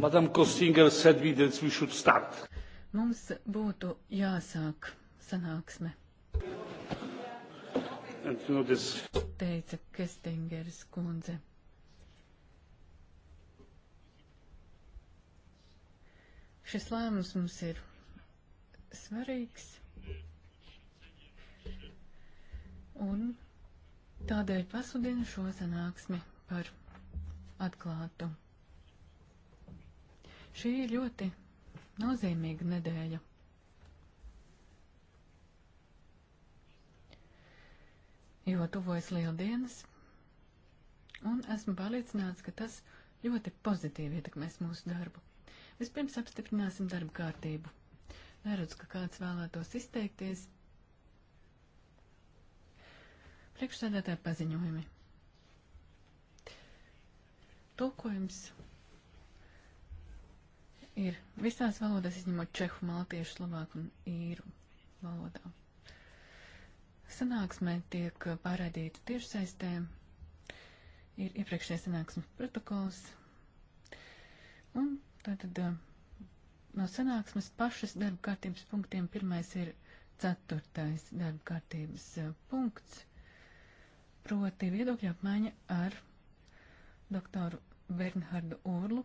Madam Kostinger said me that we should start. Mums būtu jāsāk sanāksme. And you know this. Teica Kestingeris kundze. Šis lēmums mums ir svarīgs. Un tādēļ pasudinu šo sanāksmi par atklātu. Šī ir ļoti nozīmīga nedēļa. Jo tuvojas lieldienas, un esmu pārliecināts, ka tas ļoti pozitīvi ietekmēs mūsu darbu. Vispirms apstiprināsim darba kārtību. Neredzu, ka kāds vēlētos izteikties. Priekšsēdētāji paziņojumi. Tulkojums ir visās valodās, izņemot čehu, maltiešu, slovāku un īru valodā. Sanāksmē tiek pārādīta tiešsaistē, ir iepriekšējais sanāksmes protokols, un tātad uh, no sanāksmes pašas darba kārtības punktiem pirmais ir ceturtais darba kārtības uh, punkts, proti viedokļa apmaiņa ar doktoru Bernhardu Urlu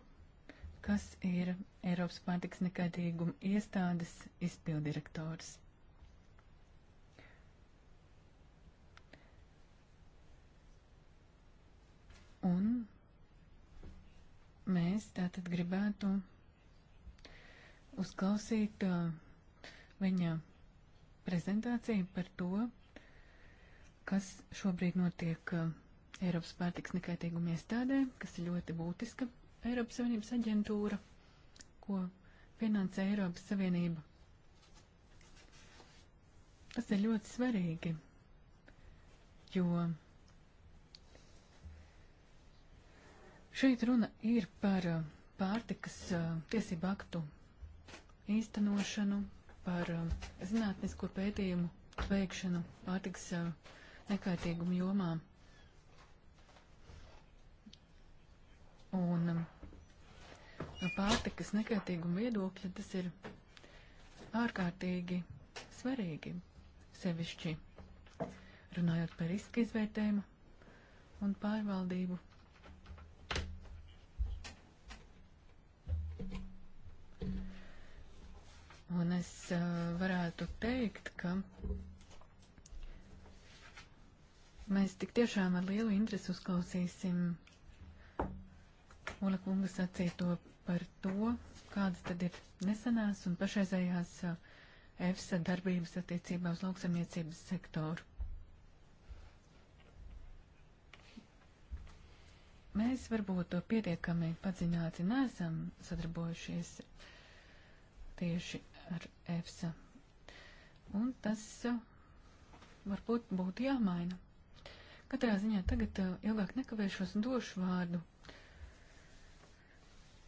kas ir Eiropas pārtiks nekaitīguma iestādes izpildirektors. Un mēs tātad gribētu uzklausīt uh, viņa prezentāciju par to, kas šobrīd notiek uh, Eiropas pārtiks nekaitīguma iestādē, kas ir ļoti būtiska Eiropas Savienības aģentūra, ko finansē Eiropas Savienība. Tas ir ļoti svarīgi, jo šeit runa ir par uh, pārtikas uh, tiesību aktu īstenošanu, par uh, zinātnisko pētījumu veikšanu pārtiks nekaitīgumu jomā. Un um, no pārtikas nekaitīguma viedokļa tas ir ārkārtīgi svarīgi, sevišķi runājot par riska izvērtējumu un pārvaldību. Un es uh, varētu teikt, ka mēs tik tiešām ar lielu interesi uzklausīsim Ola kunga sacīto par to, kādas tad ir nesenās un pašreizējās uh, EFSA darbības attiecībā uz lauksamniecības sektoru. Mēs varbūt to pietiekami padziļināti nesam sadarbojušies tieši ar EFSA. Un tas uh, varbūt būtu jāmaina. Katrā ziņā tagad uh, ilgāk nekavēšos un došu vārdu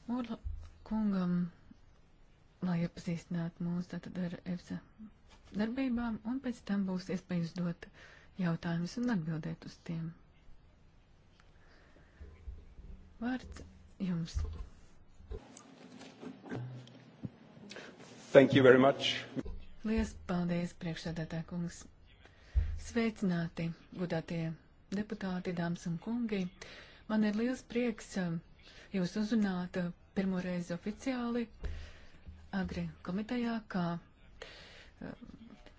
Mūrla kungam, lai iepazīstinātu mūs tātad ar EFSA darbībām, un pēc tam būs iespēja uzdot jautājumus un atbildēt uz tiem. Vārds jums. Thank you very much. Lielas paldies, priekšsēdētā kungs. Sveicināti, gudātie deputāti, dāmas un kungi. Man ir liels prieks um, jūs uzrunāt eh, pirmoreiz oficiāli agri komitejā, kā eh,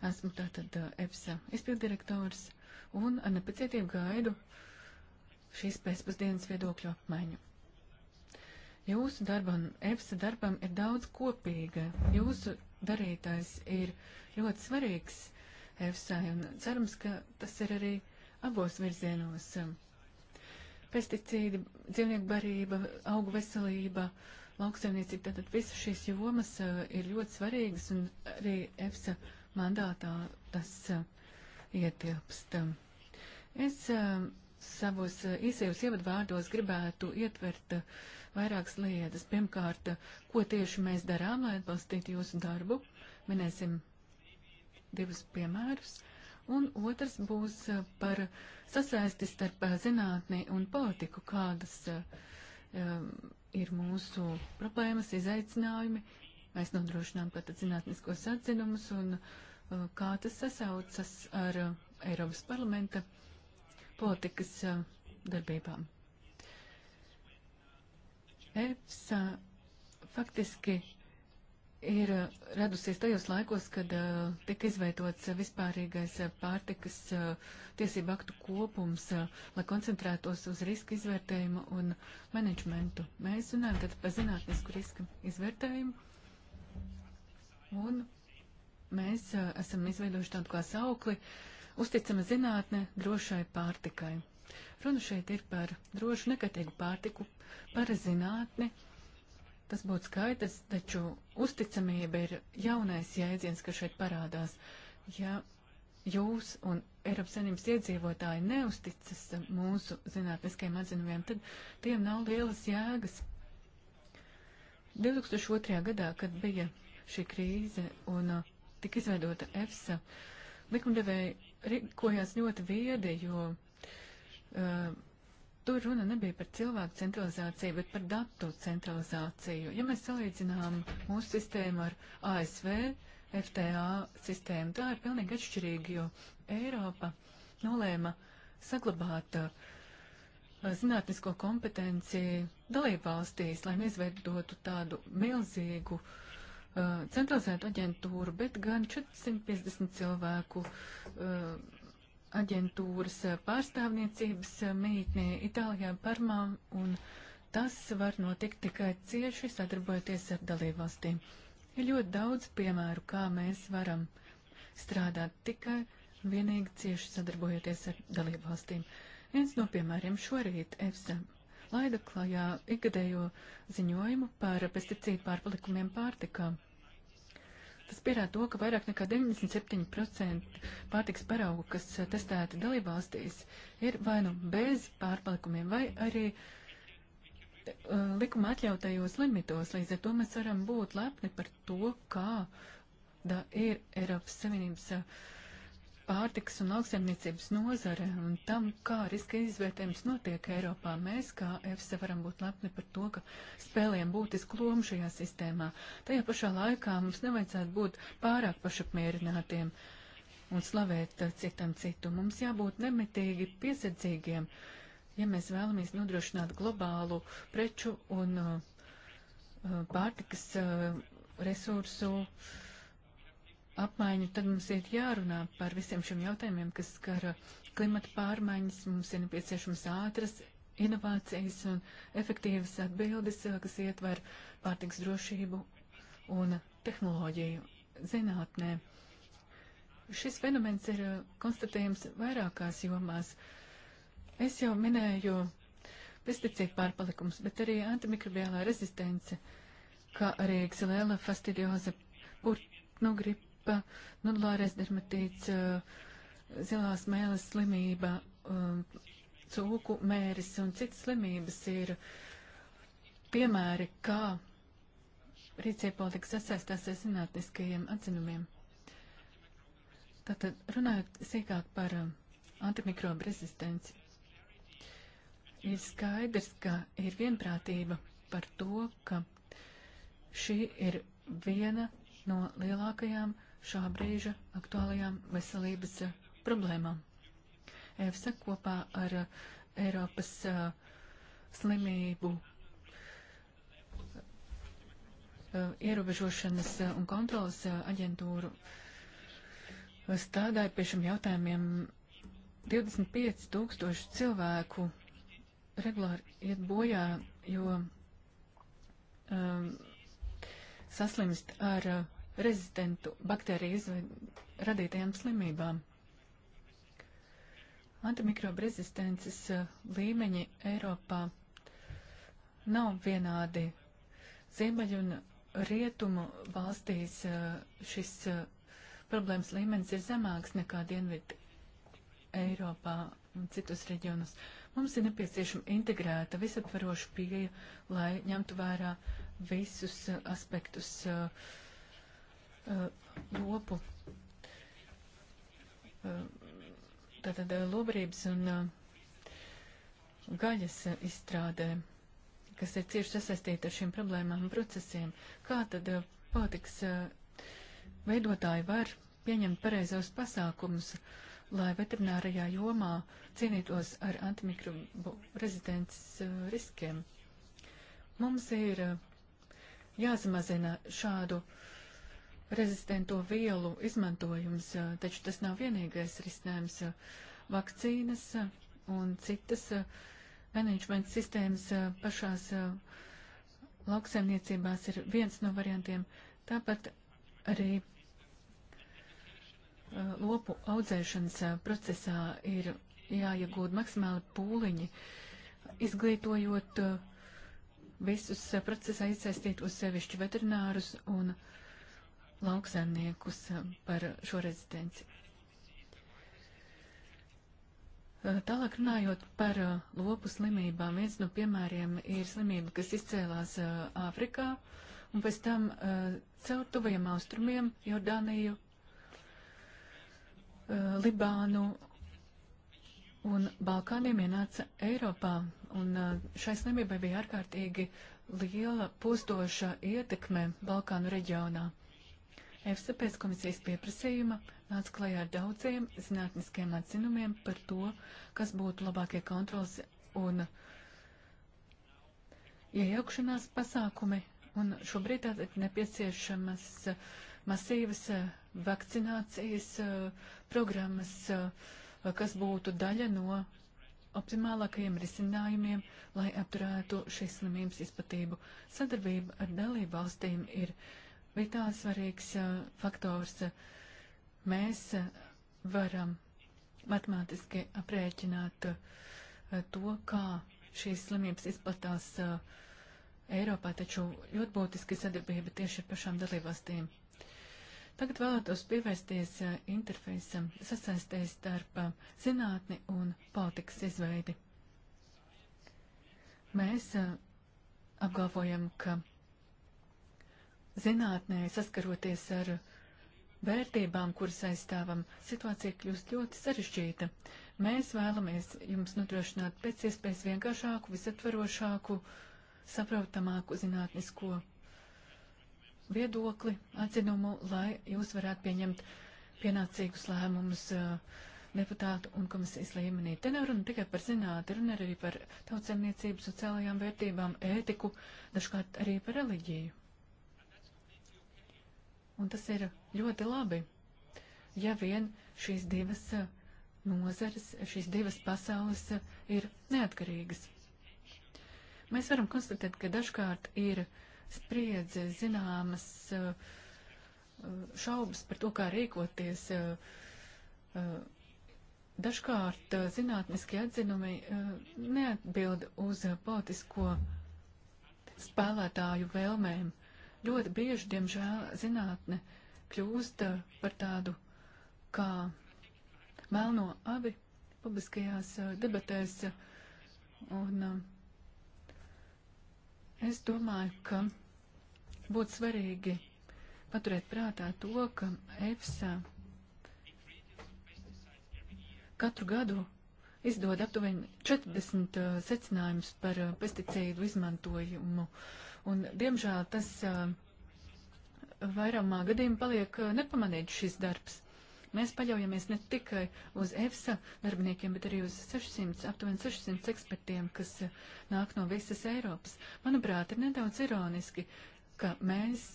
esmu tātad EPSA eh, izpildirektors un ar nepacietību gaidu šīs pēcpusdienas viedokļu apmaiņu. Jūsu darbam, EPSA darbam ir daudz kopīga. Jūsu darītājs ir ļoti svarīgs EPSA un cerams, ka tas ir arī abos virzienos. Um, pesticīdi, dzīvnieku barība, augu veselība, lauksaimniecība, tātad visas šīs jomas uh, ir ļoti svarīgas un arī EFSA mandātā tas uh, ietilpst. Es uh, savos īsajos ievadvārdos gribētu ietvert vairākas lietas. Pirmkārt, ko tieši mēs darām, lai atbalstītu jūsu darbu. Minēsim divus piemērus un otrs būs eh, par sasaisti starp eh, zinātni un politiku, kādas um, ir mūsu problēmas, izaicinājumi. Mēs nodrošinām pat zinātniskos atzinumus un uh, kā tas sasaucas ar uh, Eiropas parlamenta politikas uh, darbībām. EFSA faktiski ir uh, radusies tajos laikos, kad uh, tika izveidots uh, vispārīgais uh, pārtikas uh, tiesību aktu kopums, uh, lai koncentrētos uz riska izvērtējumu un menedžmentu. Mēs runājam tad par zinātnisku riska izvērtējumu, un mēs uh, esam izveidojuši tādu kā saukli uzticama zinātne drošai pārtikai. Runa šeit ir par drošu nekatīgu pārtiku, par zinātni. Uh, tas būtu skaidrs, taču uzticamība ir jaunais jēdziens, kas šeit parādās. Ja jūs un Eiropas Savienības iedzīvotāji neusticas mūsu zinātniskajiem atzinumiem, tad tiem nav lielas jēgas. 2002. gadā, kad bija šī krīze un uh, tika izveidota EFSA, likumdevēji rīkojās ļoti viedi, jo uh, tur runa nebija par cilvēku centralizāciju, bet par datu centralizāciju. Ja mēs salīdzinām mūsu sistēmu ar ASV FTA sistēmu, tā ir pilnīgi atšķirīga, jo Eiropa nolēma saglabāt uh, zinātnisko kompetenci dalībvalstīs, lai neizveidotu tādu milzīgu uh, centralizētu aģentūru, bet gan 450 cilvēku uh, aģentūras eh, pārstāvniecības eh, mītnē Itālijā, Parmā, un tas var notikt tikai cieši sadarbojoties ar dalībvalstīm. Ir ļoti daudz piemēru, kā mēs varam strādāt tikai vienīgi cieši sadarbojoties ar dalībvalstīm. Viens no piemēriem šorīt EFSA laida klajā ikgadējo ziņojumu par pesticīdu pārpalikumiem pārtikām. Tas pierāda to, ka vairāk nekā 97% pārtiks paraugu, kas eh, testēti dalībvalstīs, ir vai nu bez pārpalikumiem, vai arī uh, likuma atļautajos limitos. Līdz ar to mēs varam būt lepni par to, kāda ir Eiropas Savienības uh, pārtiks un lauksaimniecības nozare un tam, kā riska izvērtējums notiek Eiropā. Mēs, kā EFSA, varam būt lepni par to, ka spēlējam būtisku lomu šajā sistēmā. Tajā pašā laikā mums nevajadzētu būt pārāk pašapmierinātiem un slavēt eh, citam citu. Mums jābūt nemitīgi piesardzīgiem, ja mēs vēlamies nodrošināt globālu preču un uh, pārtikas uh, resursu uh, apmaiņu, tad mums ir jārunā par visiem šiem jautājumiem, kas skara klimata pārmaiņas. Mums ir nepieciešams ātras inovācijas un efektīvas atbildes, kas ietver pārtiks drošību un tehnoloģiju zinātnē. Šis fenomens ir konstatējams vairākās jomās. Es jau minēju pesticīdu pārpalikums, bet arī antimikrobiālā rezistence, kā arī ksilēla fastidioza, putnu gripa gripa, nodulārais nu, dermatīts, eh, zilās mēles slimība, eh, cūku mēris un citas slimības ir piemēri, kā rīciepolitika sasaistās ar zinātniskajiem atzinumiem. Tātad runājot sīkāk par eh, antimikrobu rezistenci, ir skaidrs, ka ir vienprātība par to, ka šī ir viena no lielākajām uh, šā brīža aktuālajām veselības eh, problēmām. EFSA kopā ar eh, Eiropas eh, slimību ierobežošanas un kontrolas aģentūru strādāja pie šiem jautājumiem. 25 tūkstoši cilvēku regulāri iet bojā, jo um, saslimst ar uh, rezistentu baktēriju radītajām slimībām. Antimikrobu rezistences eh, līmeņi Eiropā nav vienādi. Ziemeļu un rietumu valstīs eh, šis eh, problēmas līmenis ir zemāks nekā Dienvidu Eiropā un citus reģionus. Mums ir nepieciešama integrēta, visaptvaroša pieeja, lai ņemtu vērā visus aspektus uh, Uh, lopu. Uh, tātad uh, lobarības un gaļas izstrādē, kas ir cieši sasaistīta ar šiem problēmām un procesiem. Kā tad pārtiks veidotāji var pieņemt pareizos pasākumus, lai veterinārajā jomā cīnītos ar antimikrobu rezistents riskiem? Mums ir jāsamazina šādu uh, rezistento vielu izmantojums, taču tas nav vienīgais risinājums. Vakcīnas un citas menedžmenta sistēmas pašās lauksaimniecībās ir viens no variantiem. Tāpat arī lopu audzēšanas procesā ir jāiegūt maksimāli pūliņi, izglītojot visus procesā iesaistītos sevišķi veterinārus un uh, lauksaimniekus eh, par šo rezidenci. Eh, tālāk runājot par eh, lopu slimībām, viens no piemēriem ir slimība, kas izcēlās Āfrikā un pēc tam caur tuvajiem austrumiem Jordāniju, Libānu un Balkāniem ienāca Eiropā. Un šai slimībai bija ārkārtīgi liela pūstoša ietekme Balkānu reģionā. EFSA pēc komisijas pieprasījuma nāca klajā ar daudziem zinātniskiem atzinumiem par to, kas būtu labākie kontrols un iejaukšanās pasākumi. Un šobrīd tātad nepieciešamas masīvas eh, vakcinācijas eh, programmas, eh, kas būtu daļa no optimālākajiem risinājumiem, lai apturētu šīs slimības izplatību. Sadarbība ar dalību valstīm ir vitāli svarīgs faktors. Mēs varam matemātiski aprēķināt to, kā šīs slimības izplatās Eiropā, taču ļoti būtiski sadarbība tieši ar pašām dalībvalstīm. Tagad vēlētos pievērsties interfeisam, sasaistēs starp zinātni un politikas izveidi. Mēs apgalvojam, ka zinātnē, saskaroties ar vērtībām, kuras aizstāvam, situācija kļūst ļoti sarežģīta. Mēs vēlamies jums nodrošināt pēc iespējas vienkāršāku, visatvarošāku, saprotamāku zinātnisko viedokli, atzinumu, lai jūs varētu pieņemt pienācīgus lēmumus uh, deputātu un komisijas līmenī. Te nav runa tikai par zinātni, runa arī par tautsemniecību, sociālajām vērtībām, ētiku, dažkārt arī par reliģiju un tas ir ļoti labi, ja vien šīs divas uh, nozares, šīs divas pasaules uh, ir neatkarīgas. Mēs varam konstatēt, ka dažkārt ir spriedze zināmas uh, šaubas par to, kā rīkoties. Dažkārt zinātniski atzinumi neatbild uz politisko spēlētāju vēlmēm. Ļoti bieži, diemžēl, zinātne kļūst eh, par tādu kā melno abi publiskajās eh, debatēs. Eh, un es domāju, ka būtu svarīgi paturēt prātā to, ka EFSA katru gadu izdod aptuveni 40 secinājumus par pesticīdu izmantojumu uh, Un, diemžēl tas eh, vairumā gadījumu paliek eh, nepamanīts šis darbs. Mēs paļaujamies ne tikai uz EFSA darbiniekiem, bet arī uz 600, aptuveni 600 ekspertiem, kas eh, nāk no visas Eiropas. Manuprāt, ir nedaudz ironiski, ka mēs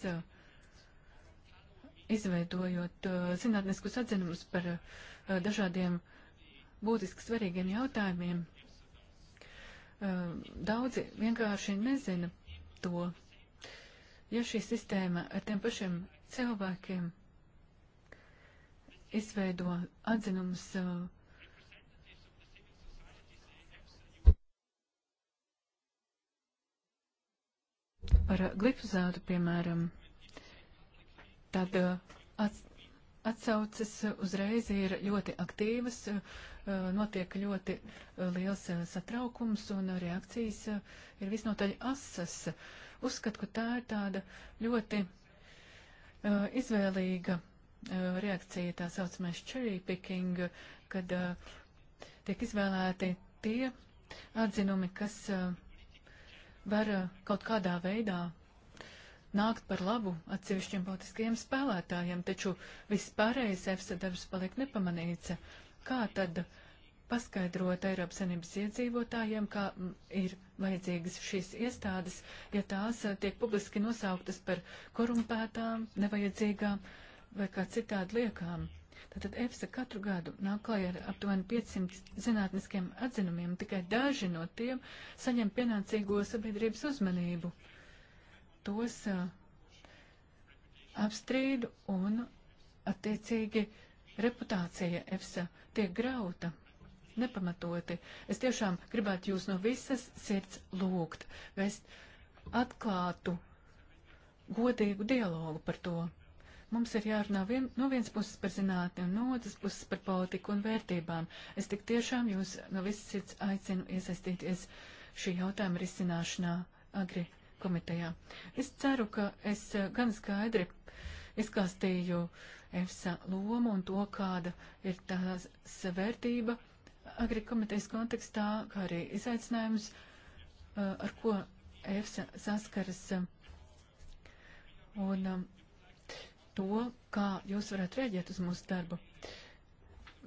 izveidojot zinātniskus atzinumus par dažādiem būtiski svarīgiem jautājumiem, daudzi vienkārši nezina to. Ja šī sistēma ar tiem pašiem cilvēkiem izveido atzinums, uh, Par glifozātu, piemēram, tad uh, at, atsaucas uzreiz ir ļoti aktīvas, eh, notiek ļoti eh, liels eh, satraukums un reakcijas ir visnotaļ asas. Uzskatu, ka tā ir tāda ļoti izvēlīga reakcija, tā saucamais cherry picking, kad tiek izvēlēti tie atzinumi, kas var kaut kādā veidā nākt par labu atsevišķiem politiskajiem spēlētājiem, taču vispārējais EFSA darbs paliek nepamanīts. Kā tad paskaidrot Eiropas Savienības iedzīvotājiem, kā mm, ir vajadzīgas šīs iestādes, ja tās eh, tiek publiski nosauktas par korumpētām, nevajadzīgām vai kā citādi liekām? Tātad EFSA katru gadu nāk klajā ar aptuveni 500 zinātniskiem atzinumiem, tikai daži no tiem saņem pienācīgo sabiedrības uzmanību tos apstrīd un attiecīgi reputācija EFSA tiek grauta nepamatoti. Es tiešām gribētu jūs no visas sirds lūgt, vest atklātu, godīgu dialogu par to. Mums ir jārunā vien, no vienas puses par zinātni un no otras puses par politiku un vērtībām. Es tik tiešām jūs no visas sirds aicinu iesaistīties šī jautājuma risināšanā agri komitejā. Es ceru, ka es eh, gan skaidri izkastīju EFSA lomu un to, kāda ir tās vērtība agri komitejas kontekstā, kā arī izaicinājums, eh, ar ko EFSA saskaras eh, un to, kā jūs varat rēģēt uz mūsu darbu.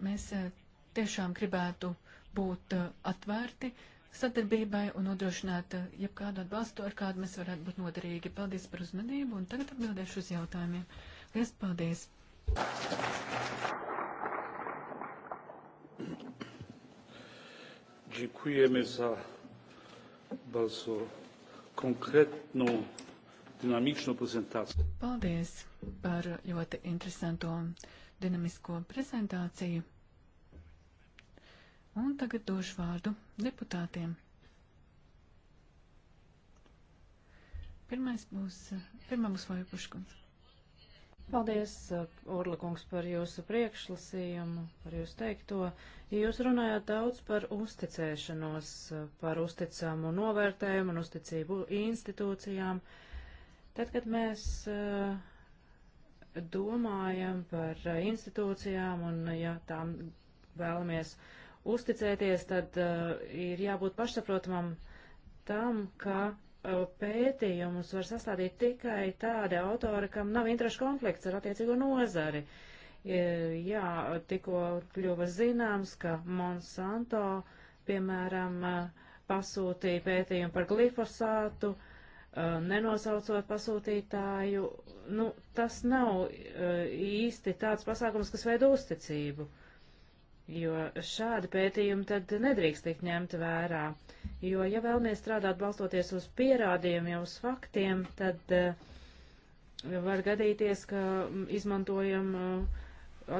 Mēs tiešām gribētu būt atvērti sadarbībai un nodrošināt eh, jebkādu atbalstu, ar kādu mēs varētu būt noderīgi. Paldies par uzmanību un tagad atbildēšu uz jautājumiem. Lies paldies! Dziękujemy za bardzo konkrētnu, dinamičnu prezentāciju. Paldies par ļoti interesanto dinamisko prezentāciju. Un tagad došu vārdu deputātiem. Pirmais būs, pirmā būs Vāja Puškuns. Paldies, uh, Orla kungs, par jūsu priekšlasījumu, par jūsu teikto. Jūs runājāt daudz par uzticēšanos, uh, par uzticamu novērtējumu un uzticību institūcijām. Tad, kad mēs uh, domājam par institūcijām un ja tām vēlamies uh, uzticēties, tad uh, ir jābūt pašsaprotamam tam, ka uh, pētījumus var sastādīt tikai tādi autori, kam nav interešu konflikts ar attiecīgo nozari. I, eh, jā, tikko kļuva zināms, ka Monsanto, piemēram, uh, pasūtīja pētījumu par glifosātu, uh, nenosaucot pasūtītāju. Nu, tas nav uh, īsti tāds pasākums, kas veido uzticību. Uh, jo šādi pētījumi tad nedrīkst tikt ņemti vērā. Jo, ja vēlamies strādāt balstoties uz pierādījumiem, uz faktiem, tad uh, var gadīties, ka mm, izmantojam uh,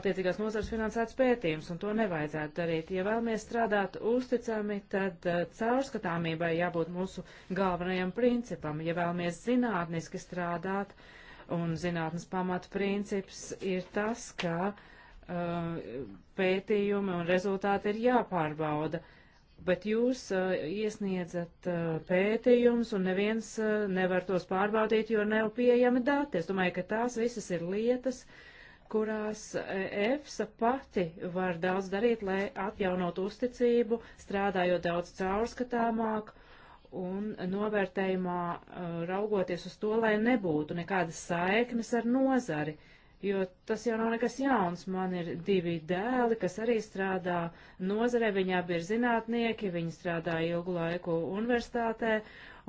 attiecīgās nozars finansēts pētījums, un to nevajadzētu darīt. Ja vēlamies strādāt uzticami, tad uh, caurskatāmībai jābūt mūsu galvenajam principam. Ja vēlamies zinātniski strādāt, un zinātnes pamatprincips ir tas, ka uh, Uh, pētījumi un rezultāti ir jāpārbauda. Bet jūs uh, iesniedzat uh, pētījumus, un neviens uh, nevar tos pārbaudīt, jo nav pieejami dati. Es domāju, ka tās visas ir lietas, kurās e, EFSA pati var daudz darīt, lai atjaunot uzticību, strādājot daudz caurskatāmāk un novērtējumā uh, raugoties uz to, lai nebūtu nekādas saiknes ar nozari. Uh, jo tas jau nav nekas jauns. Man ir divi dēli, kas arī strādā nozarē, viņi abi ir zinātnieki, viņi strādā ilgu laiku universitātē,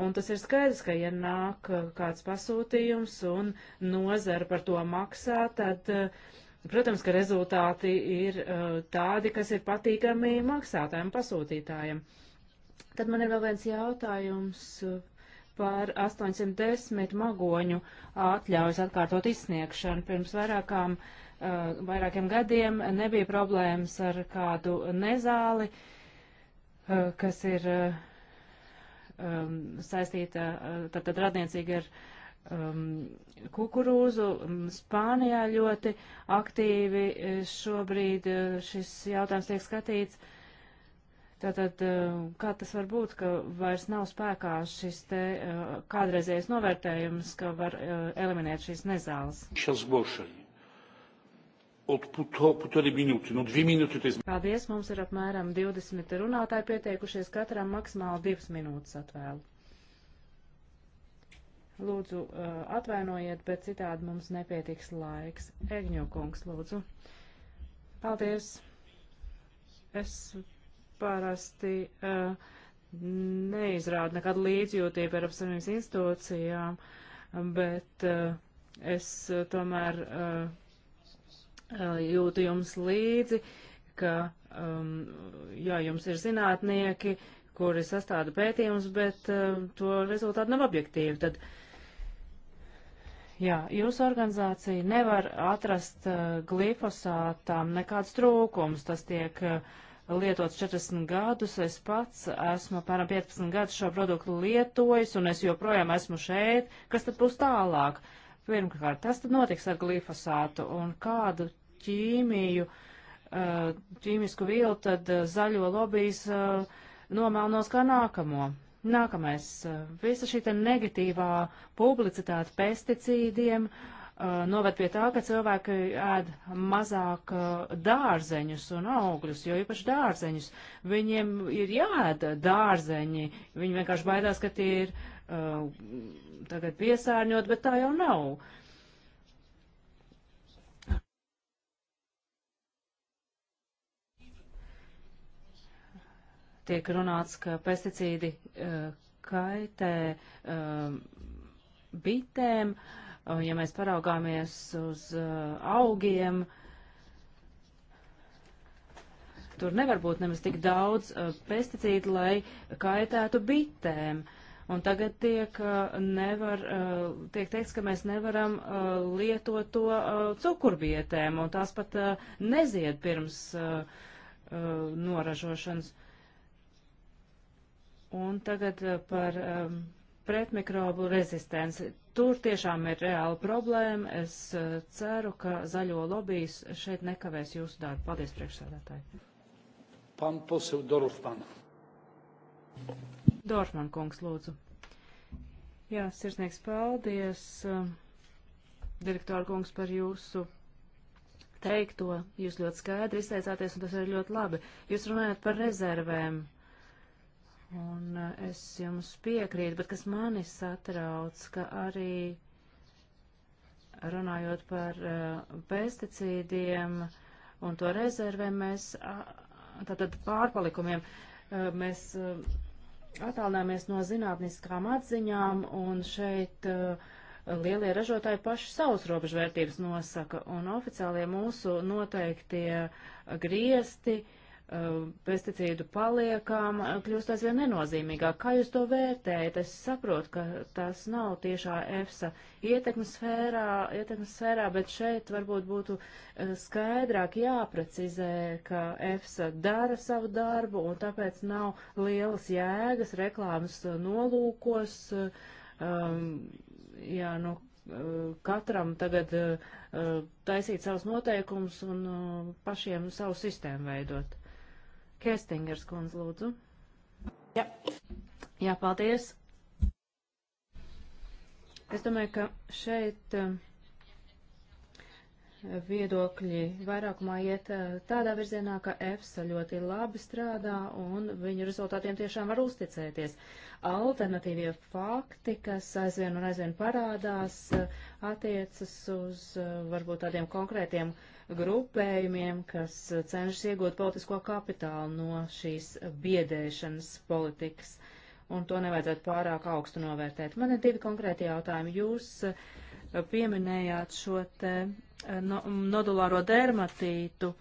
un tas ir skaidrs, ka ja nāk kāds pasūtījums un nozara par to maksā, tad, eh, protams, ka rezultāti ir eh, tādi, kas ir patīkami maksātājiem, pasūtītājiem. Tad man ir vēl viens jautājums. Uh, par 810 magoņu atļaujas atkārtot izsniegšanu. Pirms vairākām, uh, vairākiem gadiem nebija problēmas ar kādu nezāli, uh, kas ir uh, um, saistīta, tad, tad radniecīgi ar um, kukurūzu. Mm, Spānijā ļoti aktīvi šobrīd šis jautājums tiek skatīts. Uh, Tātad, eh, kā tas var būt, ka vairs nav spēkā šis te eh, kādreizējais novērtējums, ka var eh, eliminēt šīs nezāles? Paldies, mums ir apmēram 20 runātāji pieteikušies, katram maksimāli 2 minūtes atvēlu. Lūdzu, atvainojiet, bet citādi mums nepietiks laiks. Egņokungs, lūdzu. Paldies. Es parasti uh, neizrāda nekādu līdzjūtību Eiropas Savienības institūcijām, bet uh, es eh, tomēr jūtu jums līdzi, ka, um, jā, jums ir zinātnieki, kuri sastāda pētījumus, bet to rezultātu nav objektīvi. Tad, jā, jūsu organizācija nevar atrast glifosātām nekāds trūkums, tas tiek uh, lietots 40 gadus. Es pats esmu apmēram 15 gadus šo produktu lietojis, un es joprojām esmu šeit. Kas tad būs tālāk? Pirmkārt, tas tad notiks ar glifosātu un kādu ķīmiju, eh, ķīmisku vielu tad eh, zaļo lobijas eh, nomēlnos kā nākamo. Nākamais, visa šī negatīvā publicitāte pesticīdiem uh, Uh, noved pie tā, ka cilvēki ēd mazāk uh, dārzeņus un augļus, jo īpaši dārzeņus. Viņiem ir jāēd dārzeņi, viņi vienkārši baidās, ka tie ir uh, tagad piesārņot, bet tā jau nav. Tiek runāts, ka pesticīdi uh, kaitē uh, bitēm. Uh, ja mēs paraugāmies uz uh, augiem, tur nevar būt nemaz tik daudz uh, pesticīdu, lai kaitētu bitēm. Un tagad tiek, uh, nevar, tiek teikts, ka mēs nevaram lietot to cukurbietēm, un tās pat nezied pirms noražošanas. Un tagad par um, pretmikrobu rezistenci. Tur tiešām ir reāla problēma. Es eh, ceru, ka zaļo lobijas šeit nekavēs jūsu darbu. Paldies, priekšsēdētāji. Pan posel Dorfman. Dorfman kungs, lūdzu. Jā, sirsnīgs paldies, eh, direktora kungs, par jūsu teikto. Jūs ļoti skaidri izteicāties, un tas ir ļoti labi. Jūs runājat par rezervēm Un e, es jums piekrītu, bet kas mani satrauc, ka arī runājot par uh, pesticīdiem un to rezervēm, mēs, uh, tātad pārpalikumiem, uh, mēs uh, attālināmies no zinātniskām atziņām un šeit uh, lielie ražotāji paši savus robežvērtības nosaka un oficiālie mūsu noteiktie griesti uh, Uh, pesticīdu paliekām uh, kļūst aizvien nenozīmīgāk. Kā jūs to vērtējat? Es saprotu, ka tas nav tiešā EFSA ietekmes sfērā, ietekmes sfērā, bet šeit varbūt būtu uh, skaidrāk jāprecizē, ka EFSA dara savu darbu un tāpēc nav lielas jēgas reklāmas nolūkos. Um, jā, nu, katram tagad uh, taisīt savus noteikumus un uh, pašiem savu sistēmu veidot. Kestingers kundz, lūdzu. Jā. Jā, paldies. Es domāju, ka šeit eh, viedokļi vairākumā iet eh, tādā virzienā, ka EFSA ļoti labi strādā un viņu rezultātiem tiešām var uzticēties. Alternatīvie fakti, kas aizvien un aizvien parādās, eh, attiecas uz varbūt tādiem konkrētiem uh, grupējumiem, kas cenšas iegūt politisko kapitālu no šīs biedēšanas politikas. Un to nevajadzētu pārāk augstu novērtēt. Man ir divi konkrēti jautājumi. Jūs eh, pieminējāt šo te eh, nodulāro dermatītu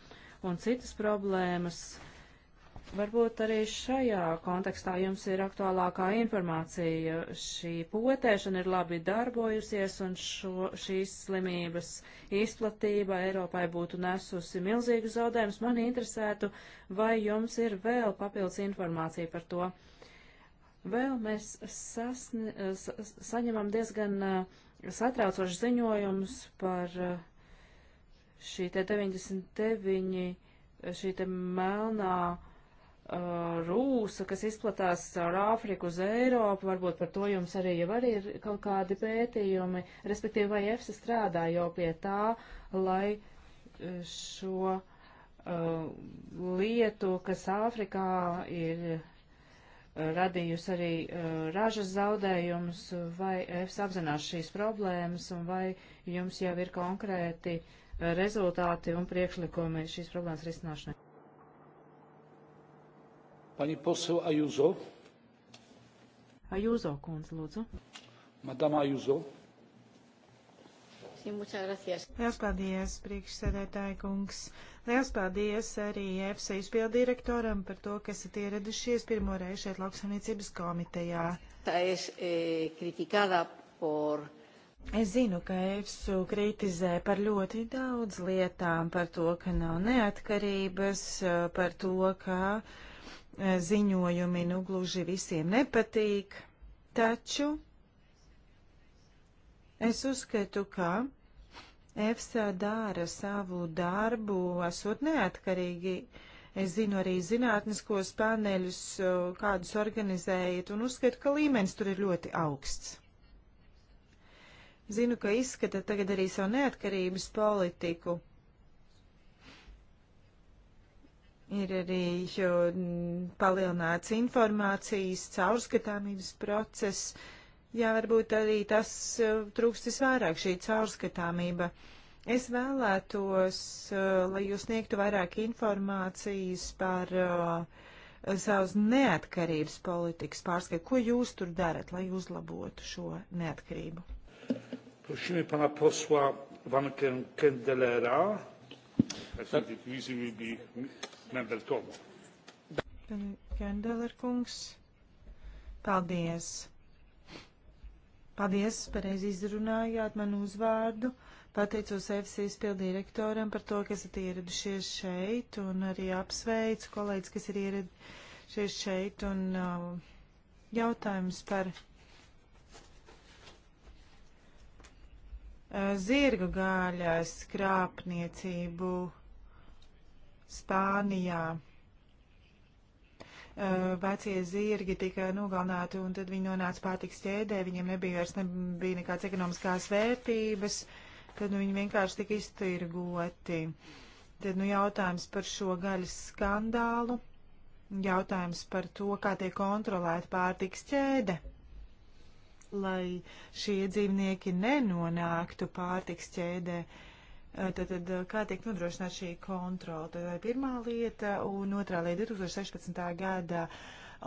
un citas problēmas, Varbūt arī šajā kontekstā jums ir aktuālākā informācija. Šī potēšana ir labi darbojusies, un šo, šīs slimības izplatība Eiropai būtu nesusi milzīgu zaudējumus. Man interesētu, vai jums ir vēl papildus informācija par to. Vēl mēs sasni, sa, saņemam diezgan uh, satraucošus ziņojumus par uh, šī te 99, šī te melnā Uh, rūsa, kas izplatās ar Āfriku uz Eiropu, varbūt par to jums arī jau arī ir kaut kādi pētījumi, respektīvi vai EFSA strādā jau pie tā, lai uh, šo uh, lietu, kas Āfrikā ir uh, radījusi arī uh, ražas zaudējumus, vai EFSA apzinās šīs problēmas, un vai jums jau ir konkrēti uh, rezultāti un priekšlikumi šīs problēmas risināšanai? Pani poseł Ajuzo. Ajuzo, kundze, lūdzu. Madama Ajuzo. Liels paldies, priekšsēdētāji kungs. Liels paldies arī EFSA izpildirektoram par to, kas ir ieradušies pirmo reizi šeit lauksaimniecības komitejā. Es, eh, por... es zinu, ka EFSU kritizē par ļoti daudz lietām, par to, ka nav neatkarības, eh, par to, ka. Uh, Eh, ziņojumi nu gluži visiem nepatīk, taču es uzskatu, ka EFSA dara savu darbu, esot neatkarīgi. Es zinu arī zinātniskos paneļus, eh, kādus organizējat, un uzskatu, ka līmenis tur ir ļoti augsts. Zinu, ka izskata tagad arī savu neatkarības politiku, Ir arī palielināts informācijas caurskatāmības process. Jā, varbūt arī tas uh, trūkstis vairāk šī caurskatāmība. Es vēlētos, uh, lai jūs sniegtu vairāk informācijas par uh, savas neatkarības politikas pārskatu. Ko jūs tur darat, lai uzlabotu šo neatkarību? Prosimy pana posła Van Kendelera. I think it easily will be Member Tomo. Kendeler kungs, paldies. Paldies, pareizi izrunājāt manu uzvārdu. Pateicos FCS pildirektoram par to, kas esat ieradušies šeit, un arī apsveicu kolēģis, kas ir ieradušies šeit, un uh, jautājums par uh, zirgu gāļas krāpniecību. Uh, Spānijā. Vecie zirgi tika nogalināti un tad viņi nonāca pārtiks ķēdē, viņiem nebija vairs nebija nekāds ekonomiskās vērtības, tad nu, viņi vienkārši tika iztirgoti. Tad nu jautājums par šo gaļas skandālu, jautājums par to, kā tiek kontrolēta pārtiks ķēde lai šie dzīvnieki nenonāktu pārtiks ķēdē. Uh, Tad, tad eh, kā tiek nodrošināta šī kontrola? Tā ir eh, pirmā lieta, un otrā lieta 2016. gada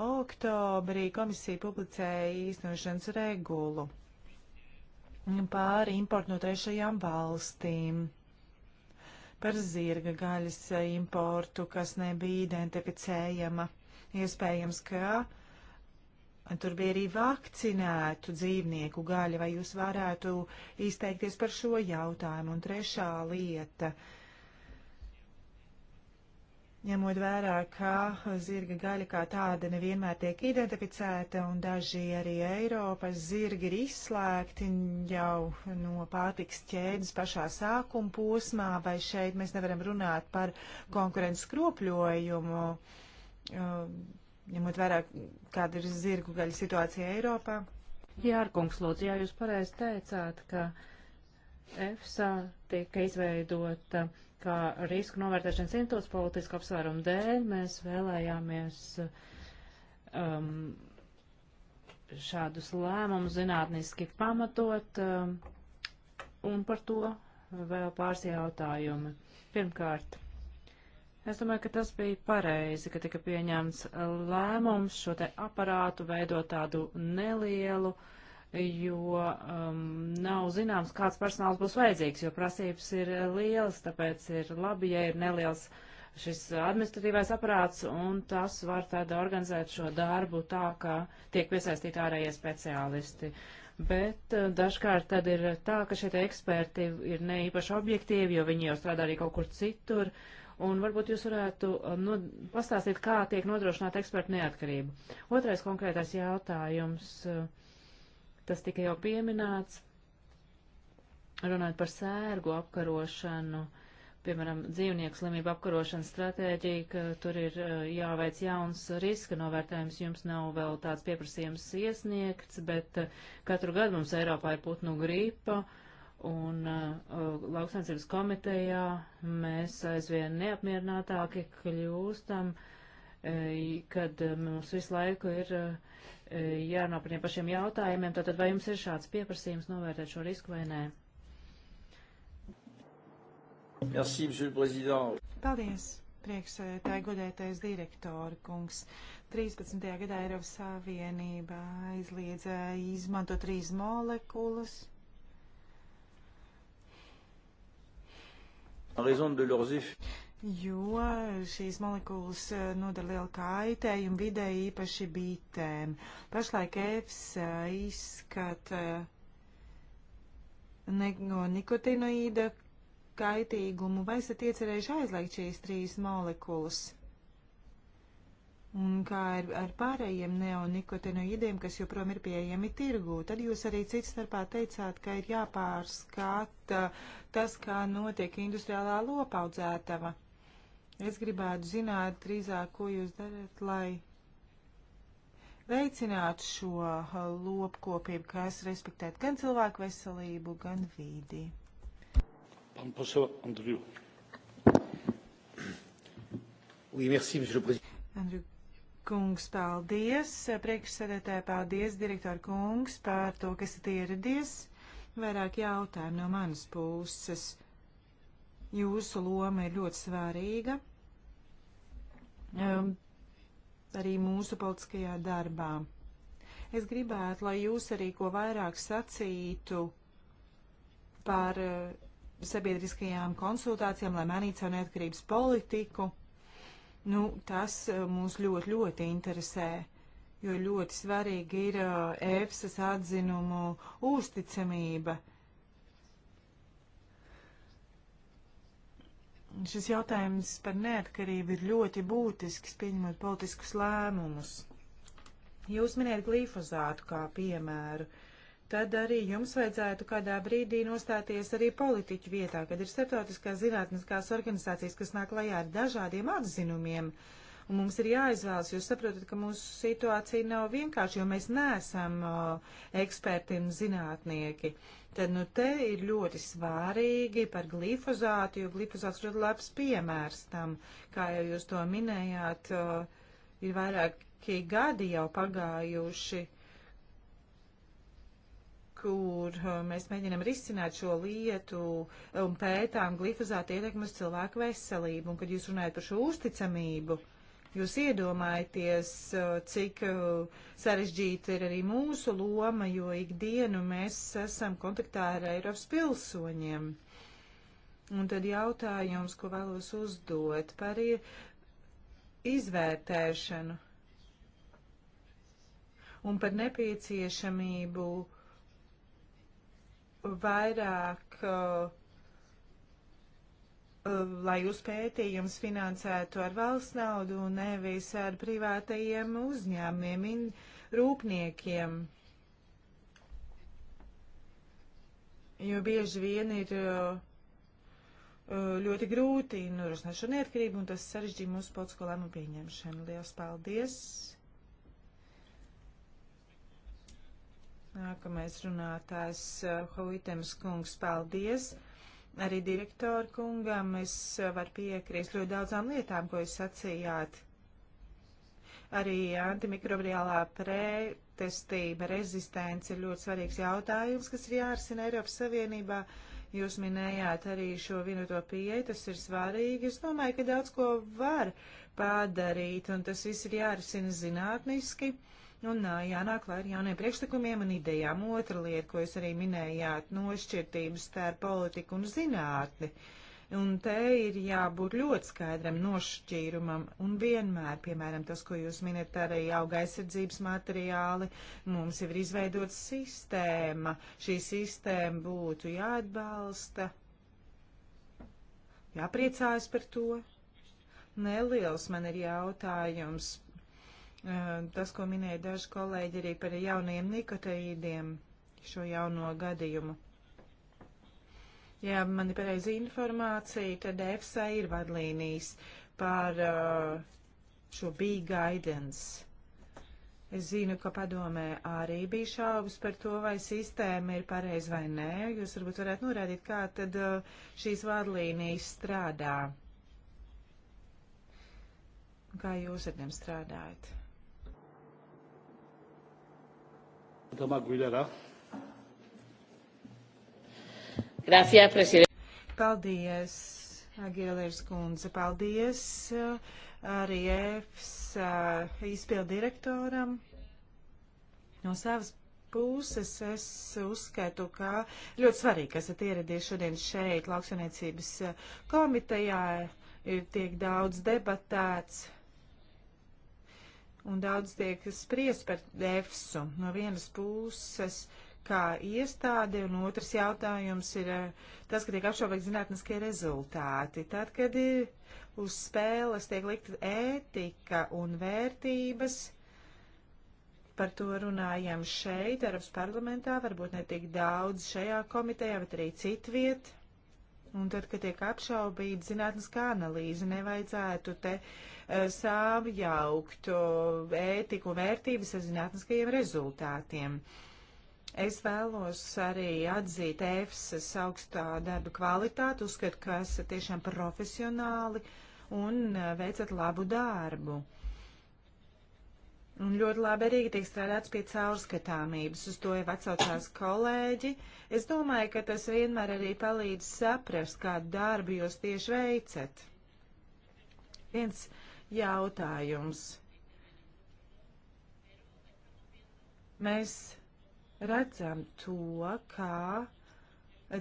oktobrī komisija publicēja īstenošanas regulu pār importu no trešajām valstīm par zirga gaļas importu, kas nebija identificējama. Iespējams, ka uh, Tur bija arī vakcinētu dzīvnieku gaļa, vai jūs varētu izteikties par šo jautājumu? Un trešā lieta, ņemot vērā, ka zirga gaļa kā tāda nevienmēr tiek identificēta, un daži arī Eiropas zirgi ir izslēgti jau no pārtiks ķēdes pašā sākuma posmā, vai šeit mēs nevaram runāt par konkurences kropļojumu? Um, ņemot vērā, kāda ir zirgu gaļa situācija Eiropā. Jārkungs, lūdzu, jā, jūs pareizi teicāt, ka EFSA tika izveidota kā risku novērtēšanas institūts politisku apsvērumu dēļ. Mēs vēlējāmies um, šādus lēmumus zinātniski pamatot, um, un par to vēl pāris jautājumi. Pirmkārt, Es domāju, ka tas bija pareizi, ka tika pieņemts lēmums šo te aparātu veidot tādu nelielu, jo um, nav zināms, kāds personāls būs vajadzīgs, jo prasības ir lielas, tāpēc ir labi, ja ir neliels šis administratīvais aparāts, un tas var tāda organizēt šo darbu tā, ka tiek piesaistīti ārējie speciālisti. Bet uh, dažkārt tad ir tā, ka šie eksperti ir ne īpaši objektīvi, jo viņi jau strādā arī kaut kur citur. Uh, Un varbūt jūs varētu uh, no, pastāstīt, kā tiek nodrošināta eksperta neatkarība. Otrais konkrētais jautājums, uh, tas tika jau pieminēts, runājot par sērgu apkarošanu, piemēram, dzīvnieku slimību apkarošanas stratēģiju, ka tur ir uh, jāveic jauns riska novērtējums, jums nav vēl tāds pieprasījums iesniegts, bet katru gadu mums Eiropā ir putnu gripa. Uh, Un uh, lauksansības komitejā mēs aizvien neapmierinātāki kļūstam, e, kad e, mums visu laiku ir e, jārunā par tiem pašiem jautājumiem. Tātad vai jums ir šāds pieprasījums novērtēt šo risku vai nē? Merci, monsieur le président. Paldies, priekšsēdētāji godētais direktori kungs. 13. gadā Eiropas Savienība aizliedza izmantot trīs molekulas Jo šīs molekulas eh, nodara lielu kaitējumu vidē, īpaši bitēm. Pašlaik EFSA eh, izskata eh, no nikotinoīda kaitīgumu. Vai esat iecerējuši aizliegt šīs trīs molekulas? Un kā ar, ar pārējiem neonikotinoīdiem, kas joprojām ir pieejami tirgū, tad jūs arī cits starpā teicāt, ka ir jāpārskata tas, kā notiek industriālā lopaudzētava. Es gribētu zināt drīzāk, ko jūs darat, lai veicinātu šo lopkopību, kas respektētu gan cilvēku veselību, gan vīdi. Pan posel Andriju. Oui, merci, monsieur le président. Andriju kungs, paldies. Priekšsēdētāji, paldies, direktori kungs, par to, kas esat ieradies. Vairāk jautājumu no manas puses. Jūsu loma ir ļoti svarīga. Um, arī mūsu politiskajā darbā. Es gribētu, lai jūs arī ko vairāk sacītu par uh, sabiedriskajām konsultācijām, lai mainītu savu neatkarības politiku. Nu, tas eh, mūs ļoti, ļoti interesē, jo ļoti svarīgi ir eh, EFSAS atzinumu uzticamība. Šis jautājums par neatkarību ir ļoti būtisks, pieņemot politiskus lēmumus. Jūs minējat glifozātu kā piemēru. Uh, tad arī jums vajadzētu kādā brīdī nostāties arī politiķu vietā, kad ir starptautiskās zinātniskās organizācijas, kas nāk lajā ar dažādiem atzinumiem. Un mums ir jāizvēlas, jūs saprotat, ka mūsu situācija nav vienkārši, jo mēs neesam o, eksperti un zinātnieki. Tad, nu, te ir ļoti svārīgi par glifozātu, jo glifozāts ļoti labs piemērs tam, kā jau jūs to minējāt, o, ir vairāki gadi jau pagājuši kur uh, mēs mēģinām risināt šo lietu un pētām glifozāta ietekmi uz cilvēku veselību. Un, kad jūs runājat par šo uzticamību, jūs iedomājaties, uh, cik uh, sarežģīta ir arī mūsu loma, jo ikdienu mēs esam kontaktā ar Eiropas pilsoņiem. Un tad jautājums, ko vēlos uzdot par izvērtēšanu un par nepieciešamību uh, vairāk, uh, lai jūs pētījums finansētu ar valsts naudu un nevis ar privātajiem uzņēmumiem, rūpniekiem. Jo bieži vien ir uh, ļoti grūti norošināt šo neatkarību, un tas sarežģīja mūsu politisko lēmumu pieņemšanu. Lielas paldies! Nākamais runātājs eh, Hoitems kungs, paldies. Arī direktoru kungam es eh, varu piekrist ļoti daudzām lietām, ko jūs sacījāt. Arī antimikrobiālā pretestība, rezistence ir ļoti svarīgs jautājums, kas ir jārisina Eiropas Savienībā. Jūs minējāt arī šo vienoto pieeju, tas ir svarīgi. Es domāju, ka daudz ko var padarīt, un tas viss ir jārisina zinātniski. Uh, un jānāk lai ar jauniem priekšlikumiem un idejām. Otra lieta, ko jūs arī minējāt, nošķirtības starp politiku un zinātni. Un te ir jābūt ļoti skaidram nošķīrumam un vienmēr, piemēram, tas, ko jūs minat, arī auga aizsardzības materiāli. Mums jau ir izveidot sistēma. Šī sistēma būtu jāatbalsta, jāpriecājas par to. Neliels man ir jautājums tas, ko minēja daži kolēģi arī par jaunajiem nikotīdiem, šo jauno gadījumu. Ja man ir pareizi informācija, tad EFSA ir vadlīnijas par uh, šo bija guidance. Es zinu, ka padomē arī bija šaubas par to, vai sistēma ir pareiza vai nē. Jūs varbūt varētu norādīt, kā tad šīs vadlīnijas strādā. Kā jūs ar tiem strādājat? Gracias, presidente. Paldies, Agilērs kundze. Paldies uh, arī EFSA uh, izpildirektoram. No savas puses es uzskatu, ka ļoti svarīgi, ka esat ieradies šodien šeit, lauksaimniecības uh, komitejā, tiek daudz debatēts un daudz tiek spriest par defsu. No vienas puses, kā iestāde, un otrs jautājums ir eh, tas, ka tiek apšaubīt zinātniskie rezultāti. Tad, kad ir uz spēles tiek likta ētika un vērtības, par to runājam šeit, Eiropas parlamentā, varbūt ne tik daudz šajā komitejā, bet arī citviet. Un tad, kad tiek apšaubīta zinātniskā analīze, nevajadzētu te uh, Eh, sāvjaukt ētiku un vērtības ar zinātniskajiem rezultātiem. Es vēlos arī atzīt EFSAS augstā darba kvalitāti, uzskatu, ka esat tiešām profesionāli un eh, veicat labu darbu. Un ļoti labi arī tiek strādāts pie caurskatāmības, uz to jau atsaucās kolēģi. Es domāju, ka tas vienmēr arī palīdz saprast, kādu darbu jūs tieši veicat. Viens jautājums. Mēs redzam to, kā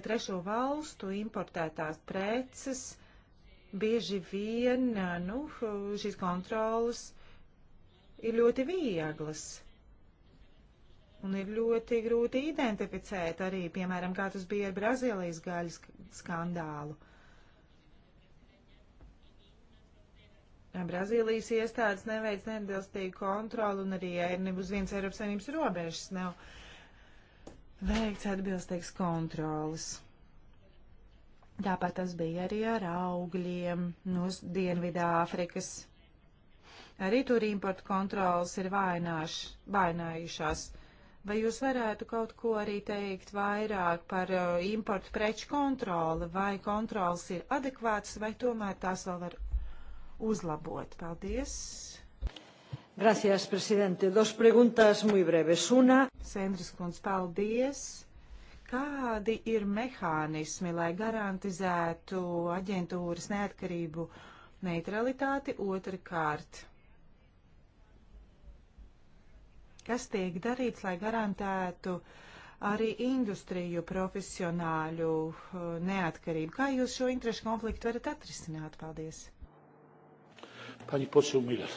trešo valstu importētās preces bieži vien nu, šīs kontrolas ir ļoti vieglas. Un ir ļoti grūti identificēt arī, piemēram, kā tas bija ar Brazīlijas gaļas skandālu. Brazīlijas iestādes neveic neatbilstīgu kontroli un arī nebūs viens Eiropas Savienības robežas nav veikts atbilstīgs kontrols. Tāpat tas bija arī ar augļiem no Dienvidā Āfrikas. Arī tur importu kontrols ir vaināš, vainājušās. Vai jūs varētu kaut ko arī teikt vairāk par uh, importu preču kontroli, vai kontrols ir adekvāts, vai tomēr tās vēl var uzlabot. Paldies! Gracias, presidente. Dos preguntas muy breves. Una. Sendris kundz, paldies. Kādi ir mehānismi, lai garantizētu aģentūras neatkarību neutralitāti otrkārt? Kas tiek darīts, lai garantētu arī industriju profesionāļu uh, neatkarību? Kā jūs šo interešu konfliktu varat atrisināt? Paldies! Pani poseł Miller.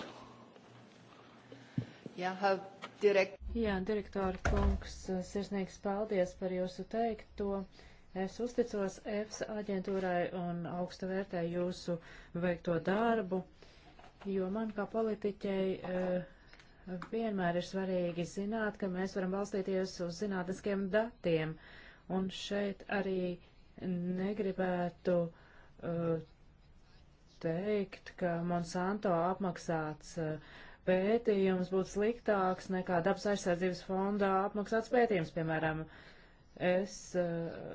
Jā, direkt... Jā, direktora kungs, sirsnīgs paldies par jūsu teikto. Es uzticos EFSA aģentūrai un augstu vērtēju jūsu veikto darbu, jo man kā politiķei eh, vienmēr ir svarīgi zināt, ka mēs varam balstīties uz zinātniskiem datiem. Un šeit arī negribētu uh, teikt, ka Monsanto apmaksāts eh, pētījums būtu sliktāks nekā dabas aizsardzības fondā apmaksāts pētījums, piemēram. Es, eh,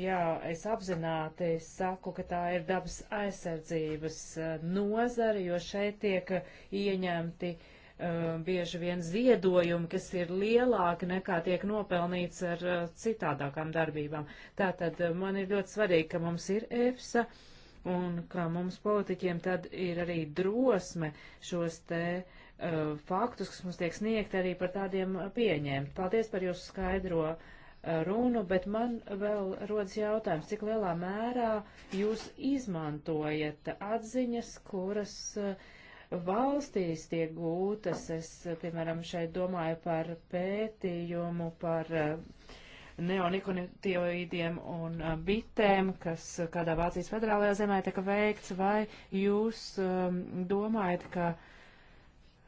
jā, es apzināti saku, ka tā ir dabas aizsardzības eh, nozara, jo šeit tiek ieņemti uh, bieži vien ziedojumi, kas ir lielāki nekā tiek nopelnīts ar citādākām darbībām. Tātad man ir ļoti svarīgi, ka mums ir EFSA. Uh, un ka mums politiķiem tad ir arī drosme šos te uh, faktus, kas mums tiek sniegt, arī par tādiem pieņemt. Paldies par jūsu skaidro uh, runu, bet man vēl rodas jautājums, cik lielā mērā jūs izmantojat atziņas, kuras uh, valstīs tiek gūtas. Es, uh, piemēram, šeit domāju par pētījumu, par uh, neonikotinoīdiem un uh, bitēm, kas uh, kādā Vācijas federālajā zemē tika veikts, vai jūs um, domājat, ka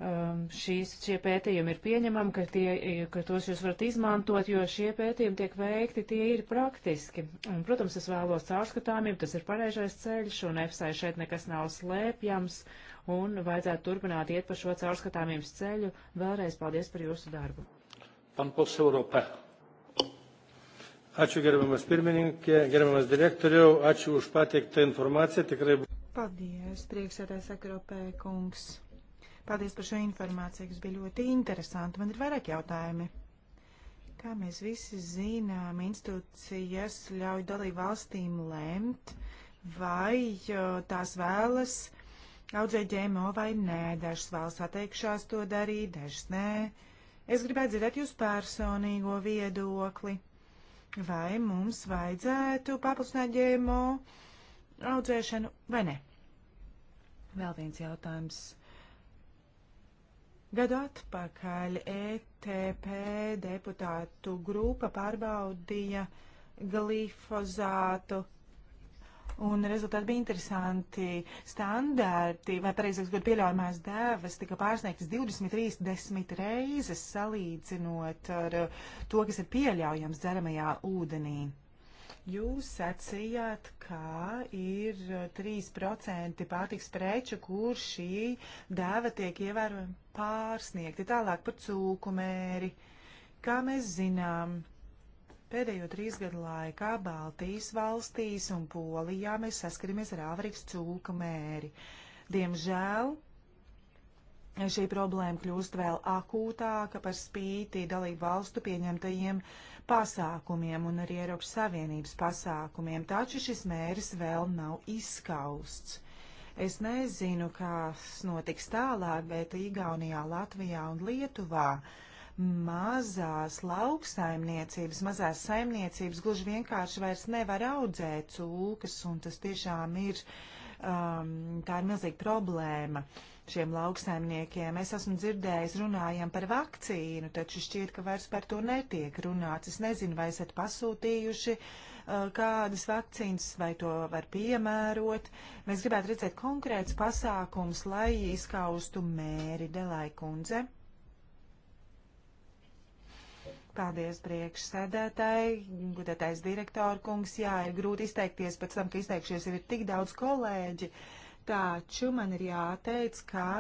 um, šīs, šie pētījumi ir pieņemami, ka, tie, ka tos jūs varat izmantot, jo šie pētījumi tiek veikti, tie ir praktiski. Un, protams, es vēlos caurskatāmību, tas ir pareizais ceļš, un EFSA šeit nekas nav slēpjams, un vajadzētu turpināt iet pa šo caurskatāmības ceļu. Vēlreiz paldies par jūsu darbu. Pan Pos Europa. Ačiū gerbiamas pirmininkė, gerbiamas direktoriau, ačiū už pateiktą informaciją. Tikrai. Paldies, priekšsēdājs Akropē kungs. Paldies par šo informāciju, kas bija ļoti interesanti. Man ir vairāk jautājumi. Kā mēs visi zinām, institūcijas ļauj dalību valstīm lemt, vai tās vēlas audzēt ģēmo vai nē. Dažas valsts atteikšās to darīt, dažas nē. Es gribētu dzirdēt jūsu personīgo viedokli vai mums vajadzētu paplašināt ģēmo audzēšanu vai nē. Vēl viens jautājums. Gadu atpakaļ ETP deputātu grupa pārbaudīja glifozātu un rezultāti bija interesanti. Standārti, vai pareizāk sakot, pieļaujamās dēvas tika pārsniegtas 23 reizes salīdzinot ar uh, to, kas ir pieļaujams dzeramajā ūdenī. Jūs sacījāt, ka ir 3% uh, pārtiks preču, kur šī dēva tiek ievērojami pārsniegti. Tālāk par cūku mēri. Kā mēs zinām, uh, Pēdējo trīs gadu laikā Baltijas valstīs un Polijā mēs saskaramies ar Āfrikas cūku mēri. Diemžēl šī problēma kļūst vēl akūtāka par spīti dalību valstu pieņemtajiem pasākumiem un arī Eiropas Savienības pasākumiem, taču šis mēris vēl nav izskausts. Es nezinu, kas notiks tālāk, bet Igaunijā, Latvijā un Lietuvā uh, mazās lauksaimniecības, mazās saimniecības gluži vienkārši vairs nevar audzēt cūkas, un tas tiešām ir, um, tā ir milzīga problēma šiem lauksaimniekiem. Es esmu dzirdējis, runājam par vakcīnu, taču šķiet, ka vairs par to netiek runāts. Es nezinu, vai esat pasūtījuši uh, kādas vakcīnas, vai to var piemērot. Mēs gribētu redzēt konkrēts pasākums, lai izkaustu mēri Delai kundze. Paldies, priekšsēdētāji, gudētais direktora kungs. Jā, ir grūti izteikties pēc tam, ka izteikšies jau ir tik daudz kolēģi, taču man ir jāteic, ka.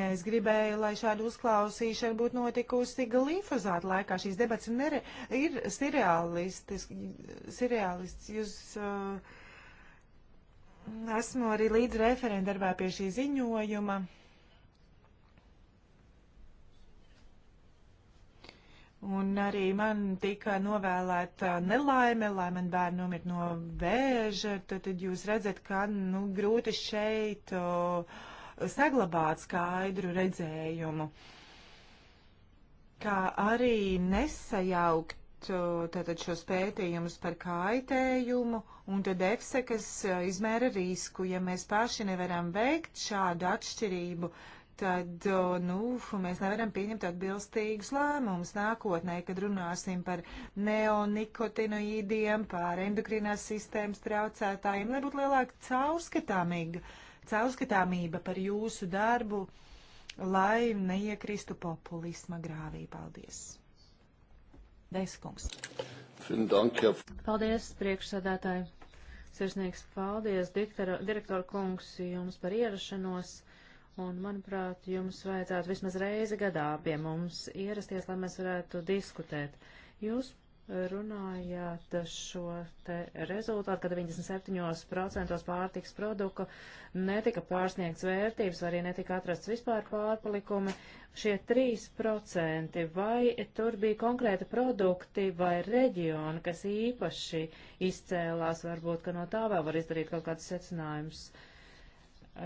Es gribēju, lai šāda uzklausīšana būtu notikusi glifozāta laikā. Šīs debats nere, ir surrealists. Jūs, uh, esmu arī līdz referendarbā pie šī ziņojuma. Uh, Un arī man tika novēlēta nelaime, lai man bērni nomir no vēža. Tad, tad jūs redzat, ka nu, grūti šeit o, saglabāt skaidru redzējumu. Kā arī nesajaukt tātad šos pētījumus par kaitējumu, un tad EFSA, kas izmēra risku, ja mēs paši nevaram veikt šādu atšķirību, uh, tad nu, mēs nevaram pieņemt atbilstīgus lēmumus nākotnē, kad runāsim par neonikotinoīdiem, par endokrinās sistēmas traucētājiem, lai būtu lielāka caurskatāmība, caurskatāmība par jūsu darbu, lai neiekristu populisma grāvī. Paldies! Deskungs. Paldies, priekšsādātāji! Sirsnīgs paldies, diktora, direktora kungs, jums par ierašanos. Un, manuprāt, jums vajadzētu vismaz reizi gadā pie mums ierasties, lai mēs varētu diskutēt. Jūs runājāt šo te rezultātu, ka 97% pārtiks produktu netika pārsniegts vērtības, arī netika atrasts vispār pārpalikumi. Šie 3% vai tur bija konkrēti produkti vai reģioni, kas īpaši izcēlās, varbūt, ka no tā vēl var izdarīt kaut kāds secinājums. Uh,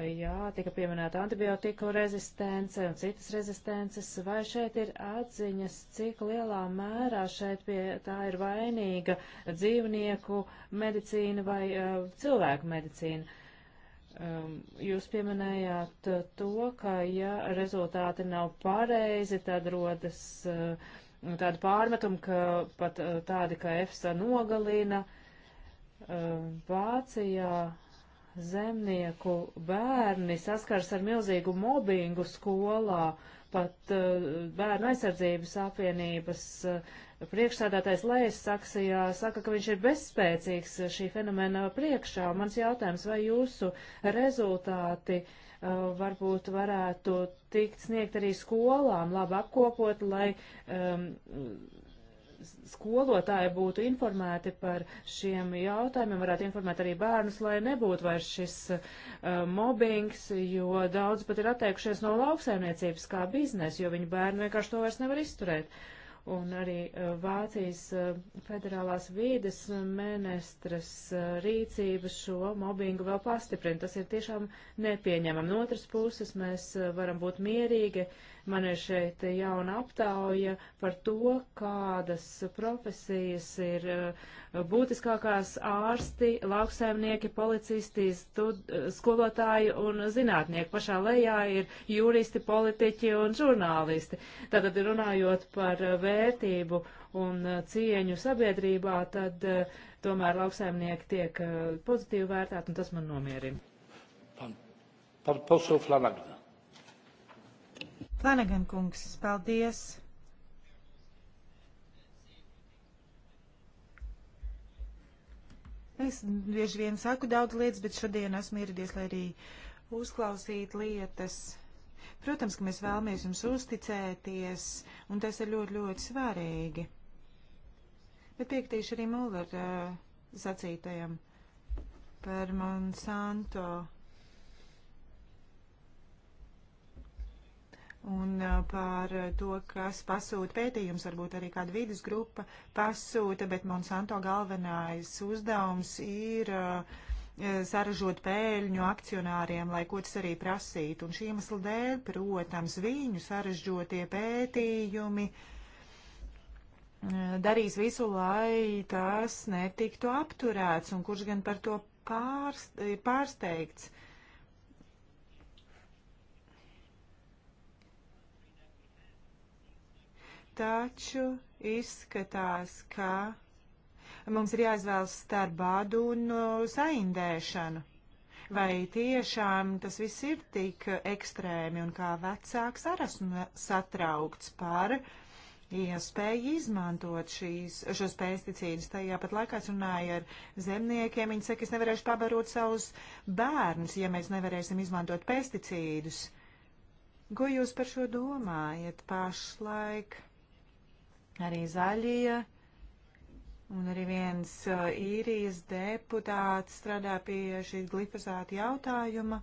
Jā, tika pieminēta antibiotiku rezistence un citas rezistences. Vai šeit ir atziņas, cik lielā mērā šeit pie tā ir vainīga dzīvnieku medicīna vai uh, cilvēku medicīna? Um, jūs pieminējāt uh, to, ka ja rezultāti nav pareizi, tad rodas uh, tāda pārmetuma, ka pat uh, tādi, ka EFSA nogalina uh, Vācijā. Uh, zemnieku bērni saskars ar milzīgu mobbingu skolā. Pat uh, bērnu aizsardzības apvienības uh, eh, priekšsādātais Lējas saksijā saka, ka viņš ir bezspēcīgs eh, šī fenomena priekšā. Mans jautājums, vai jūsu rezultāti uh, varbūt varētu tikt sniegt arī skolām, labi apkopot, lai um, skolotāji būtu informēti par šiem jautājumiem, varētu informēt arī bērnus, lai nebūtu vairs šis uh, mobbings, jo daudz pat ir atteikušies no lauksaimniecības kā biznesa, jo viņu bērni vienkārši to vairs nevar izturēt. Un arī uh, Vācijas uh, federālās vīdes ministras uh, rīcība šo mobbingu vēl pastiprina. Tas ir tiešām nepieņemam. No otras puses mēs uh, varam būt mierīgi. Uh, Man ir šeit jauna aptauja par to, kādas profesijas ir eh, būtiskākās ārsti, lauksaimnieki, policisti, skolotāji un zinātnieki. Pašā lejā ir juristi, politiķi un žurnālisti. Tātad runājot par eh, vērtību un eh, cieņu sabiedrībā, tad tomēr lauksaimnieki tiek pozitīvi vērtēti un tas man nomierina. Pan, pan poseł Flanagna. Flanagan kungs, paldies! Es bieži vien saku daudz lietas, bet šodien esmu ieradies, lai arī uzklausītu lietas. Protams, ka mēs vēlamies jums uzticēties, un tas ir ļoti, ļoti svarīgi. Bet piektīšu arī Muller uh, sacītajam par Monsanto. un par to, kas pasūta pētījums, varbūt arī kāda vidusgrupa pasūta, bet Monsanto galvenais uzdevums ir saražot pēļņu akcionāriem, lai ko tas arī prasītu. Un šī iemesla dēļ, protams, viņu saražotie pētījumi darīs visu, lai tas netiktu apturēts, un kurš gan par to pārst, pārsteigts. taču izskatās, ka mums ir jāizvēlas starp bādu un saindēšanu. Vai tiešām tas viss ir tik ekstrēmi un kā vecāks ar esmu satraukts par iespēju izmantot šīs, šos pesticīdus. Tajā pat laikā es runāju ar zemniekiem, viņi saka, es nevarēšu pabarot savus bērnus, ja mēs nevarēsim izmantot pesticīdus. Ko jūs par šo domājat pašlaik? arī zaļie. Un arī viens uh, īrijas deputāts strādā pie šī glifosāta jautājuma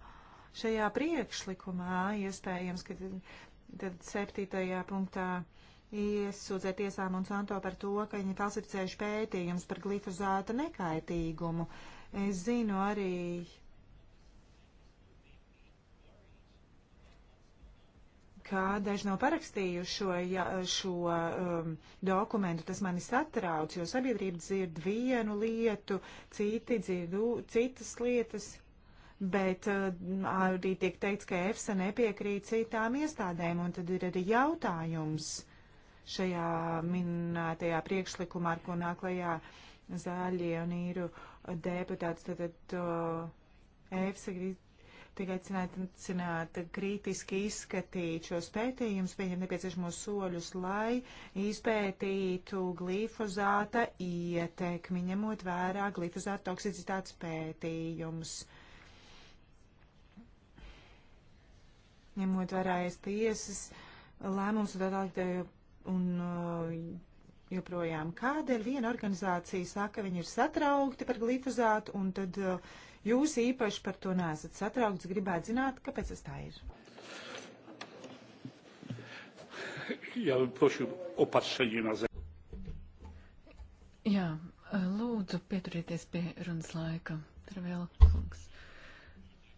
šajā priekšlikumā. Iespējams, ka tad septītajā punktā iesūdzē tiesā Monsanto par to, ka viņi falsificējuši pētījumus par glifosāta nekaitīgumu. Es zinu arī ka daži nav parakstījuši šo, ja, šo um, dokumentu. Tas mani satrauc, jo sabiedrība dzird vienu lietu, citi dzird citas lietas. Bet uh, arī tiek teikts, ka EFSA nepiekrīt citām iestādēm, un tad ir arī jautājums šajā minētajā priekšlikumā, ar ko nāk lajā zāļie un īru deputāts. Tad, tad uh, EFSA grib tiek aicināti kritiski izskatīt šos pētījumus, pieņemt nepieciešamos soļus, lai izpētītu glifozāta ietekmi, ņemot vērā glifozāta toksicitātes pētījumus. Ņemot vērā es tiesas lēmums un tā tālāk, un uh, joprojām kādēļ viena organizācija saka, ka viņi ir satraukti par glifozātu, un tad uh, Jūs īpaši par to neesat satraukts, gribētu zināt, kāpēc tas tā ir. Jā, prošu, Jā, lūdzu, pieturieties pie runas laika. Travēla kungs.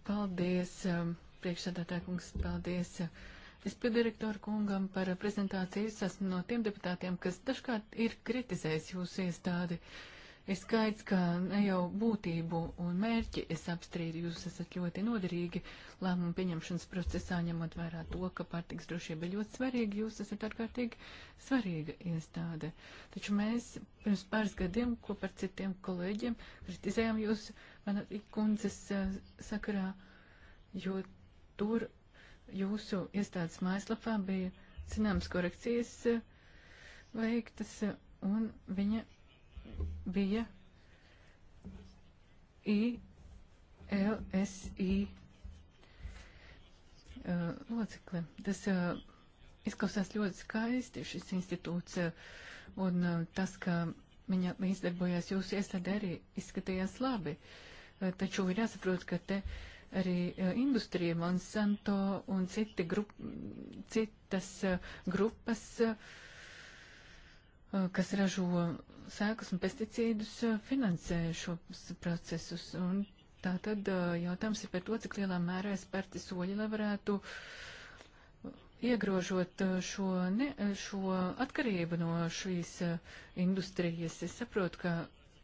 Paldies, um, priekšsēdētāja kungs, paldies. Es uh, piedirektoru kungam par prezentāciju esmu no tiem deputātiem, kas dažkārt ir kritizējis jūsu iestādi. Uh, Ir skaidrs, ka ne jau būtību un mērķi es apstrīdu, jūs esat ļoti noderīgi lēmumu pieņemšanas procesā, ņemot vērā to, ka pārtiks drošība ir ļoti svarīga, jūs esat ārkārtīgi svarīga iestāde. Taču mēs pirms pāris gadiem, kopā ar citiem kolēģiem, kritizējām jūs manas ikundzes eh, sakarā, jo tur jūsu iestādes mājaslapā bija zināmas korekcijas eh, veiktas, eh, un viņa bija ILSI uh, locekli. Tas uh, izklausās ļoti skaisti, šis institūts, uh, un uh, tas, ka viņa līdzdarbojās jūsu iestādē, arī izskatījās labi. Uh, taču ir jāsaprot, ka te arī uh, industrija Monsanto un citi grup, citas uh, grupas. Uh, Uh, kas ražo sēklas un pesticīdus, uh, finansē šos procesus. Un tā tad uh, jautājums ir par to, cik lielā mērā ir spērti soļi, lai varētu iegrožot šo, ne, šo atkarību no šīs industrijas. Es saprotu, ka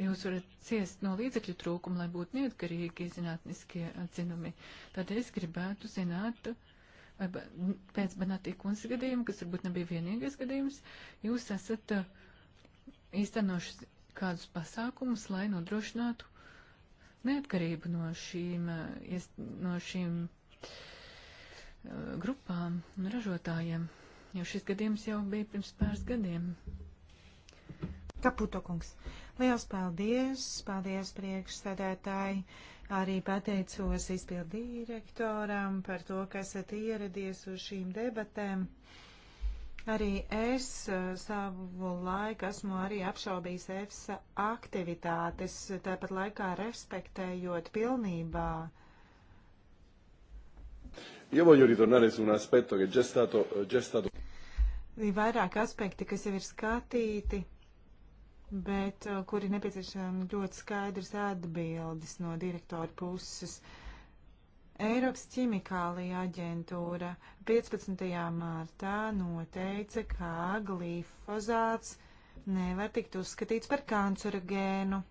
jūs varat ciest no līdzekļu trūkuma, lai būtu neatkarīgi zinātniskie atzinumi. Tādēļ es gribētu zināt, vai pēc Banātī kundzes gadījuma, kas varbūt nebija vienīgais gadījums, jūs esat uh, īstenoši kādus pasākumus, lai nodrošinātu neatkarību no šīm, eh, no šīm eh, grupām un ražotājiem, jo šis gadījums jau bija pirms pāris gadiem. Kaputo kungs, liels paldies, paldies priekšsēdētāji, arī pateicos izpildu direktoram par to, ka esat ieradies uz šīm debatēm. Uh, Arī es eh, savu laiku esmu arī apšaubījis EFSA aktivitātes, tāpat laikā respektējot pilnībā. Io voglio ritornare su un aspetto che già stato, eh, già stato... Ir vairāk aspekti, kas jau ir skatīti, bet eh, kuri nepieciešami ļoti skaidrs atbildes no direktora puses. Uh, Eiropas ķimikālija aģentūra 15. martā noteica, ka glifozāts nevar tikt uzskatīts par kancerogēnu.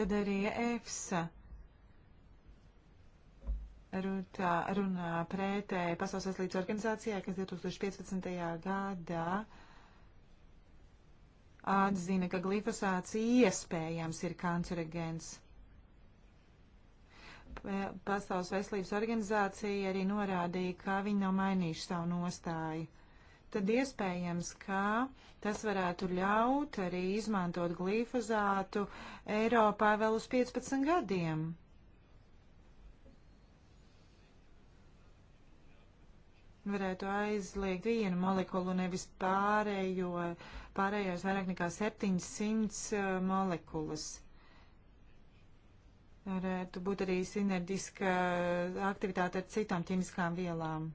Tad arī EFSA Rutā runā pretēji eh, Pasaules veselības organizācijai, kas 2015. gadā atzina, ka glifosāts iespējams ir kancerogēns. Pasaules veselības organizācija arī norādīja, ka viņi nav mainījuši savu nostāju. Tad iespējams, ka tas varētu ļaut arī izmantot glifosātu Eiropā vēl uz 15 gadiem. Varētu aizliegt vienu molekulu, nevis pārējo uh, pārējais vairāk nekā 700 eh, molekulas. Varētu eh, būt arī sinerģiska eh, aktivitāte ar citām ķemiskām vielām.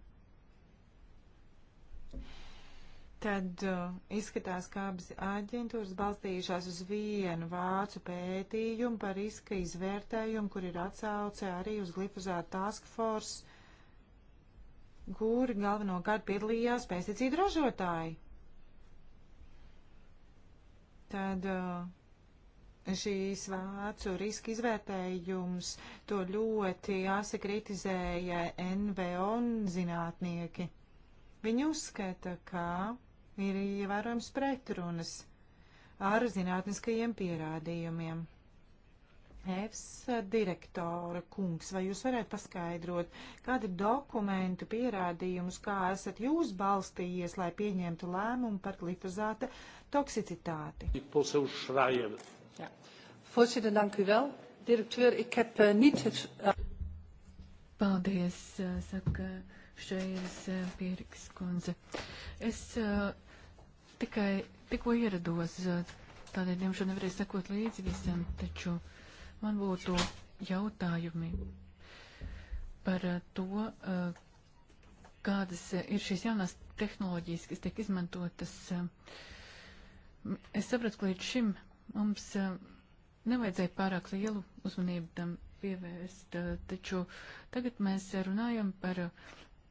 Tad uh, izskatās, ka abas aģentūras balstījušās uz vienu vācu pētījumu par riska izvērtējumu, kur ir atsauce arī uz glifozātu task force, kuri galvenokārt piedalījās pesticīdu ražotāji tad eh, šīs vācu riska izvērtējums to ļoti asi kritizēja NVO un zinātnieki. Viņi uzskata, ka ir ievērojams pretrunas ar zinātniskajiem pierādījumiem. EFSA direktora kungs, vai jūs varētu paskaidrot, kādi dokumentu pierādījumus, kā esat jūs balstījies, lai pieņemtu lēmumu par glifozāta toksicitāti? Ja. Voorzitter, dank u wel. Directeur, ik heb uh, niet het. Uh... Paldies, uh, saka Šreiras uh, Pieriks kundze. Es uh, tikai tikko ierados, uh, tādēļ diemžēl nevarēju sekot līdzi visam, taču. Uh, Man būtu jautājumi par eh, to, eh, kādas eh, ir šīs jaunās tehnoloģijas, kas tiek izmantotas. Es sapratu, ka līdz šim mums nevajadzēja pārāk lielu uzmanību tam pievērst, taču tagad mēs runājam par,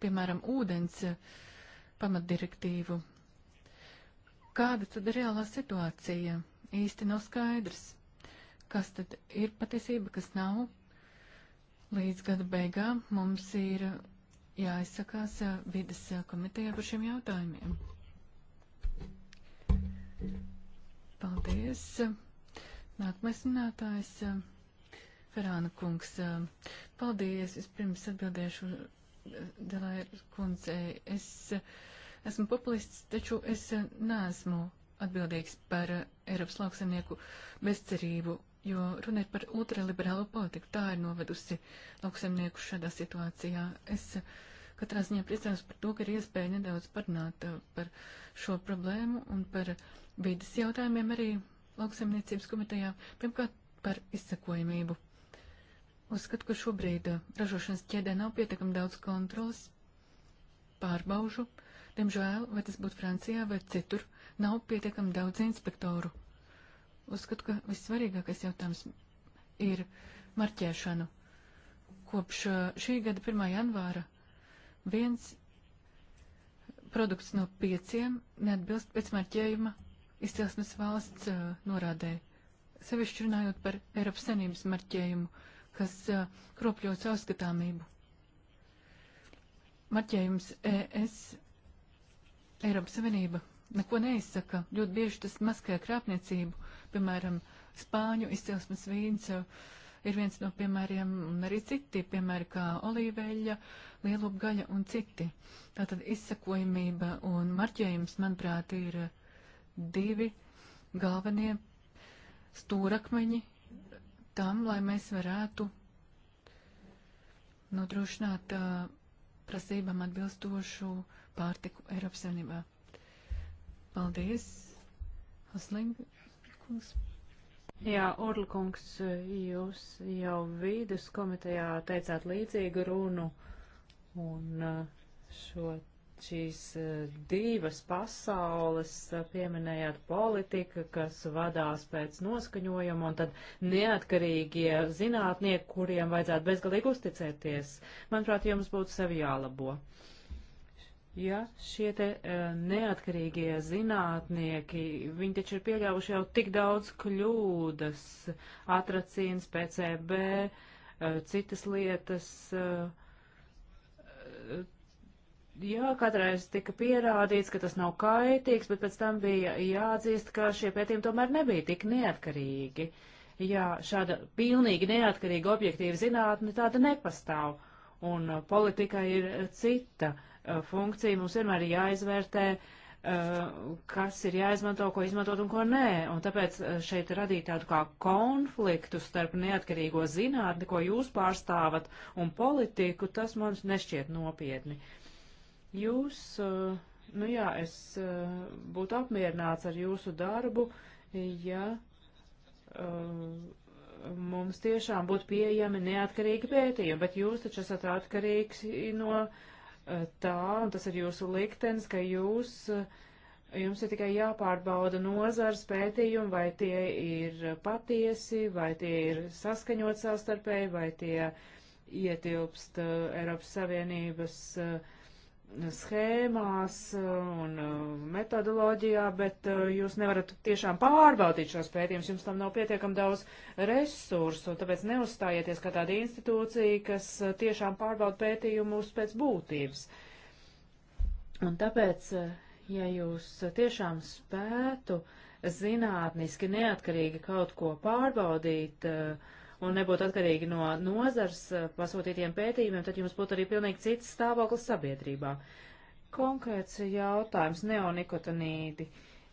piemēram, ūdens pamatdirektīvu. Kāda tad ir reālā situācija? Īsti nav skaidrs kas tad ir patiesība, kas nav. Līdz gada beigām mums ir jāizsakās vidas komitejā par šiem jautājumiem. Paldies. Nākamais runātājs Ferāna kungs. Paldies. Vispirms atbildēšu Delairas kundzei. Es esmu populists, taču es neesmu atbildīgs par Eiropas lauksaimnieku bezcerību jo runa ir par ultraliberālo politiku. Tā ir novedusi lauksaimnieku šādā situācijā. Es katrā ziņā priecājos par to, ka ir iespēja nedaudz parunāt uh, par šo problēmu un par vīdas jautājumiem arī lauksaimniecības komitejā. Pirmkārt, par izsakojamību. Uzskatu, ka šobrīd uh, ražošanas ķēdē nav pietiekami daudz kontrols, pārbaužu. Diemžēl, vai tas būtu Francijā vai citur, nav pietiekami daudz inspektoru Uzskatu, ka vissvarīgākais jautājums ir marķēšanu. Kopš uh, šī gada 1. janvāra viens produkts no pieciem neatbilst pēc marķējuma izcelsmes valsts uh, norādē. Sevišķi runājot par Eiropas senības marķējumu, kas uh, kropļo caurskatāmību. Marķējums ES Eiropas Savienība neko neizsaka. Ļoti bieži tas maskē krāpniecību Piemēram, spāņu izcelsmes vīns uh, ir viens no piemēriem, un arī citi, piemēri kā olīveļa, lielopgaļa un citi. Tātad izsakojamība un marķējums, manuprāt, ir uh, divi galvenie stūrakmeņi tam, lai mēs varētu nodrošināt uh, prasībām atbilstošu pārtiku Eiropas Savienībā. Paldies, Hasling kungs. Jā, Orlkungs, jūs jau vīdes komitejā teicāt līdzīgu runu un uh, šo šīs uh, divas pasaules uh, pieminējāt politika, kas vadās pēc noskaņojuma un tad neatkarīgie zinātnieki, kuriem vajadzētu bezgalīgi uzticēties. Manuprāt, jums būtu sevi jālabo. Uh, Ja šie te e, neatkarīgie zinātnieki, viņi taču ir pieļāvuši jau tik daudz kļūdas, atracīns, PCB, e, citas lietas. E, jā, katreiz tika pierādīts, ka tas nav kaitīgs, bet pēc tam bija jāatzīst, ka šie pētījumi tomēr nebija tik neatkarīgi. Jā, šāda pilnīgi neatkarīga objektīva zinātne tāda nepastāv, un politika ir cita. Uh, Uh, funkcija, mums vienmēr ir jāizvērtē, uh, kas ir jāizmanto, ko izmantot un ko nē. Un tāpēc uh, šeit radīt tādu kā konfliktu starp neatkarīgo zinātni, ko jūs pārstāvat, un politiku, tas mums nešķiet nopietni. Jūs, nu jā, es būtu apmierināts ar jūsu darbu, ja mums tiešām būtu pieejami neatkarīgi pētījumi, bet jūs taču esat atkarīgs no uh, Eh, tā, un tas ir jūsu liktenis, ka jūs, eh, jums ir tikai jāpārbauda nozars pētījumi, vai tie ir patiesi, vai tie ir saskaņot savstarpēji, vai tie ietilpst eh, Eiropas Savienības uh, schēmās eh, un eh, metodoloģijā, bet eh, jūs nevarat tiešām pārbaudīt šos pētījumus, jums tam nav pietiekam daudz resursu, tāpēc neuzstājieties kā tāda institūcija, kas tiešām pārbauda pētījumus pēc būtības. Un tāpēc, ja jūs tiešām spētu zinātniski neatkarīgi kaut ko pārbaudīt, uh, un nebūtu atkarīgi no nozars eh, pasūtītiem pētījumiem, tad jums būtu arī pilnīgi cits stāvoklis sabiedrībā. Konkrēts jautājums - neonikotinīdi.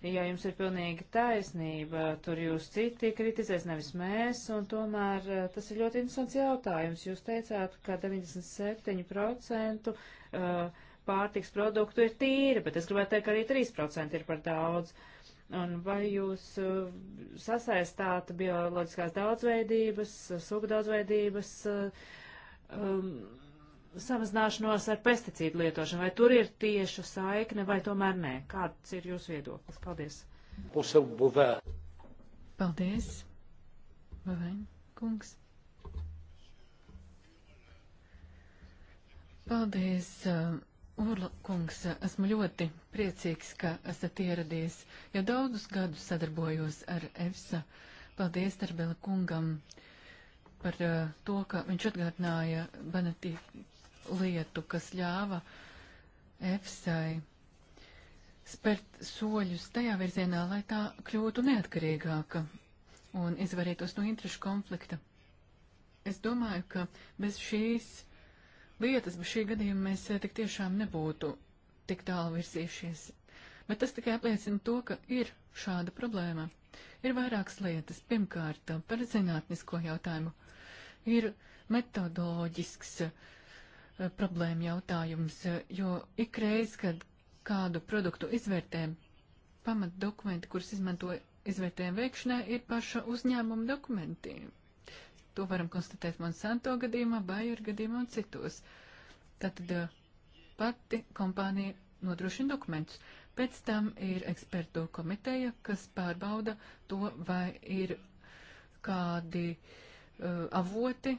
Ja jums ir pilnīgi taisnība, tur jūs citi kritizēs, nevis mēs, un tomēr eh, tas ir ļoti interesants jautājums. Jūs teicāt, ka 97% eh, pārtiks produktu ir tīri, bet es gribētu teikt, ka arī 3% ir par daudz. Uh, Un vai jūs eh, sasaistāt bioloģiskās daudzveidības, sugu daudzveidības eh, um, samazināšanos ar pesticīdu lietošanu? Vai tur ir tiešu saikne vai tomēr nē? Kāds ir jūsu viedoklis? Paldies. Paldies. Bavēn, kungs. Paldies. Uh, Urla kungs, esmu ļoti priecīgs, ka esat ieradies. Jau daudzus gadus sadarbojos ar EFSA. Paldies Tarbela kungam par uh, to, ka viņš atgādināja Banatī lietu, kas ļāva EFSAI spērt soļus tajā virzienā, lai tā kļūtu neatkarīgāka un izvarītos no interešu konflikta. Es domāju, ka bez šīs lietas, bet šī gadījuma mēs eh, tik tiešām nebūtu tik tālu virzījušies. Bet tas tikai apliecina to, ka ir šāda problēma. Ir vairākas lietas. Pirmkārt, par zinātnisko jautājumu. Ir metodoloģisks eh, problēma jautājums, eh, jo ikreiz, kad kādu produktu izvērtēm, pamat dokumenti, kurus izmanto izvērtējumu veikšanai, ir paša uzņēmuma dokumenti, To varam konstatēt Monsanto gadījumā, Bayer gadījumā un citos. Tātad eh, pati kompānija nodrošina dokumentus. Pēc tam ir ekspertu komiteja, kas pārbauda to, vai ir kādi uh, avoti,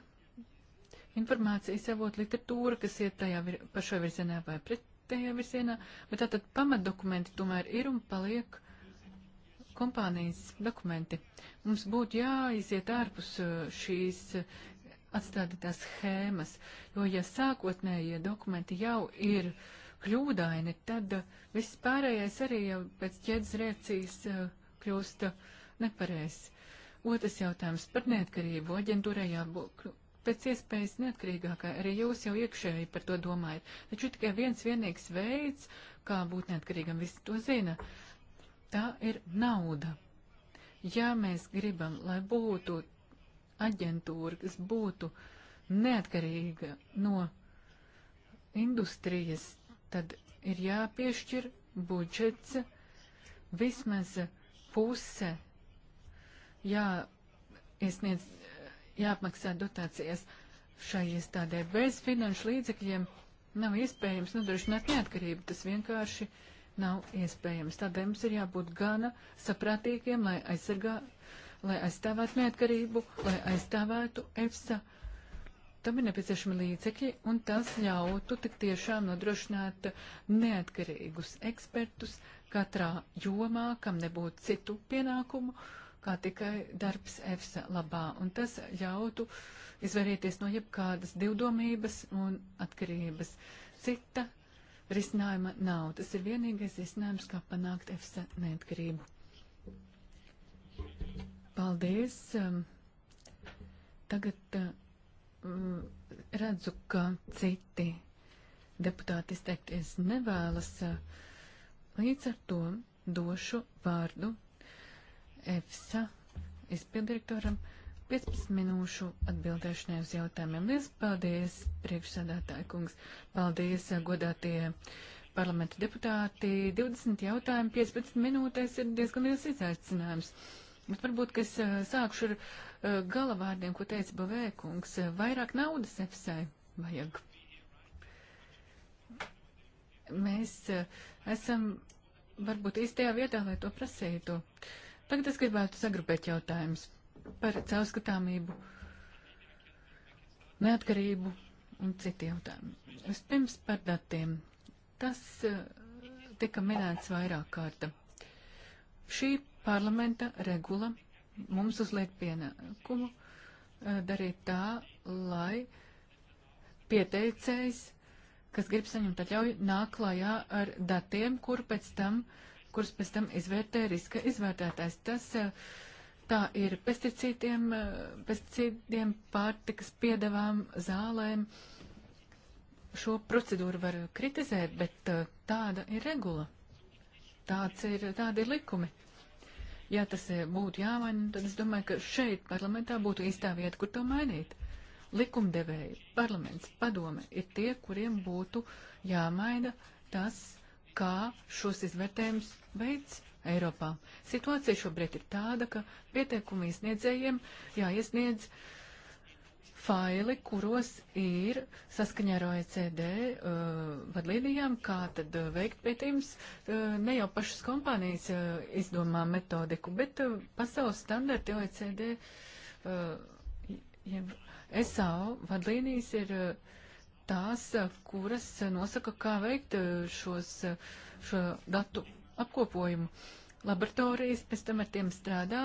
informācijas avoti, literatūra, kas iet tajā vir, pašā virzienā vai pretējā virzienā, bet tātad pamatdokumenti tomēr ir un paliek kompānijas dokumenti. Mums būtu jāiziet ārpus uh, šīs uh, atstādītās schēmas, jo ja sākotnējie dokumenti jau ir kļūdaini, tad uh, viss pārējais arī jau pēc ķēdes reakcijas kļūst nepareizs. Otrs jautājums par neatkarību. Aģentūrai jābūt pēc iespējas neatkarīgākai. Arī jūs jau iekšēji par to domājat. Taču tikai viens vienīgs veids, kā būt neatkarīgam, visi to zina tā ir nauda. Ja mēs gribam, lai būtu aģentūra, kas būtu neatkarīga no industrijas, tad ir jāpiešķir budžets vismaz puse jāiesniedz, jāapmaksā dotācijas šai iestādē. Bez finanšu līdzekļiem nav iespējams nodrošināt neatkarību. Tas vienkārši uh, nav iespējams. Tādēļ mums ir jābūt gana saprātīgiem, lai aizsargā, lai aizstāvētu neatkarību, lai aizstāvētu EFSA. Tam ir nepieciešami līdzekļi, un tas ļautu tik tiešām nodrošināt neatkarīgus ekspertus katrā jomā, kam nebūtu citu pienākumu kā tikai darbs EFSA labā, un tas ļautu izvairīties no jebkādas divdomības un atkarības. Cita risinājuma nav. Tas ir vienīgais risinājums, kā panākt EFSA neatkarību. Paldies. Um, tagad uh, mm, redzu, ka citi deputāti izteikties nevēlas. Uh, līdz ar to došu vārdu EFSA izpildirektoram. direktoram. 15 minūšu atbildēšanai uz jautājumiem. Liels paldies, priekšsādātāji kungs. Paldies, eh, godātie parlamenta deputāti. 20 jautājumi 15 minūtēs ir diezgan liels izaicinājums. Bet varbūt, ka es eh, sākšu ar eh, gala vārdiem, ko teica Bavēkungs. Vairāk naudas EFSAI vajag. Mēs esam varbūt īstajā vietā, lai to prasītu. Tagad es gribētu sagrupēt jautājumus par caurskatāmību, neatkarību un citi jautājumi. Vispirms par datiem. Tas eh, tika minēts vairāk kārta. Šī parlamenta regula mums uzliek pienākumu eh, darīt tā, lai pieteicējs, kas grib saņemt atļauju, nāk klajā ar datiem, kur pēc tam, kurus pēc tam izvērtē riska izvērtētājs. Tas uh, Tā ir pesticīdiem, pesticīdiem pārtikas piedevām, zālēm. Šo procedūru var kritizēt, bet uh, tāda ir regula. Tāds ir, tādi ir likumi. Ja tas eh, būtu jāmaina, tad es domāju, ka šeit parlamentā būtu īstā vieta, kur to mainīt. Likumdevēji, parlaments, padome ir tie, kuriem būtu jāmaina tas, kā šos izvērtējumus veids Eiropā. Situācija šobrīd ir tāda, ka pieteikumu izniedzējiem jāiesniedz faili, kuros ir saskaņā ar OECD uh, vadlīnijām, kā tad uh, veikt pētījums, uh, ne jau pašas kompānijas uh, izdomā metodiku, bet uh, pasaules standarti OECD, uh, jeb SAO vadlīnijas ir uh, tās, uh, kuras uh, nosaka, kā veikt uh, šos, šo datu apkopojumu. Laboratorijas pēc tam ar tiem strādā,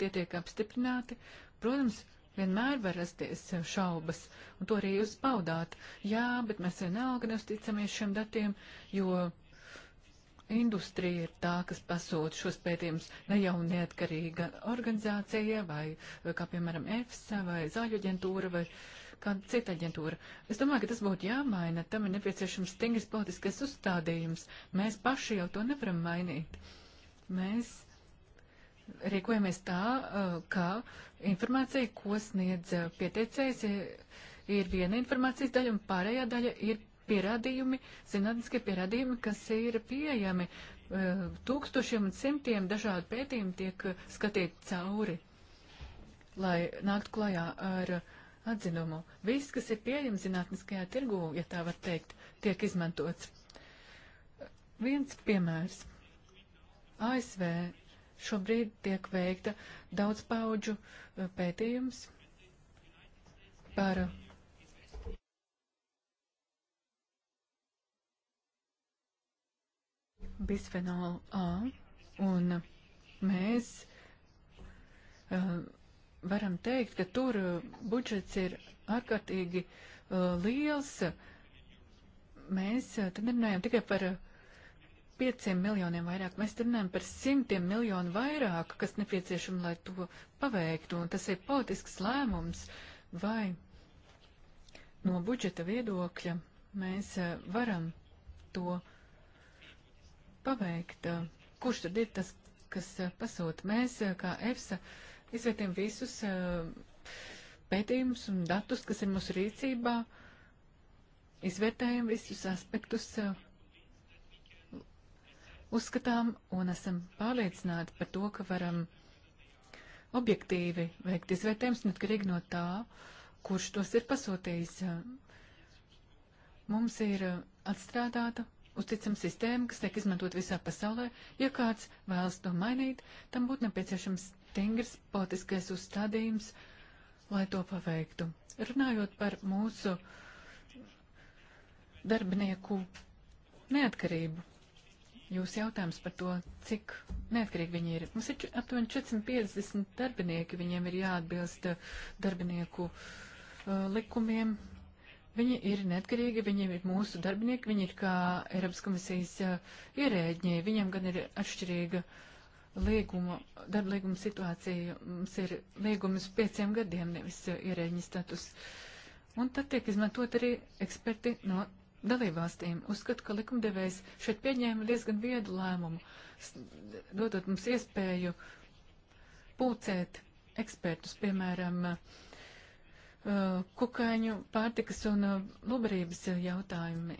tie tiek apstiprināti. Protams, vienmēr var rasties šaubas, un to arī jūs paudāt. Jā, bet mēs vienalga neusticamies šiem datiem, jo industrija ir tā, kas pasūta šos pētījumus ne jau neatkarīga organizācija vai, vai kā piemēram EFSA vai Zāļu aģentūra vai uh, kāda cita aģentūra. Es domāju, ka tas būtu jāmaina, tam ir nepieciešams stingrs politiskais uzstādījums. Mēs paši jau to nevaram mainīt. Mēs rīkojamies tā, uh, ka informācija, ko sniedz uh, pieteicējs, ir viena informācijas daļa un pārējā daļa ir pierādījumi, zinātniskie pierādījumi, kas ir pieejami. Uh, tūkstošiem un simtiem dažādu pētījumu tiek skatīti cauri, lai nāktu klajā ar uh, atzinumu. Viss, kas ir pieejams zinātniskajā tirgū, ja tā var teikt, tiek izmantots. Viens piemērs. ASV šobrīd tiek veikta daudz paudžu eh, pētījums par bisfenolu A, un mēs uh, varam teikt, ka tur uh, budžets ir ārkārtīgi uh, liels. Mēs uh, tad runājam tikai par uh, 5 miljoniem vairāk. Mēs runājam par simtiem miljonu vairāk, kas nepieciešama, lai to paveiktu. Un tas ir politisks lēmums, vai no budžeta viedokļa mēs uh, varam to paveikt. Uh, kurš tad ir tas, kas pasūta? Mēs, kā EFSA, uh, izvērtējam visus eh, pētījumus un datus, kas ir mūsu rīcībā, izvērtējam visus aspektus, eh, uzskatām un esam pārliecināti par to, ka varam objektīvi veikt izvērtējums, neatkarīgi no tā, kurš tos ir pasūtījis. Mums ir eh, atstrādāta uzticama sistēma, kas tiek izmantot visā pasaulē. Ja kāds vēlas to mainīt, tam būtu nepieciešams stingrs politiskais uzstādījums, lai to paveiktu. Runājot par mūsu darbinieku neatkarību, jūs jautājums par to, cik neatkarīgi viņi ir. Mums ir aptuveni 450 darbinieki, viņiem ir jāatbilst uh, darbinieku uh, likumiem. Viņi ir neatkarīgi, viņiem ir mūsu darbinieki, viņi ir kā Eiropas komisijas uh, ierēģņi, viņiem gan ir atšķirīga uh, līgumu, darba līguma situācija. Mums ir līgums pieciem gadiem, nevis ierēģiņa status. Un tad tiek izmantot arī eksperti no dalībvalstīm. Uzskatu, ka likumdevējs šeit pieņēma diezgan viedu lēmumu, dodot mums iespēju pulcēt ekspertus, piemēram, uh, kukaiņu pārtikas un uh, lubrības jautājumi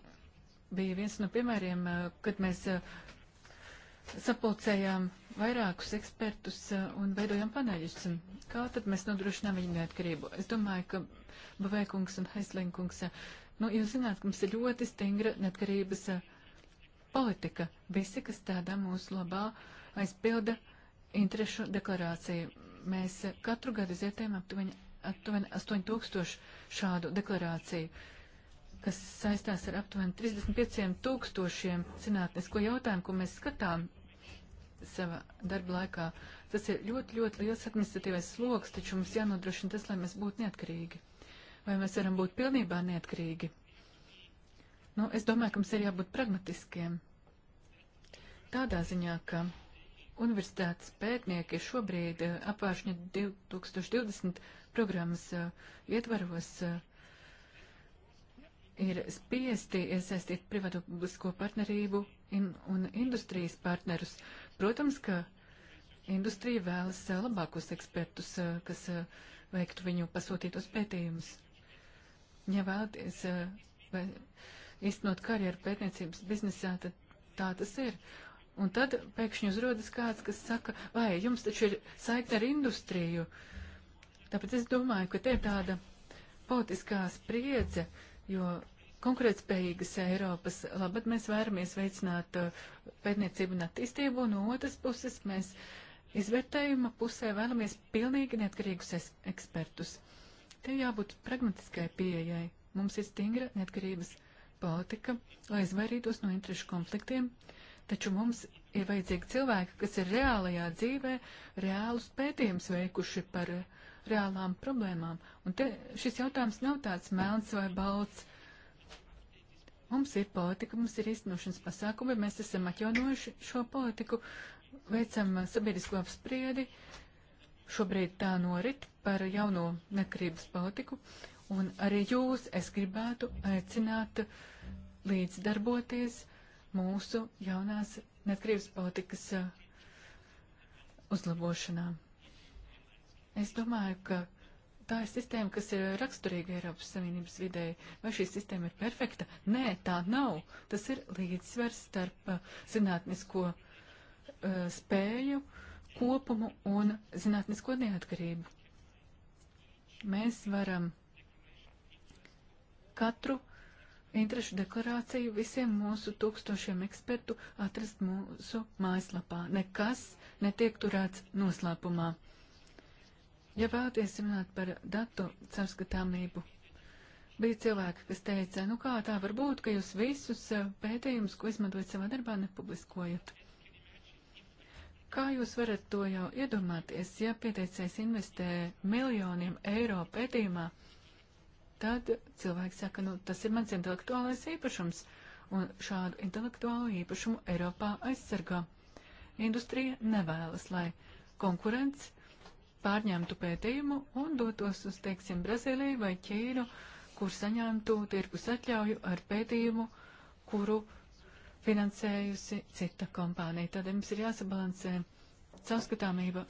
bija viens no piemēriem, uh, kad mēs sapulcējām vairākus ekspertus eh, un veidojām paneļus. Kā tad mēs nodrošinām viņu neatkarību? Es domāju, ka Bavēkungs un Heislinkungs, eh, nu, jūs zināt, ka mums ir ļoti stingra neatkarības eh, politika. Visi, kas tādā mūsu labā aizpilda interešu deklarāciju. Mēs katru gadu izvērtējam aptuveni, aptuveni 8000 šādu deklarāciju kas saistās ar aptuveni 35 tūkstošiem zinātnisko jautājumu, ko mēs skatām savā darba laikā. Tas ir ļoti, ļoti liels administratīvais sloks, taču mums jānodrošina tas, lai mēs būtu neatkarīgi. Vai mēs varam būt pilnībā neatkarīgi? Nu, es domāju, ka mums ir jābūt pragmatiskiem. Tādā ziņā, ka universitātes pētnieki šobrīd eh, apvāršņa 2020 programmas eh, ietvaros uh, ir spiesti iesaistīt privāto publisko partnerību in, un industrijas partnerus. Protams, ka industrija vēlas eh, labākos ekspertus, eh, kas eh, veiktu viņu pasūtītos pētījumus. Ja vēlaties īstenot karjeru pētniecības biznesā, tad tā tas ir. Un tad pēkšņi uzrodas kāds, kas saka, vai jums taču ir saikne ar industriju. Tāpēc es domāju, ka te ir tāda politiskā spriedze, uh, jo konkurētspējīgas Eiropas labad mēs vēramies veicināt uh, pētniecību un attīstību, un no otras puses mēs izvērtējuma pusē vēlamies pilnīgi neatkarīgus ekspertus. Te jābūt pragmatiskai pieejai. Mums ir stingra neatkarības politika, lai izvairītos no interešu konfliktiem, taču mums ir vajadzīgi cilvēki, kas ir reālajā dzīvē reālus pētījumus veikuši par uh, reālām problēmām. Un te šis jautājums nav tāds melns vai balts. Mums ir politika, mums ir īstenošanas pasākumi, mēs esam atjaunojuši šo politiku, veicam sabiedrisko apspriedi. Šobrīd tā norit par jauno nekarības politiku. Un arī jūs es gribētu aicināt līdzdarboties mūsu jaunās neatkarības politikas uh, uzlabošanām. Es domāju, ka tā ir sistēma, kas ir raksturīga Eiropas Savienības vidē. Vai šī sistēma ir perfekta? Nē, tā nav. Tas ir līdzsvers starp uh, zinātnisko uh, spēju kopumu un zinātnisko neatkarību. Mēs varam katru interešu deklarāciju visiem mūsu tūkstošiem ekspertu atrast mūsu mājaslapā. Nekas netiek turēts noslēpumā. Ja vēlaties runāt par datu caurskatāmību, bija cilvēki, kas teica, nu kā tā var būt, ka jūs visus eh, pētījumus, ko izmantojat savā darbā, nepubliskojat. Kā jūs varat to jau iedomāties, ja pieteicējs investē miljoniem eiro pētījumā, tad cilvēks saka, nu tas ir mans intelektuālais īpašums, un šādu intelektuālu īpašumu Eiropā aizsargā. Industrija nevēlas, lai konkurence pārņemtu pētījumu un dotos uz, teiksim, Brazīliju vai Ķīnu, kur saņemtu tirkus atļauju ar pētījumu, kuru finansējusi cita kompānija. Tad mums ir jāsabalansē caurskatāmība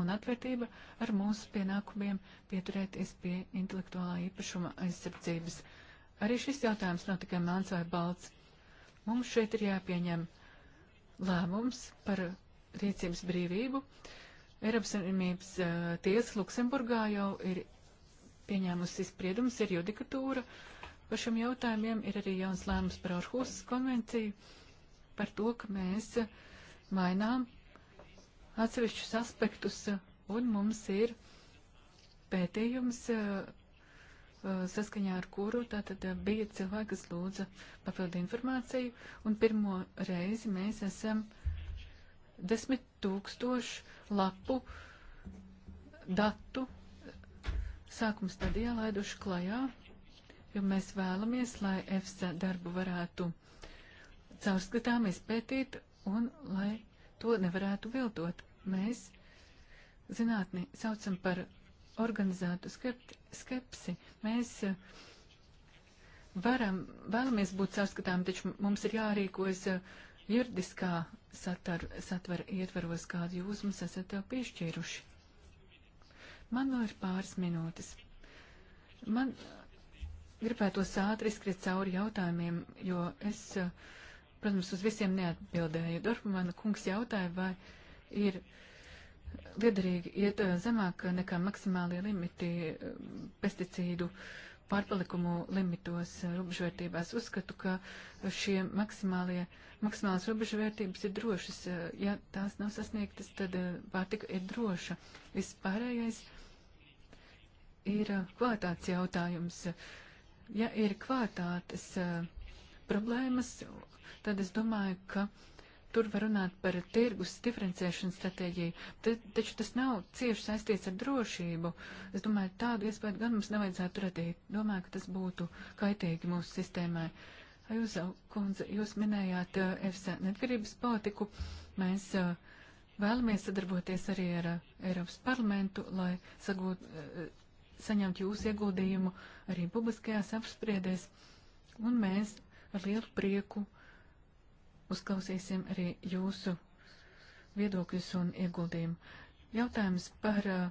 un atvērtība ar mūsu pienākumiem pieturēties pie intelektuālā īpašuma aizsardzības. Arī šis jautājums nav tikai melns vai balts. Mums šeit ir jāpieņem lēmums par rīcības brīvību, uh, Eiropas Savienības tiesa Luksemburgā jau ir pieņēmusi spriedumus, ir judikatūra par šiem jautājumiem, ir arī jauns lēmums par Orhusas konvenciju, par to, ka mēs mainām atsevišķus aspektus, un mums ir pētījums, saskaņā ar kuru tātad bija cilvēki, kas lūdza papildu informāciju, un pirmo reizi mēs esam uh, desmit tūkstošu lapu datu sākuma stadijā laiduši klajā, jo mēs vēlamies, lai EFSA darbu varētu caurskatām izpētīt un lai to nevarētu viltot. Mēs zinātni saucam par organizētu skepti, skepsi. Mēs eh, varam, vēlamies būt caurskatām, taču mums ir jārīkojas uh, juridiskā satar, satvara ietvaros, kādu jūs mums esat tev piešķīruši. Man vēl ir pāris minūtes. Man gribētos ātri izskriet cauri jautājumiem, jo es, protams, uz visiem neatbildēju. Dorfmana kungs jautāja, vai ir liederīgi iet zemāk nekā maksimālie limiti pesticīdu uh, pārpalikumu limitos eh, robežvērtībās. Uzskatu, ka šie maksimālās robežvērtības ir drošas. Eh, ja tās nav sasniegtas, tad eh, pārtika ir droša. Viss pārējais ir kvalitātes jautājums. Ja ir kvalitātes problēmas, tad es domāju, ka tur var runāt par tirgus diferenciēšanas stratēģiju, Te, taču tas nav cieši saistīts ar drošību. Es domāju, tādu iespēju gan mums nevajadzētu radīt. Domāju, ka tas būtu kaitīgi mūsu sistēmai. Jūs, kundze, jūs minējāt EFSA uh, neatkarības politiku. Mēs uh, vēlamies sadarboties arī ar uh, Eiropas parlamentu, lai sagūt, uh, saņemtu jūsu ieguldījumu arī publiskajās apspriedēs. Un mēs ar lielu prieku uh, uzklausīsim arī jūsu viedokļus un ieguldījumu. Jautājums par uh,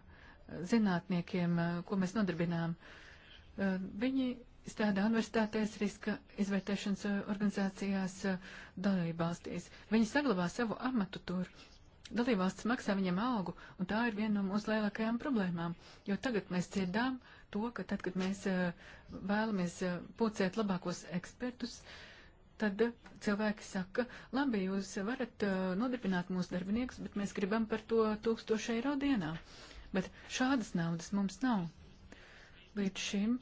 zinātniekiem, uh, ko mēs nodarbinām. Uh, viņi strādā universitātēs, riska izvērtēšanas organizācijās dalībvalstīs. Viņi saglabā savu amatu tur. Dalībvalsts maksā viņam algu, un tā ir viena no mūsu lielākajām problēmām, jo tagad mēs dzirdām to, ka tad, kad mēs vēlamies pulcēt labākos ekspertus, uh, tad cilvēki saka, labi, jūs varat uh, nodarbināt mūsu darbiniekus, bet mēs gribam par to tūkstošu eiro dienā. Bet šādas naudas mums nav. Līdz šim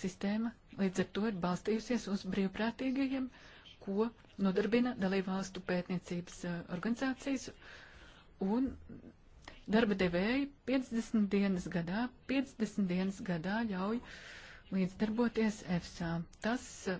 sistēma līdz ar to ir balstījusies uz brīvprātīgajiem, ko nodarbina dalībvalstu pētniecības uh, organizācijas un darba devēji 50 dienas gadā, 50 dienas gadā ļauj līdzdarboties EFSA. Tas uh,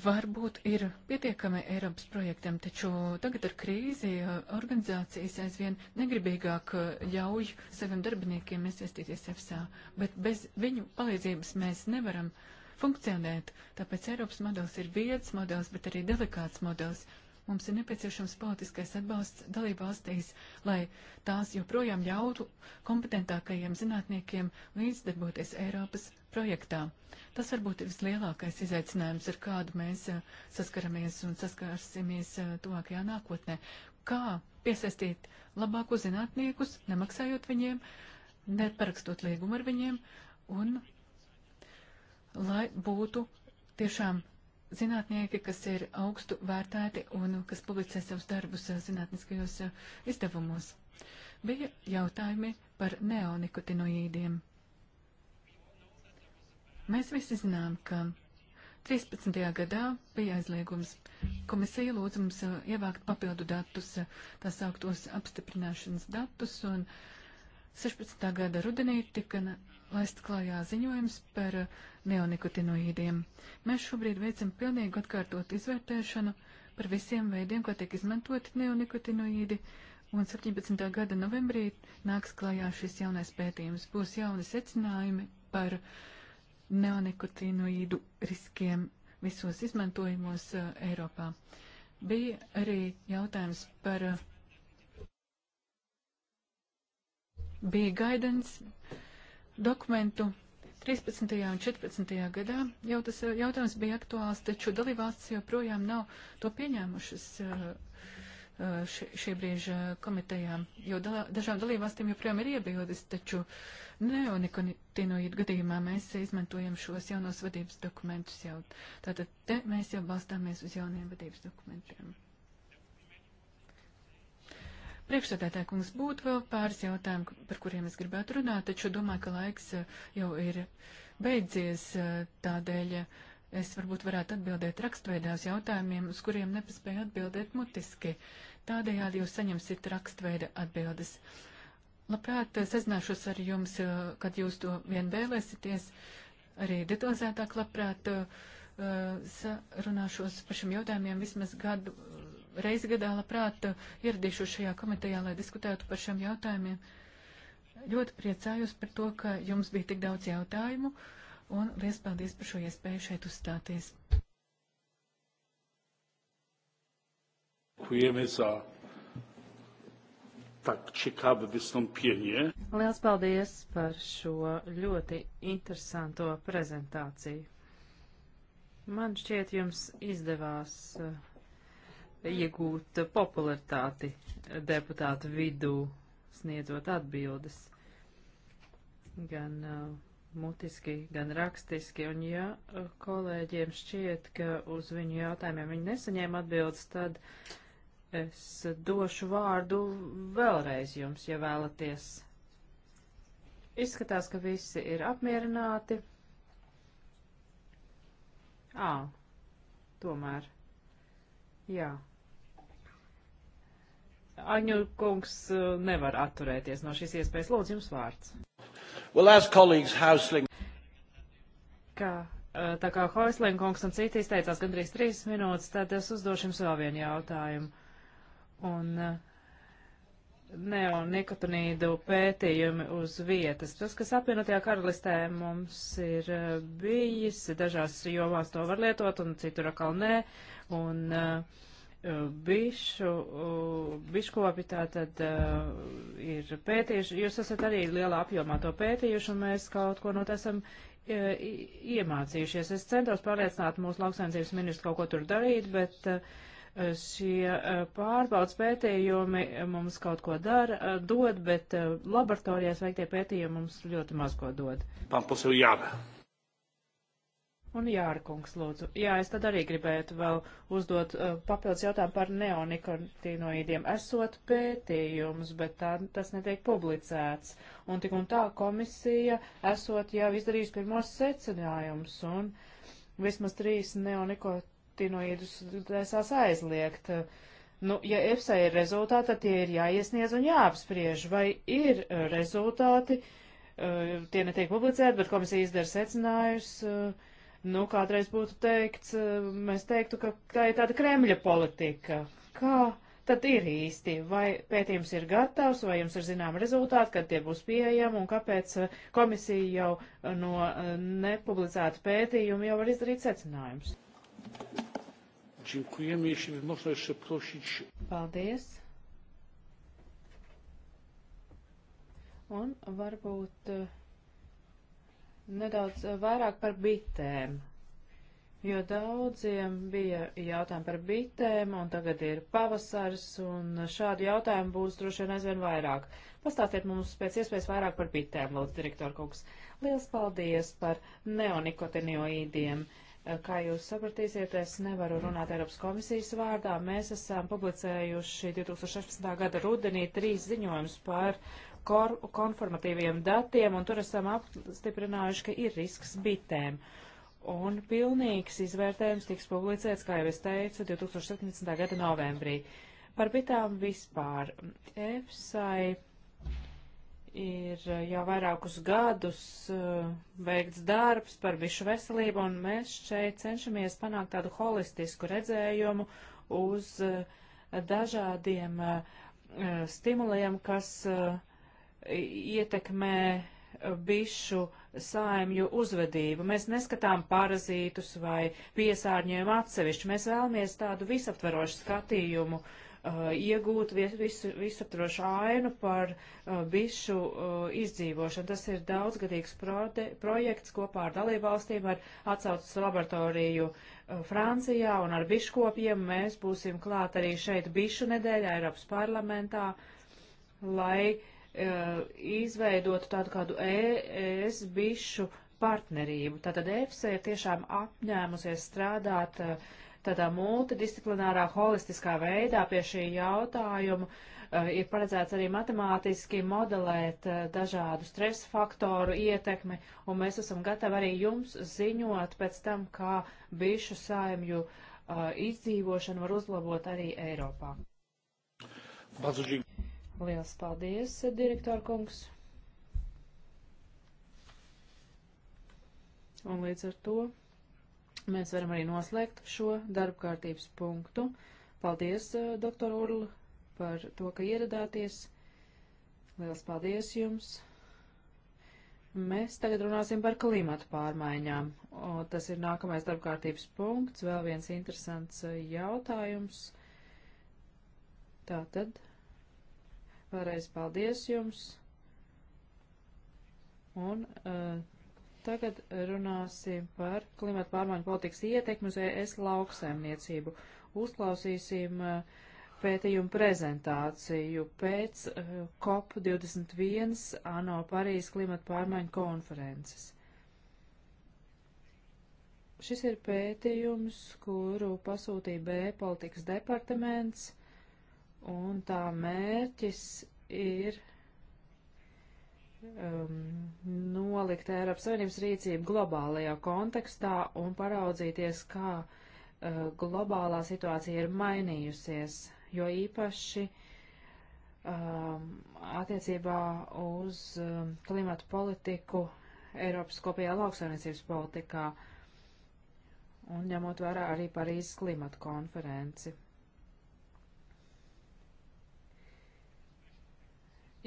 varbūt ir pietiekami Eiropas projektam, taču tagad ar krīzi eh, organizācijas aizvien negribīgāk eh, ļauj saviem darbiniekiem iesaistīties EFSA, bet bez viņu palīdzības mēs nevaram funkcionēt. Tāpēc Eiropas modelis ir vietas modelis, bet arī delikāts modelis. Mums ir nepieciešams politiskais atbalsts dalībvalstīs, lai tās joprojām ļautu kompetentākajiem zinātniekiem līdzdarboties Eiropas projektā. Tas varbūt ir vislielākais izaicinājums, ar kādu mēs eh, saskaramies un saskarsimies eh, tuvākajā nākotnē. Kā piesaistīt labākus zinātniekus, nemaksājot viņiem, neparakstot līgumu ar viņiem, un lai būtu tiešām zinātnieki, kas ir augstu vērtēti un kas publicē savus darbus eh, zinātniskajos izdevumos. Bija jautājumi par neonikotinoīdiem. Mēs visi zinām, ka 13. gadā bija aizliegums. Komisija lūdza mums uh, ievākt papildu datus, uh, tā sauktos apstiprināšanas datus, un 16. gada rudenī tika laists klājā ziņojums par uh, neonikotinoīdiem. Mēs šobrīd veicam pilnīgu atkārtot izvērtēšanu par visiem veidiem, kā tiek izmantoti neonikotinoīdi, un 17. gada novembrī nāks klājā šis jaunais pētījums. Būs jauni secinājumi par uh, neonikotīnoīdu riskiem visos izmantojumos uh, Eiropā. Bija arī jautājums par uh, bija guidance dokumentu 13. un 14. gadā. Jau tas uh, jautājums bija aktuāls, taču dalībvalstis joprojām nav to pieņēmušas. Uh, šī brīža komitejām, jo da, dažām dalībvalstīm joprojām ir iebildes, taču neonikotinoīdu gadījumā mēs izmantojam šos jaunos vadības dokumentus jau. Tātad te mēs jau balstāmies uz jauniem vadības dokumentiem. Priekšsēdētāji kungs būtu vēl pāris jautājumu, par kuriem es gribētu runāt, taču domāju, ka laiks jau ir beidzies tādēļ. Ja Es varbūt varētu atbildēt rakstveidā uz jautājumiem, uz kuriem nepaspēju atbildēt mutiski. Tādējādi jūs saņemsiet rakstveida atbildes. Labprāt, sazināšos ar jums, eh, kad jūs to vien vēlēsieties, arī detalizētāk labprāt eh, sarunāšos par šiem jautājumiem vismaz gadu, eh, reizi gadā labprāt ieradīšos šajā komitejā, lai diskutētu par šiem jautājumiem. Ļoti priecājos par to, ka jums bija tik daudz jautājumu. Uh, un liels paldies par šo iespēju šeit uzstāties. Dziękujemy za tak ciekawe wystąpienie. Liels paldies par šo ļoti interesanto prezentāciju. Man šķiet, jums izdevās eh, iegūt popularitāti deputātu vidū, sniedzot atbildes gan uh, mutiski, gan rakstiski, un ja eh, kolēģiem šķiet, ka uz viņu jautājumiem viņi nesaņēma atbildes, tad es došu vārdu vēlreiz jums, ja vēlaties. Izskatās, ka visi ir apmierināti. Ā, tomēr. Jā. Aņu kungs eh, nevar atturēties no šīs iespējas. Lūdzu, jums vārds. Well, as colleagues, Hausling... Kā, tā kā Hoisling kungs un citi izteicās gandrīz trīs minūtes, tad es uzdošu jums vēl vienu jautājumu. Un neonikotinīdu pētījumi uz vietas. Tas, kas apvienotajā karalistē mums ir bijis, dažās jomās to var lietot un citur atkal nē. Un, uh, bišu, biškopi tātad uh, ir pētījuši. Jūs esat arī lielā apjomā to pētījuši, un mēs kaut ko no tā esam e, iemācījušies. Es centos pārliecināt mūsu lauksaimniecības ministru kaut ko tur darīt, bet e, šie e, pārbaudas pētījumi mums kaut ko dara, dod, bet laboratorijās veiktie pētījumi mums ļoti maz ko dod. Pan posūjāba. Un Jārkungs, lūdzu. Jā, es tad arī gribētu vēl uzdot uh, papildus jautājumu par neonikotinoīdiem. Esot pētījums, bet tā, tas netiek publicēts. Un tik un tā komisija esot jau izdarījusi pirmos secinājumus un vismaz trīs neonikotinoīdus taisās aizliegt. Nu, ja EFSA ir rezultāti, tad tie ir jāiesniedz un jāapspriež, vai ir uh, rezultāti, uh, tie netiek publicēti, bet komisija izdara secinājumus. Uh, Nu, kādreiz būtu teikts, eh, mēs teiktu, ka tā ir tāda Kremļa politika. Kā tad ir īsti? Vai pētījums ir gatavs, vai jums ir zinām rezultāti, kad tie būs pieejami, un kāpēc eh, komisija jau eh, no nepublicēta pētījuma jau var izdarīt secinājumus? Dziękujemy, jeśli by można jeszcze prosić. Paldies. Un varbūt uh, nedaudz eh, vairāk par bitēm, jo daudziem bija jautājumi par bitēm, un tagad ir pavasars, un šādu jautājumu būs droši vien aizvien vairāk. Pastāstiet mums pēc iespējas vairāk par bitēm, lūdzu, direktor Kungs. Liels paldies par neonikotinoīdiem. Eh, kā jūs sapratīsiet, es nevaru runāt Eiropas komisijas vārdā. Mēs esam publicējuši 2016. gada rudenī trīs ziņojumus par uh, kor, konformatīviem datiem, un tur esam apstiprinājuši, ka ir risks bitēm. Un pilnīgs izvērtējums tiks publicēts, kā jau es teicu, 2017. gada novembrī. Par bitām vispār. EFSAI ir jau vairākus gadus uh, veikts darbs par bišu veselību, un mēs šeit cenšamies panākt tādu holistisku redzējumu uz uh, dažādiem uh, stimuliem, kas uh, ietekmē bišu saimju uzvedību. Mēs neskatām parazītus vai piesārņojumu atsevišķi. Mēs vēlamies tādu visaptverošu skatījumu, uh, iegūt visu, visaptverošu ainu par uh, bišu uh, izdzīvošanu. Tas ir daudzgadīgs prode, projekts kopā ar dalībvalstīm, ar atsaucas laboratoriju uh, Francijā un ar biškopiem. Mēs būsim klāt arī šeit bišu nedēļā Eiropas parlamentā, lai uh, E, izveidotu tādu kādu ES bišu partnerību. Tātad EFSA e ir tiešām apņēmusies strādāt e, tādā multidisciplinārā, holistiskā veidā pie šī jautājuma. Ir paredzēts arī matemātiski modelēt dažādu stresa faktoru ietekmi, un mēs esam gatavi arī jums ziņot pēc tam, kā bišu saimju izdzīvošanu var uzlabot arī Eiropā. Bardzo dziękuję. Liels paldies, direktor kungs. Un līdz ar to mēs varam arī noslēgt šo darba kārtības punktu. Paldies, eh, doktor Url, par to, ka ieradāties. Liels paldies jums! Mēs tagad runāsim par klimatu pārmaiņām. O, tas ir nākamais darbkārtības punkts, vēl viens interesants eh, jautājums. Tātad Vēlreiz paldies jums. Un uh, tagad runāsim par klimata pārmaiņu politikas ietekmi uz ES lauksaimniecību. Uzklausīsim uh, pētījumu prezentāciju pēc uh, COP21 ANO Parīzes klimata pārmaiņu konferences. Šis ir pētījums, kuru pasūtīja B politikas departaments un tā mērķis ir um, nolikt Eiropas Savienības rīcību globālajā kontekstā un paraudzīties, kā uh, globālā situācija ir mainījusies, jo īpaši um, attiecībā uz um, klimatu politiku Eiropas kopējā lauksaimniecības politikā un ņemot vērā arī Parīzes klimatu konferenci.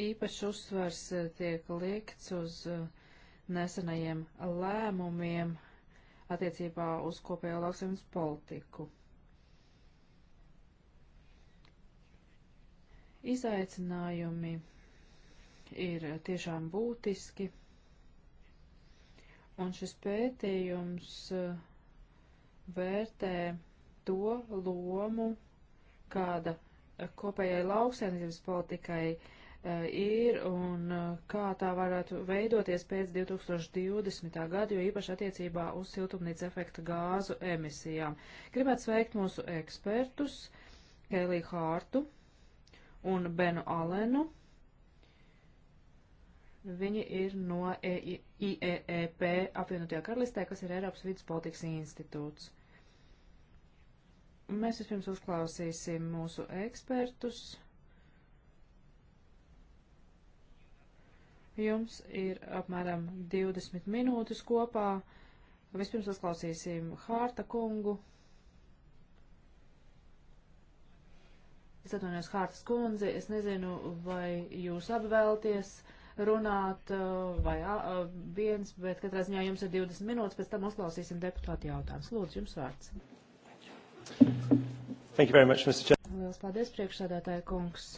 Īpaši uzsvars eh, tiek liekts uz eh, nesenajiem lēmumiem attiecībā uz kopējo lauksaimnes politiku. Izaicinājumi ir tiešām būtiski, un šis pētījums eh, vērtē to lomu, kāda kopējai lauksaimniecības politikai uh, E, ir un e, kā tā varētu veidoties pēc 2020. gada, jo īpaši attiecībā uz siltumnīca efekta gāzu emisijām. Gribētu sveikt mūsu ekspertus, Keilī Hārtu un Benu Alenu. Viņi ir no e IEEP apvienotajā karalistē, kas ir Eiropas vidus politikas institūts. Mēs vispirms uzklausīsim mūsu ekspertus Jums ir apmēram 20 minūtes kopā. Vispirms uzklausīsim Hārta kungu. Es atvainojos Hārtas kundzi, es nezinu, vai jūs apvēlties runāt uh, vai viens, bet katrā ziņā jums ir 20 minūtes, pēc tam uzklausīsim deputāti jautājums. Lūdzu, jums vārds. Thank you very much, Mr. Chair. Lielas paldies, priekšsādātāja kungs.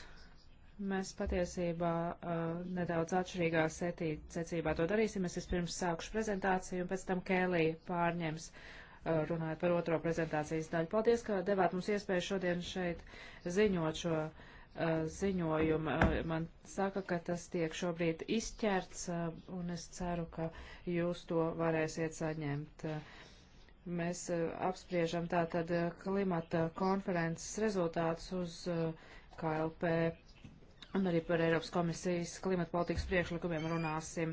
Mēs patiesībā uh, nedaudz atšķirīgā setī, secībā to darīsim. Es vispirms sākušu prezentāciju un pēc tam Kēlī pārņems uh, runājot par otro prezentācijas daļu. Paldies, ka devāt mums iespēju šodien šeit ziņot šo uh, ziņojumu. Uh, man saka, ka tas tiek šobrīd izķerts uh, un es ceru, ka jūs to varēsiet saņemt. Uh, mēs uh, apspriežam tātad uh, klimata konferences rezultātus uz uh, KLP un arī par Eiropas komisijas klimata politikas priekšlikumiem runāsim.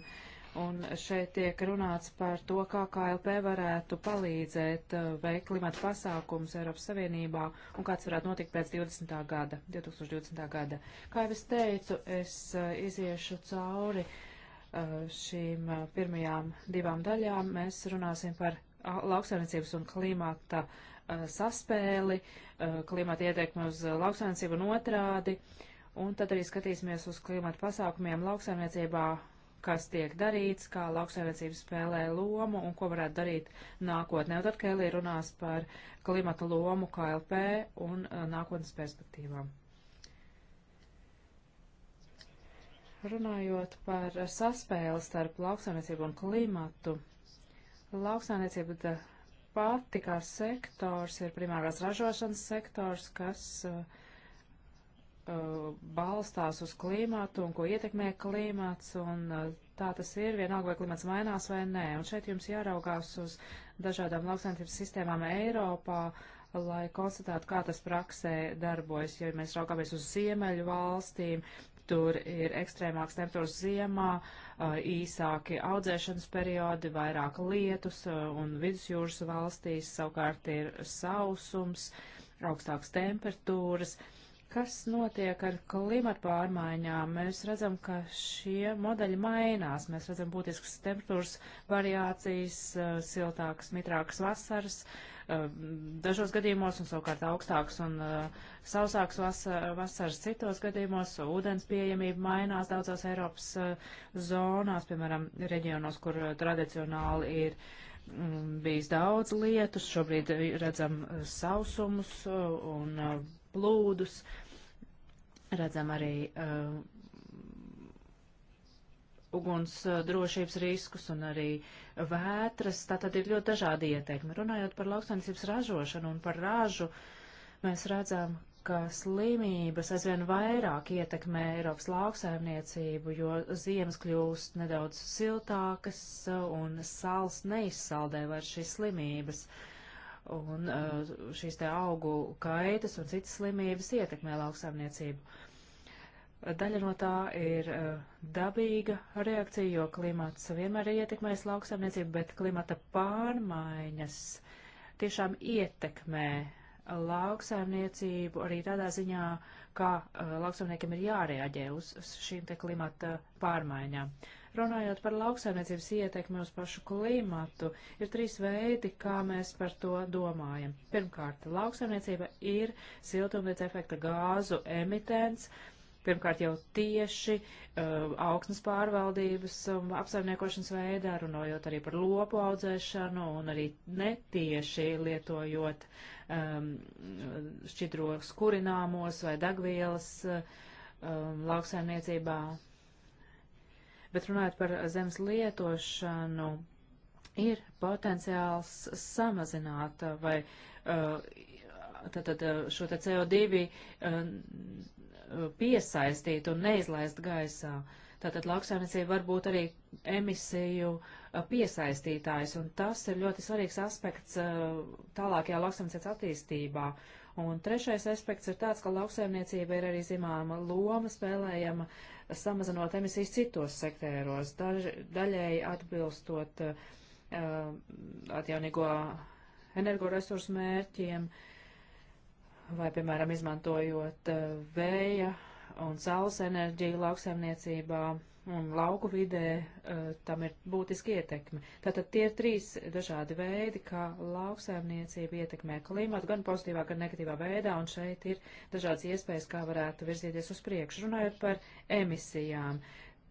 Un šeit tiek runāts par to, kā KLP varētu palīdzēt eh, veikt klimata pasākums Eiropas Savienībā un kāds varētu notikt pēc 20. gada, 2020. gada. Kā jau es teicu, es eh, iziešu cauri eh, šīm pirmajām divām daļām. Mēs runāsim par lauksaimniecības un klimata saspēli, klimata ietekmi uz lauksaimniecību un otrādi. Uh, Un tad arī skatīsimies uz klimata pasākumiem lauksaimniecībā, kas tiek darīts, kā lauksaimniecība spēlē lomu un ko varētu darīt nākotnē. Un tad Kēlī runās par klimata lomu KLP un uh, nākotnes perspektīvām. Runājot par saspēli starp lauksaimniecību un klimatu, lauksaimniecība pati kā sektors ir primārās ražošanas sektors, kas uh, Uh, balstās uz klimatu un ko ietekmē klimats, un uh, tā tas ir, vienalga vai klimats mainās vai nē. Un šeit jums jāraugās uz dažādām lauksaimniecības sistēmām Eiropā, lai konstatētu, kā tas praksē darbojas. Ja mēs raugāmies uz ziemeļu valstīm, tur ir ekstrēmāks temperatūras ziemā, uh, īsāki audzēšanas periodi, vairāk lietus, un vidusjūras valstīs savukārt ir sausums, augstāks temperatūras. Uh, Kas notiek ar klimatu pārmaiņām? Mēs redzam, ka šie modeļi mainās. Mēs redzam būtiskas temperatūras variācijas, eh, siltākas, mitrākas vasaras, eh, dažos gadījumos un savukārt augstākas un eh, sausākas vasaras citos gadījumos. Ūdens pieejamība mainās daudzās Eiropas zonās, piemēram, reģionos, kur tradicionāli ir mm, bijis daudz lietus, šobrīd redzam sausumus un plūdus. Redzam arī uh, uguns uh, drošības riskus un arī vētras. Tātad ir ļoti dažādi ieteikumi. Runājot par lauksainicības ražošanu un par ražu, mēs redzam, ka slimības aizvien vairāk ietekmē Eiropas lauksaimniecību, jo ziemas kļūst nedaudz siltākas uh, un sals neizsaldē vairs šīs slimības. Uh, un uh, šīs te augu kaitas un citas slimības ietekmē lauksaimniecību. Daļa no tā ir uh, dabīga reakcija, jo klimats vienmēr ir ietekmējis lauksaimniecību, bet klimata pārmaiņas tiešām ietekmē lauksaimniecību arī tādā ziņā, kā uh, lauksaimniekiem ir jārēģē uz, uz šīm te klimata pārmaiņām. Uh, Runājot par lauksaimniecības ietekmi uz pašu klimatu, ir trīs veidi, kā mēs par to domājam. Pirmkārt, lauksaimniecība ir siltumnīca efekta gāzu emitents. Pirmkārt, jau tieši uh, augsnes pārvaldības um, apsaimniekošanas veidā, runājot arī par lopu audzēšanu un arī netieši lietojot um, šķidros kurināmos vai dagvielas uh, um, lauksaimniecībā Bet runājot par zemes lietošanu, ir potenciāls samazināt vai tātad uh, uh, šo te CO2 uh, piesaistīt un neizlaist gaisā. Tātad lauksaimniecība var būt arī emisiju piesaistītājs, un tas ir ļoti svarīgs aspekts tālākajā lauksaimniecības attīstībā. Un trešais aspekts ir tāds, ka lauksaimniecība ir arī zināma loma spēlējama samazinot emisijas citos sektēros, daž, daļēji atbilstot uh, atjaunīgo energoresursu mērķiem vai, piemēram, izmantojot uh, vēja un saules enerģiju lauksaimniecībā un lauku vidē uh, tam ir būtiski ietekme. Tātad tie ir trīs dažādi veidi, kā lauksaimniecība ietekmē klimatu, gan pozitīvā, gan negatīvā veidā, un šeit ir dažādas iespējas, kā varētu virzīties uz priekšu. Runājot par emisijām,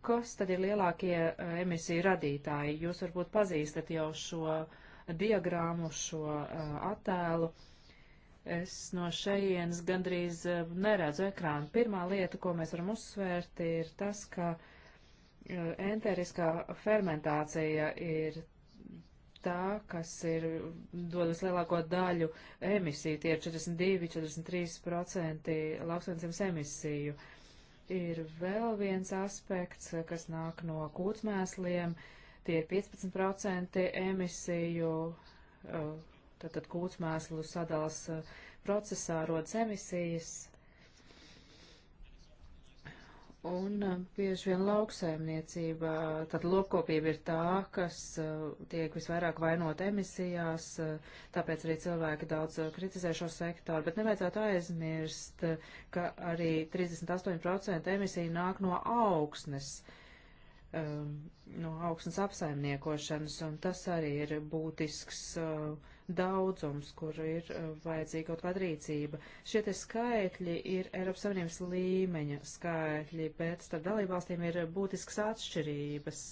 kas tad ir lielākie uh, emisiju radītāji? Jūs varbūt pazīstat jau šo diagrammu, šo uh, attēlu. Es no šejienes gandrīz neredzu ekrānu. Pirmā lieta, ko mēs varam uzsvērt, ir tas, ka uh, Entēriskā fermentācija ir tā, kas ir dod vislielāko daļu emisiju, tie ir 42-43% lauksaimniecības emisiju. Ir vēl viens aspekts, kas nāk no kūtsmēsliem, tie ir 15% emisiju, tātad kūtsmēslu sadals procesā rodas emisijas, Un eh, bieži vien lauksaimniecība, eh, tad lopkopība ir tā, kas eh, tiek visvairāk vainot emisijās, tāpēc arī cilvēki daudz kritizē šo sektoru, bet nevajadzētu aizmirst, ka arī 38% emisija nāk no augsnes. Uh, um, no augsnes apsaimniekošanas, un tas arī ir būtisks uh, daudzums, kur ir uh, vajadzīga kaut kāda rīcība. Šie te skaitļi ir Eiropas Savienības līmeņa skaitļi, bet starp dalībvalstīm ir būtisks atšķirības.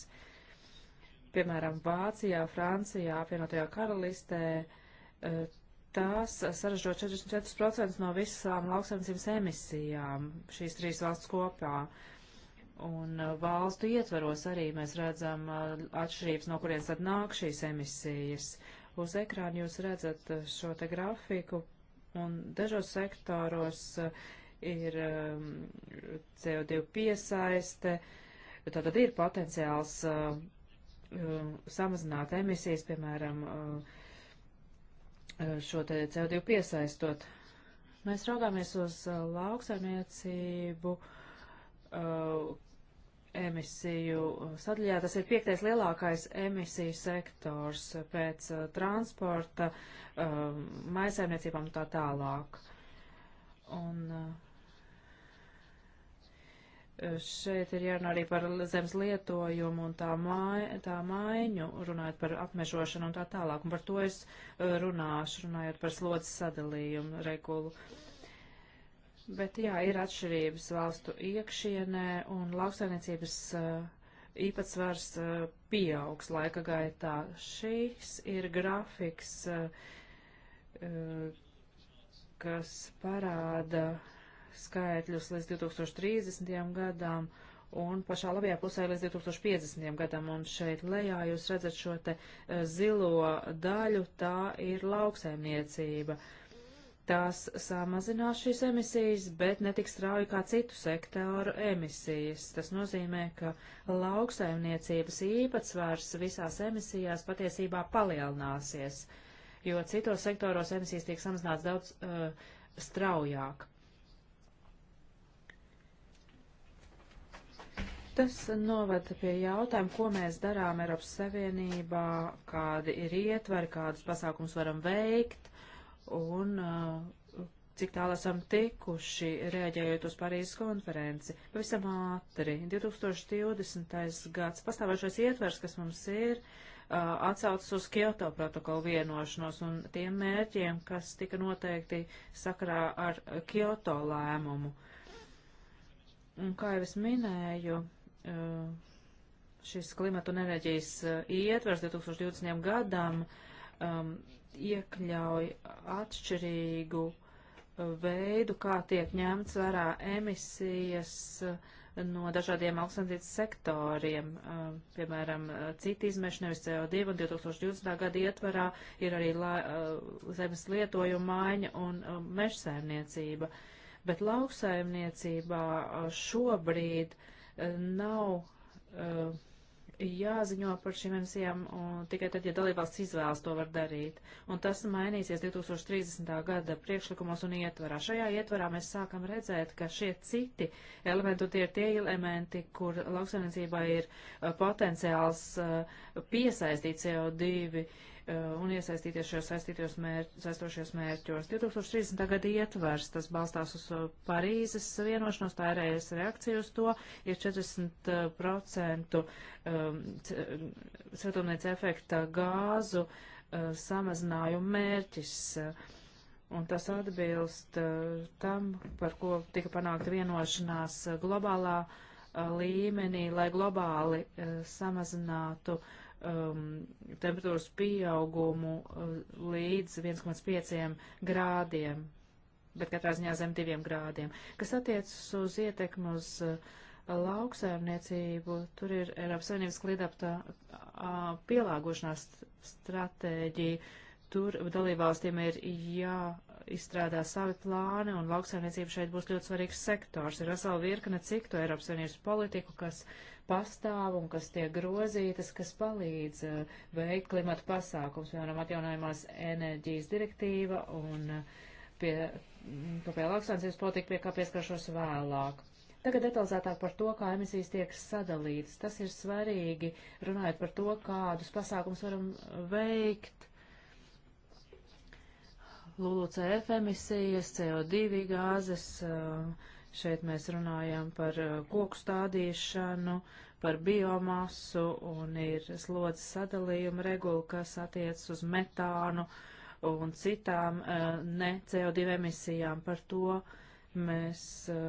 Piemēram, Vācijā, Francijā, apvienotajā karalistē uh, tās saražo 44% no visām lauksaimniecības emisijām šīs trīs valsts kopā. Uh, Un uh, valstu ietvaros arī mēs redzam uh, atšķirības, no kurienes tad nāk šīs emisijas. Uz ekrāna jūs redzat uh, šo te grafiku, un dažos sektoros ir um, CO2 piesaiste, tātad ir potenciāls um, samazināt emisijas, piemēram, šo te CO2 piesaistot. Mēs raugāmies uz lauksaimniecību, emisiju sadaļā. Tas ir piektais lielākais emisiju sektors pēc uh, transporta, uh, maisaimniecībām tā tālāk. Un uh, šeit ir jārunā arī par zemes lietojumu un tā, mai, tā maiņu, runājot par apmežošanu un tā tālāk. Un par to es uh, runāšu, runājot par slodzes sadalījumu regulu. Uh, Bet jā, ir atšķirības valstu iekšienē un lauksaimniecības eh, īpatsvars eh, pieaugs laika gaitā. Šīs ir grafiks, eh, kas parāda skaitļus līdz 2030. gadām un pašā labajā pusē līdz 2050. gadam. Un šeit lejā jūs redzat šo te zilo daļu, tā ir lauksaimniecība. Uh, Tās samazinās šīs emisijas, bet netiks strauji kā citu sektoru emisijas. Tas nozīmē, ka lauksaimniecības īpatsvars visās emisijās patiesībā palielināsies, jo citos sektoros emisijas tiek samazināts daudz uh, straujāk. Tas novada pie jautājuma, ko mēs darām Eiropas Savienībā, kādi ir ietvari, kādus pasākums varam veikt, un uh, cik tālu esam tikuši, reaģējot uz Parīzes konferenci. Pavisam ātri, 2020. gads pastāvošais ietvers, kas mums ir, uh, atsaucas uz Kyoto protokolu vienošanos un tiem mērķiem, kas tika noteikti sakarā ar Kyoto lēmumu. Un kā jau es minēju, uh, šis klimatu un enerģijas uh, ietvers 2020. gadam uh, um, iekļauj atšķirīgu uh, veidu, kā tiek ņemts vērā emisijas uh, no dažādiem augstsandības sektoriem. Um, piemēram, uh, citi izmeši nevis CO2 un 2020. gada ietvarā ir arī la, uh, zemes lietojuma maiņa un uh, mežsaimniecība. Bet lauksaimniecībā šobrīd uh, nav jāziņo par šīm emisijām tikai tad, ja dalībvalsts izvēlas to var darīt. Un tas mainīsies 2030. gada priekšlikumos un ietvarā. Šajā ietvarā mēs sākam redzēt, ka šie citi elementi, tie ir tie elementi, kur lauksaimniecībā ir eh, potenciāls eh, piesaistīt CO2 Eh, un iesaistīties šajos mērķ, saistošajos mērķos. 2030. gada ietvers, tas balstās uz eh, Parīzes vienošanos, tā ir ES reakcija uz to, ir 40% eh, ehm, siltumnīca efekta gāzu samazinājuma mērķis. Un tas atbilst tam, par ko tika panākta vienošanās globālā līmenī, lai globāli samazinātu uh, um, temperatūras pieaugumu uh, līdz 1,5 grādiem, bet katrā ziņā zem 2 grādiem. Kas attiecas uz ietekmi uz uh, lauksaimniecību, tur ir Eiropas Savienības klīdapta uh, pielāgošanās stratēģija. Uh, Tur dalībvalstīm ir jāizstrādā savi plāni, un lauksaimniecība šeit būs ļoti svarīgs sektors. Ir vesela virkne ciktu Eiropas Savienības politiku, kas pastāv un kas tiek grozītas, kas palīdz uh, veikt klimata pasākums, piemēram, atjaunojumās enerģijas direktīva un eh, pie, mm, pie lauksaimniecības politika, pie kā pieskaršos vēlāk. Tagad detalizētāk par to, kā emisijas tiek sadalītas. Tas ir svarīgi, runājot par to, kādus pasākums varam veikt, LULUCF emisijas, CO2 gāzes, um, šeit mēs runājam par uh, koku stādīšanu, par biomasu un ir slodzes sadalījuma regula, kas attiec uz metānu un citām uh, ne CO2 emisijām. Par to mēs uh,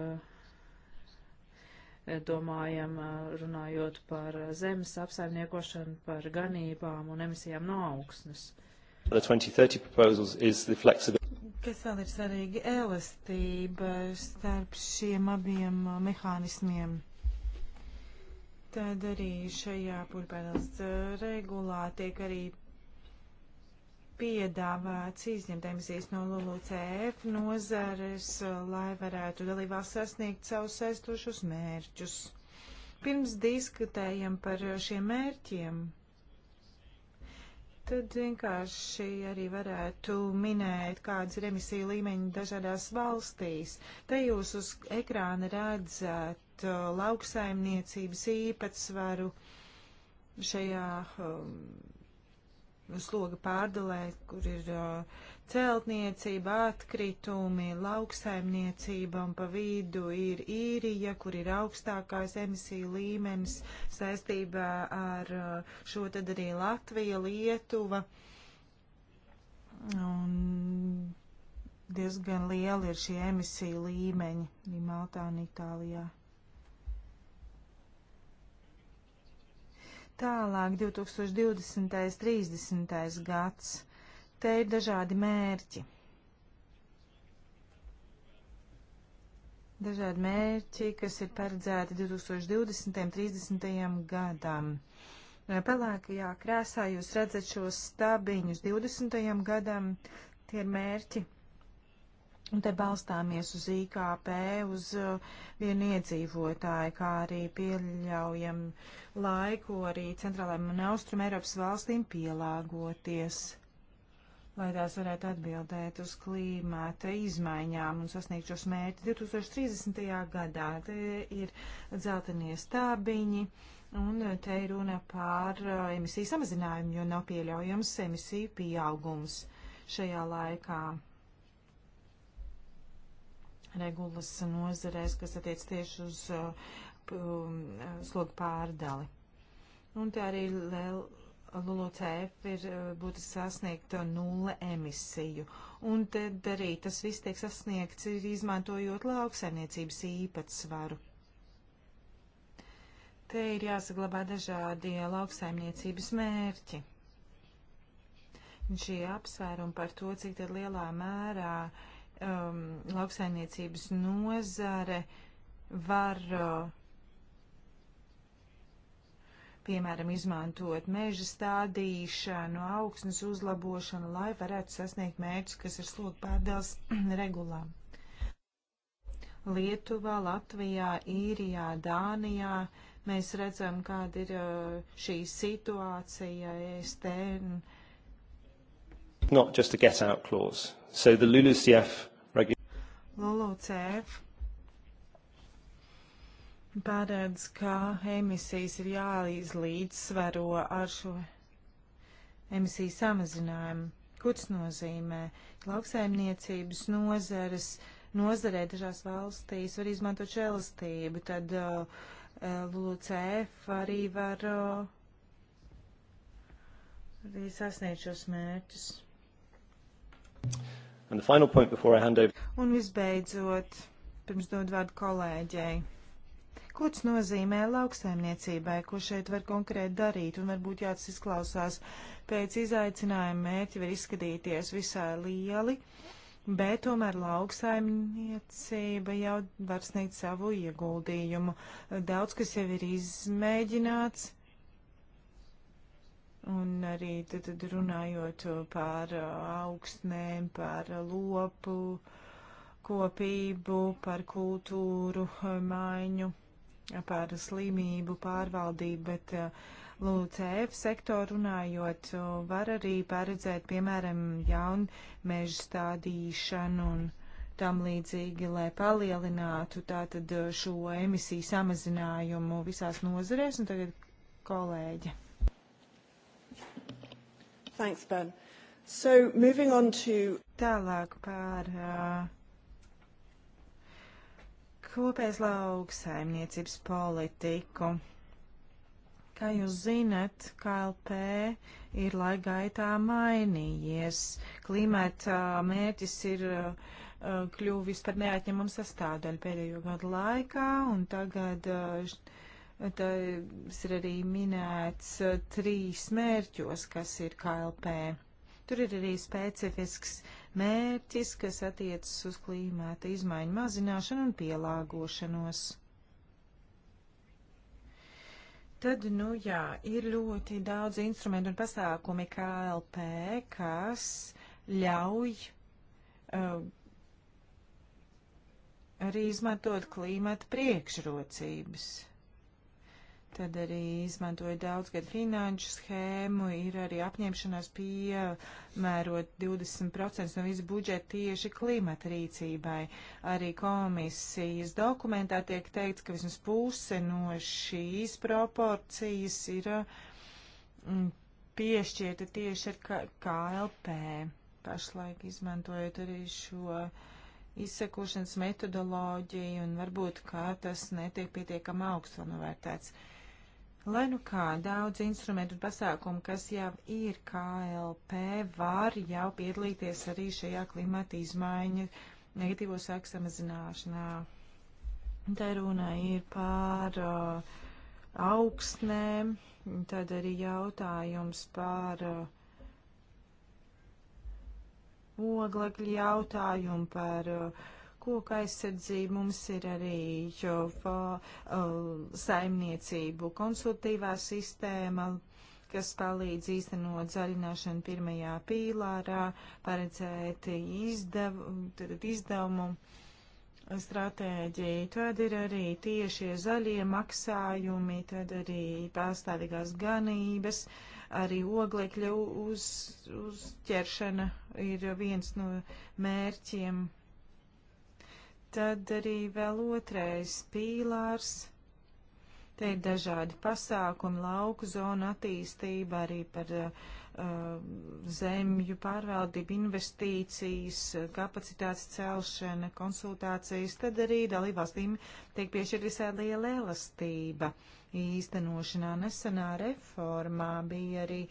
domājam, runājot par zemes apsaimniekošanu, par ganībām un emisijām no augsnes. Kas vēl ir svarīgi? Elastība starp šiem abiem mehānismiem. Tad arī šajā pulpēdās uh, regulā tiek arī piedāvāts izņemt emisijas no LULUCF nozares, uh, lai varētu dalībās sasniegt savus saistošus mērķus. Pirms diskutējam par šiem mērķiem, Tad vienkārši arī varētu minēt, kādas ir emisiju līmeņi dažādās valstīs. Te jūs uz ekrāna redzat uh, lauksaimniecības īpatsvaru šajā um, sloga pārdalē, kur ir uh, celtniecība, atkritumi, lauksaimniecība un pa vidu ir īrija, kur ir augstākais emisiju līmenis saistībā ar uh, šo tad arī Latvija, Lietuva. Un diezgan lieli ir šie emisiju līmeņi arī Maltā un Itālijā. Tālāk 2020. 30. gads Te ir dažādi mērķi. Dažādi mērķi, kas ir paredzēti 2020. un 30. gadam. Pelēkajā krēsā jūs redzat šos stabiņus 20. gadam, tie ir mērķi. Un te balstāmies uz IKP, uz vienu iedzīvotāju, kā arī pieļaujam laiku arī centrālajām un austrum Eiropas valstīm pielāgoties lai tās varētu atbildēt uz klīmata izmaiņām un sasniegt šos mērķus. 2030. gadā te ir dzeltenie stābiņi. Un te ir runa par uh, emisiju samazinājumu, jo nav pieļaujams emisiju pieaugums šajā laikā. Regulas nozarēs, kas attiec tieši uz uh, um, slogu pārdali. Un te arī liela LULUCF ir eh, būtiski sasniegt nulle emisiju. Un tad arī tas viss tiek sasniegts, izmantojot lauksaimniecības īpatsvaru. Te ir jāsaglabā dažādi lauksaimniecības mērķi. Un šie apsvērumi par to, cik tad lielā mērā um, lauksaimniecības nozare var uh, piemēram, izmantot meža stādīšanu, augsnes uzlabošanu, lai varētu sasniegt mērķus, kas ir slogu pārdēls regulā. Lietuvā, Latvijā, Īrijā, Dānijā mēs redzam, kāda ir uh, šī situācija e ST. Not just a get out clause. So the LULUCF regulation. LULUCF paredz, ka emisijas ir jāizlīdzsvaro ar šo emisiju samazinājumu. Ko tas nozīmē? Lauksaimniecības nozares, nozarē dažās valstīs var izmantot šēlastību, tad uh, LUCF arī var uh, arī sasniegt šos mērķus. Un visbeidzot, pirms dod vārdu kolēģei. Ko tas nozīmē lauksaimniecībai, ko šeit var konkrēti darīt, un varbūt jāds izklausās pēc izaicinājuma mērķi var izskatīties visai lieli, bet tomēr lauksaimniecība jau var sniegt savu ieguldījumu. Daudz, kas jau ir izmēģināts, Un arī tad, tad runājot par uh, augstnēm, par lopu kopību, par kultūru uh, maiņu par slimību pārvaldību, bet eh, LUCF e sektoru runājot, eh, var arī paredzēt, piemēram, jaunu mežu stādīšanu un tam līdzīgi, lai palielinātu tātad eh, šo emisiju samazinājumu visās nozarēs. Un tagad kolēģe. Thanks, Ben. So, moving on to... Tālāk par uh, kopējas lauksaimniecības politiku. Kā jūs zinat, KLP ir laika gaitā mainījies. Klimata mērķis ir uh, uh, kļuvis par neatņemumu sastāvdaļu pēdējo gadu laikā, un tagad uh, tas ir arī minēts trīs mērķos, kas ir KLP. Tur ir arī specifisks mērķis, kas attiecas uz klīmēta izmaiņu mazināšanu un pielāgošanos. Tad, nu jā, ir ļoti daudz instrumentu un pasākumi KLP, kas ļauj uh, arī izmantot klīmata priekšrocības. Tad arī izmantoja daudzgad finanšu schēmu, ir arī apņemšanās piemērot 20% no visu budžetu tieši klimata rīcībai. Arī komisijas dokumentā tiek teikts, ka vismaz puse no šīs proporcijas ir mm, piešķirta tieši ar KLP. Pašlaik izmantojot arī šo izsekošanas metodoloģiju un varbūt, kā tas netiek pietiekami augstu novērtēts. Nu Lai nu kā daudz instrumentu un pasākumu, kas jau ir KLP, var jau piedalīties arī šajā klimata izmaiņu negatīvo sēku samazināšanā. Tā runa ir par uh, augstnēm, tad arī jautājums par uh, oglekļu jautājumu par uh, koka aizsardzību, mums ir arī jo, saimniecību konsultīvā sistēma, kas palīdz īstenot zaļināšanu pirmajā pīlārā, paredzēt izdev, izdevumu stratēģiju. Tad ir arī tiešie zaļie maksājumi, tad arī pārstāvīgās ganības, arī oglekļa uz, uzķeršana ir viens no mērķiem Tad arī vēl otrais pīlārs. Te ir dažādi pasākumi, lauku zonu attīstība, arī par uh, zemju pārvaldību, investīcijas, kapacitātes celšana, konsultācijas. Tad arī dalībvalstīm tiek piešķirta visai liela elastība. Īstenošanā nesenā reformā bija arī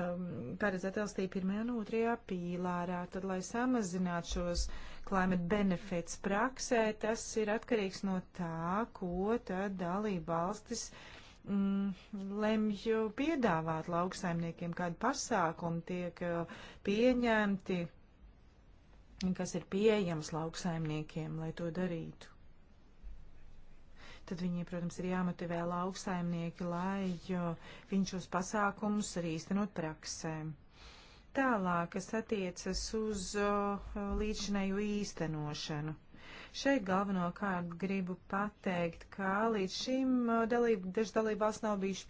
um, paredzēta elastība pirmajā un otrajā pīlārā, tad lai samazinātu šos uh, climate benefits praksē, tas ir atkarīgs no tā, ko tad dalība valstis mm, lemj piedāvāt lauksaimniekiem, kādi pasākumi tiek uh, pieņemti, kas ir pieejams lauksaimniekiem, lai to darītu. Tad viņiem, protams, ir jāmotivē lauksaimnieki, lai uh, viņš šos pasākumus arī īstenot praksēm. Tālāk, kas attiecas uz uh, līdzinēju īstenošanu. Šeit galvenokārt gribu pateikt, ka līdz šim uh, dalību, dažas dalībās nav bijušas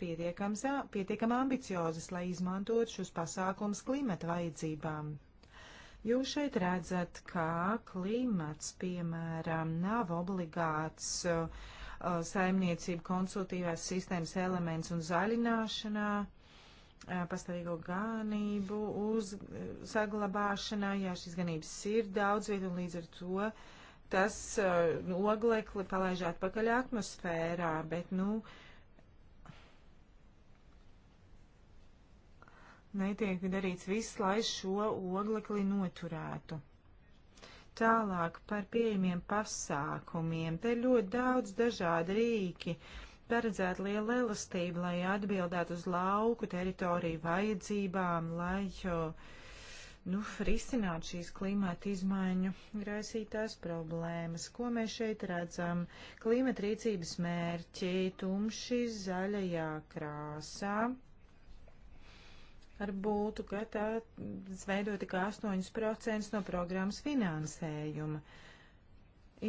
pietiekami ambiciozas, lai izmantot šos pasākums klimata vajadzībām. Jūs šeit redzat, ka klimats, piemēram, nav obligāts uh, uh saimniecību konsultīvās sistēmas elements un zaļināšanā pastāvīgo ganību uz saglabāšanai, ja šīs ganības ir daudz vietu un līdz ar to tas nu, oglekli palaiž atpakaļ atmosfērā, bet, nu, netiek darīts viss, lai šo oglekli noturētu. Tālāk par pieejamiem pasākumiem. Te ļoti daudz dažādi rīki. Uh, paredzēta liela elastība, lai atbildētu uz lauku teritoriju vajadzībām, lai nu, risinātu šīs klimata izmaiņu raisītās problēmas. Ko mēs šeit redzam? Klimata rīcības mērķi tumši zaļajā krāsā. Ar būtu, ka tā veido tikai 8% no programmas finansējuma.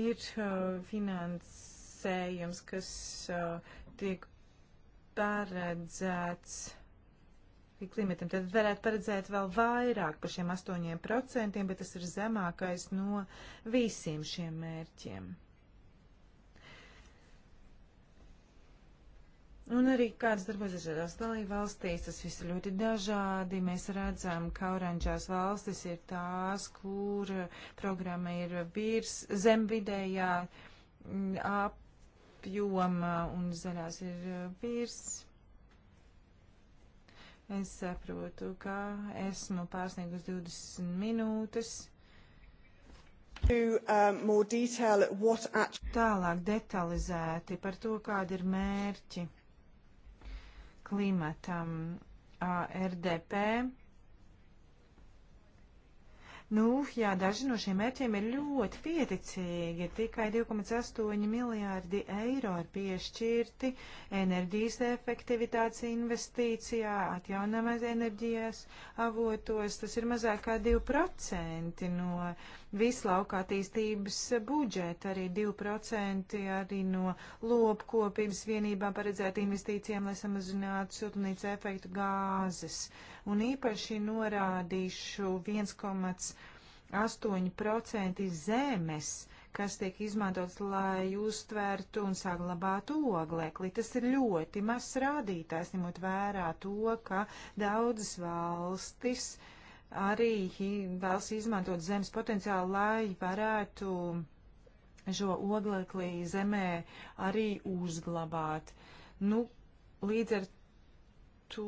Ir uh, finans, finansējums, kas uh, tiek paredzēts tik limitam, tad varētu paredzēt vēl vairāk par šiem 8%, bet tas ir zemākais no visiem šiem mērķiem. Un arī kādas darbojas dažādās dalībvalstīs, tas viss ir ļoti dažādi. Mēs redzam, ka oranžās valstis ir tās, kur programma ir virs zem vidējā ap apjoma un zaļās ir eh, vīrs. Es saprotu, ka esmu pārsniegus 20 minūtes. To, um, actually... Tālāk detalizēti par to, kāda ir mērķi klimatam RDP Nu, jā, daži no šiem mērķiem ir ļoti pieticīgi. Tikai 2,8 miljārdi eiro ir piešķirti enerģijas efektivitātes investīcijā, atjaunamās enerģijas avotos. Tas ir mazāk kā 2% no visu lauka attīstības budžetu, arī 2% arī no lopkopības vienībām paredzēt investīcijām, lai samazinātu siltumnīca efektu gāzes. Un īpaši norādīšu 1,8% zemes kas tiek izmantots, lai uztvērtu un saglabātu oglekli. Tas ir ļoti mazs rādītājs, ņemot vērā to, ka daudzas valstis uh, arī vēlas izmantot zemes potenciālu, lai varētu šo oglekli zemē arī uzglabāt. Nu, līdz ar to,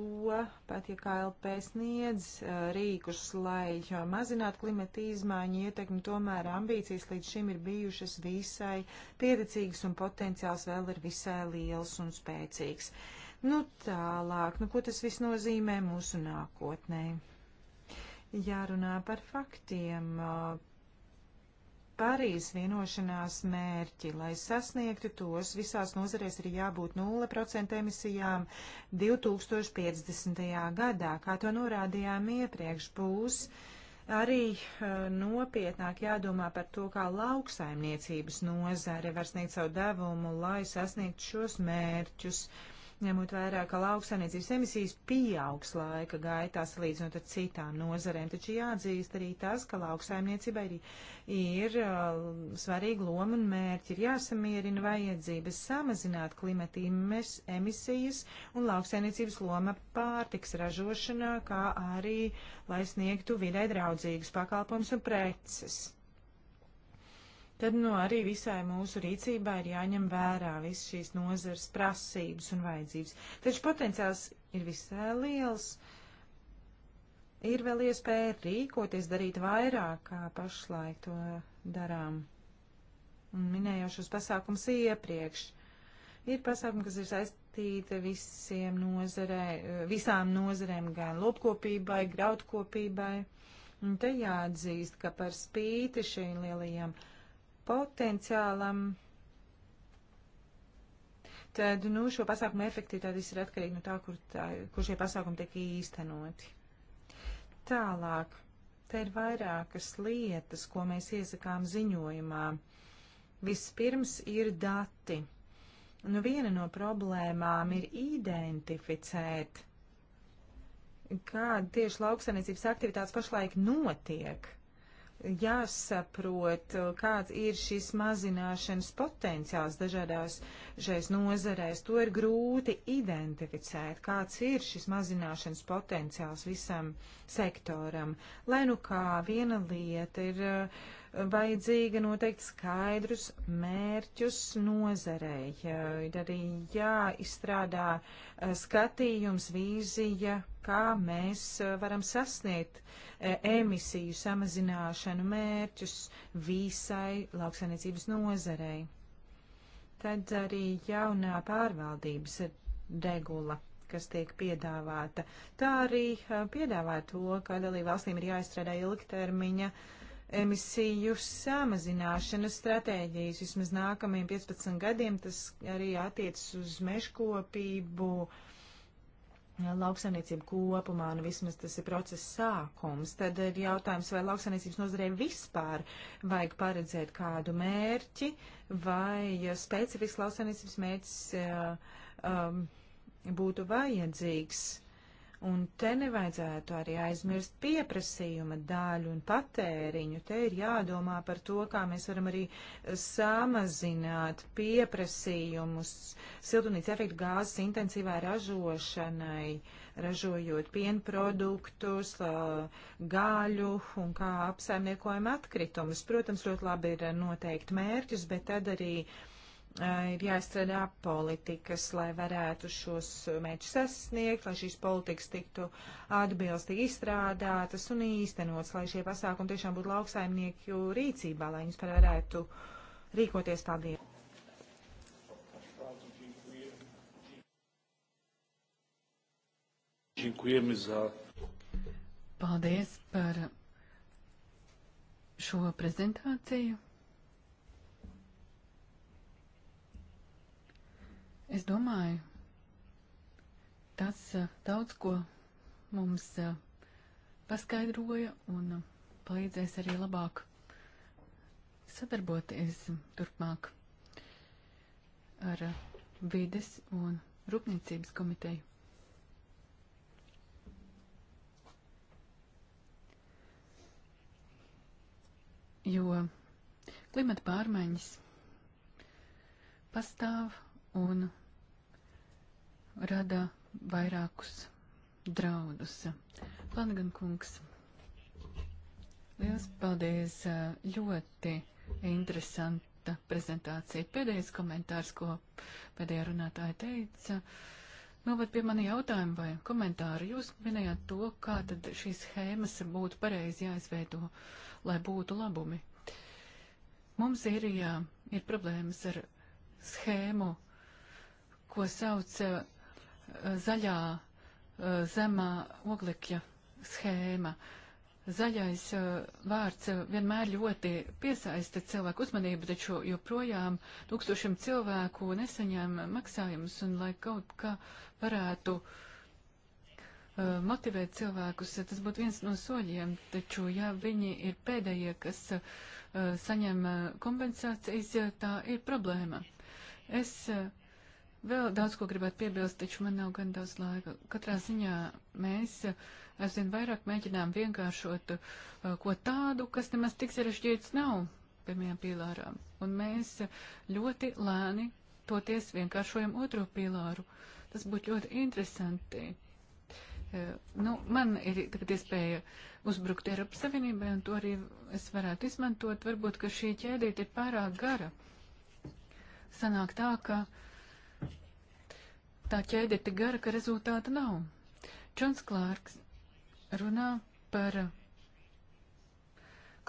pat ja KLP sniedz eh, rīkus, lai mazinātu klimata izmaiņu ietekmi, tomēr ambīcijas līdz šim ir bijušas visai pieticīgas un potenciāls vēl ir visai liels un spēcīgs. Nu, tālāk, nu, ko tas viss nozīmē mūsu nākotnē? jārunā par faktiem. Parīzes vienošanās mērķi, lai sasniegtu tos, visās nozarēs ir jābūt 0% emisijām 2050. gadā. Kā to norādījām iepriekš, būs arī uh, nopietnāk jādomā par to, kā lauksaimniecības nozare var sniegt savu devumu, lai sasniegtu šos mērķus. Uh, ņemot vērā, ka lauksaimniecības emisijas pieaugs laika gaitā salīdzinot ar citām nozarēm. Taču jāatzīst arī tas, ka lauksaimniecībai ir, ir uh, svarīga loma un mērķi, ir jāsamierina vajadzības samazināt klimata emisijas un lauksaimniecības loma pārtiks ražošanā, kā arī, lai sniegtu vidē draudzīgus pakalpojumus un preces tad nu, arī visai mūsu rīcībā ir jāņem vērā visas šīs nozares prasības un vajadzības. Taču potenciāls ir visai liels. Ir vēl iespēja rīkoties, darīt vairāk, kā pašlaik to darām. Un minēju šos pasākums iepriekš. Ir pasākumi, kas ir saistīti visiem nozarē, visām nozarēm, gan lopkopībai, graudkopībai. Un te jāatzīst, ka par spīti šīm lielajām uh, potenciālam, tad nu, šo pasākumu efektivitātes ir atkarīgi no nu, tā, kur, tā, kur šie pasākumi tiek īstenoti. Tālāk, te ir vairākas lietas, ko mēs iesakām ziņojumā. Vispirms ir dati. Nu, viena no problēmām ir identificēt, kāda tieši lauksainiecības aktivitātes pašlaik notiek jāsaprot, eh, kāds ir šis mazināšanas potenciāls dažādās šais nozarēs. To ir grūti identificēt, kāds ir šis mazināšanas potenciāls visam sektoram. Lai nu kā viena lieta ir uh, vajadzīga noteikti skaidrus mērķus nozarei. Ir arī jāizstrādā eh, skatījums, vīzija, kā mēs eh, varam sasniegt eh, emisiju samazināšanu mērķus visai lauksainiecības nozarei. Tad arī jaunā pārvaldības regula kas tiek piedāvāta. Tā arī piedāvā to, ka dalībvalstīm ir jāizstrādā ilgtermiņa uh, emisiju samazināšanas stratēģijas. Vismaz nākamajiem 15 gadiem tas arī attiecas uz mežkopību, lauksaimniecību kopumā, nu vismaz tas ir process sākums. Tad ir jautājums, vai lauksaimniecības nozarē vispār vajag paredzēt kādu mērķi vai specifisks lauksaimniecības mērķis uh, um, būtu vajadzīgs Un te nevajadzētu arī aizmirst pieprasījuma daļu un patēriņu. Te ir jādomā par to, kā mēs varam arī samazināt pieprasījumus siltumnīca efektu gāzes intensīvai ražošanai, ražojot pienproduktus, gaļu un kā apsaimniekojam atkritumus. Protams, ļoti labi ir noteikt mērķus, bet tad arī uh, Eh, ir jāizstrādā politikas, lai varētu šos mērķus sasniegt, lai šīs politikas tiktu atbilstīgi izstrādātas un īstenotas, lai šie pasākumi tiešām būtu lauksaimnieku rīcībā, lai viņus varētu rīkoties paldies. Paldies par šo prezentāciju. Es domāju, tas eh, daudz ko mums eh, paskaidroja un eh, palīdzēs arī labāk sadarboties turpmāk ar vides un rūpniecības komiteju. Jo klimata pārmaiņas pastāv un rada vairākus draudus. Flanagan kungs, liels paldies, ļoti interesanta prezentācija. Pēdējais komentārs, ko pēdējā runātāja teica, novad pie mani jautājumu vai komentāru. Jūs minējāt to, kā tad šīs schēmas būtu pareizi jāizveido, lai būtu labumi. Mums ir, jā, ir problēmas ar schēmu, ko sauc zaļā e, zemā oglekļa schēma. Zaļais e, vārds vienmēr ļoti piesaista cilvēku uzmanību, taču joprojām tūkstošiem cilvēku nesaņem maksājumus, un lai kaut kā varētu e, motivēt cilvēkus, tas būtu viens no soļiem, taču ja viņi ir pēdējie, kas saņem kompensācijas, tā ir problēma. Es uh, Vēl daudz ko gribētu piebilst, taču man nav gan daudz laika. Katrā ziņā mēs aizvien vairāk mēģinām vienkāršot uh, ko tādu, kas nemaz tik sarežģīts nav, piemēram, pīlārā. Un mēs ļoti lēni toties vienkāršojam otro pīlāru. Tas būtu ļoti interesanti. Uh, nu, man ir tagad iespēja uzbrukt Eiropas Savienībai, un to arī es varētu izmantot. Varbūt, ka šī ķēdīte ir pārāk gara. Sanāk tā, ka uh, tā ķēde ir tik gara, ka rezultāta nav. Džons Klārks runā par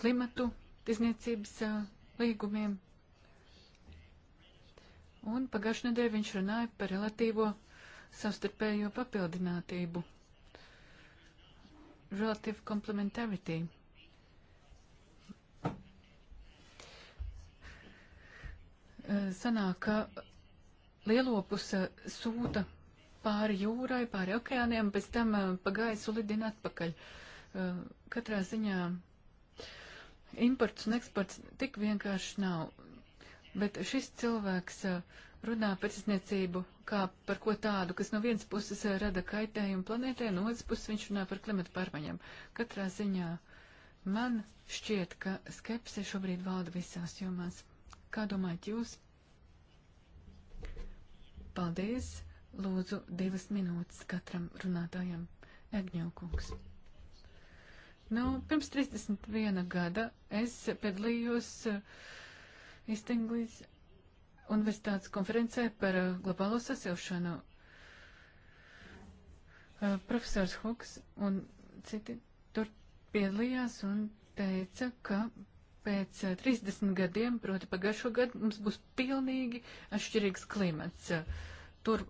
klimatu izniecības līgumiem. Un pagājušajā nedēļā viņš runāja par relatīvo savstarpējo papildinātību. Relative complementarity. Sanāk, ka lielopus sūta pāri jūrai, pāri okeāniem, pēc tam eh, pa gaisu lidina atpakaļ. Eh, katrā ziņā imports un eksports tik vienkārši nav. Bet šis cilvēks eh, runā par izniecību kā par ko tādu, kas no vienas puses rada kaitējumu planētē, no otras puses viņš runā par klimatu pārmaiņām. Katrā ziņā man šķiet, ka skepse šobrīd valda visās jomās. Kā domājat jūs? Paldies! Lūdzu, divas minūtes katram runātājam. Egņaukungs. Nu, pirms 31 gada es piedalījos Istinglīs eh, universitātes konferencē par eh, globālo sasilšanu. Eh, profesors Huks un citi tur piedalījās un teica, ka pēc 30 eh, gadiem, proti pagājušo gadu, mums būs pilnīgi atšķirīgs klimats. Tur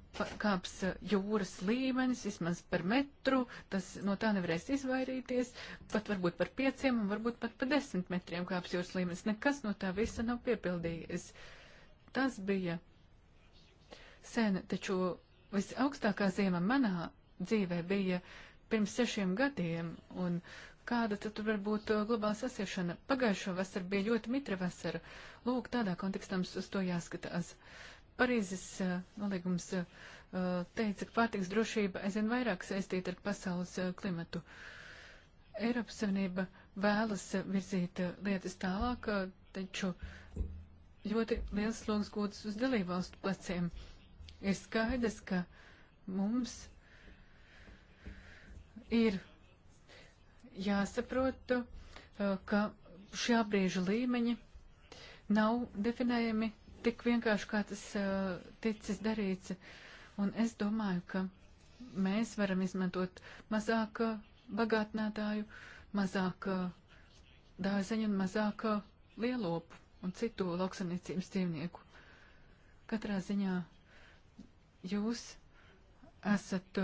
kāps eh, jūras līmenis, vismaz par metru, tas no tā nevarēs izvairīties, pat varbūt par pieciem un varbūt pat par desmit metriem kāps jūras līmenis. Nekas no tā visa nav piepildījies. Tas bija sen, taču visaugstākā ziema manā dzīvē bija pirms sešiem gadiem, un uh, kāda tad var būt uh, globāla sasiešana. Pagājušo vasaru bija ļoti mitra vasara. Lūk, tādā kontekstā mums uz to jāskatās. Parīzes uh, nolīgums uh, teica, ka pārtiks drošība aizvien vairāk saistīta ar pasaules klimatu. Eiropas Savienība vēlas virzīt lietas tālāk, taču ļoti liels slogs gūtas uz dalībvalstu pleciem. Ir skaidrs, ka mums ir jāsaprot, ka šī brīža līmeņi nav definējami tik vienkārši, kā tas ticis darīts. Un es domāju, ka mēs varam izmantot mazāk bagātinātāju, mazāk dārzeņu un mazāk lielopu un citu lauksaimniecības dzīvnieku. Katrā ziņā jūs esat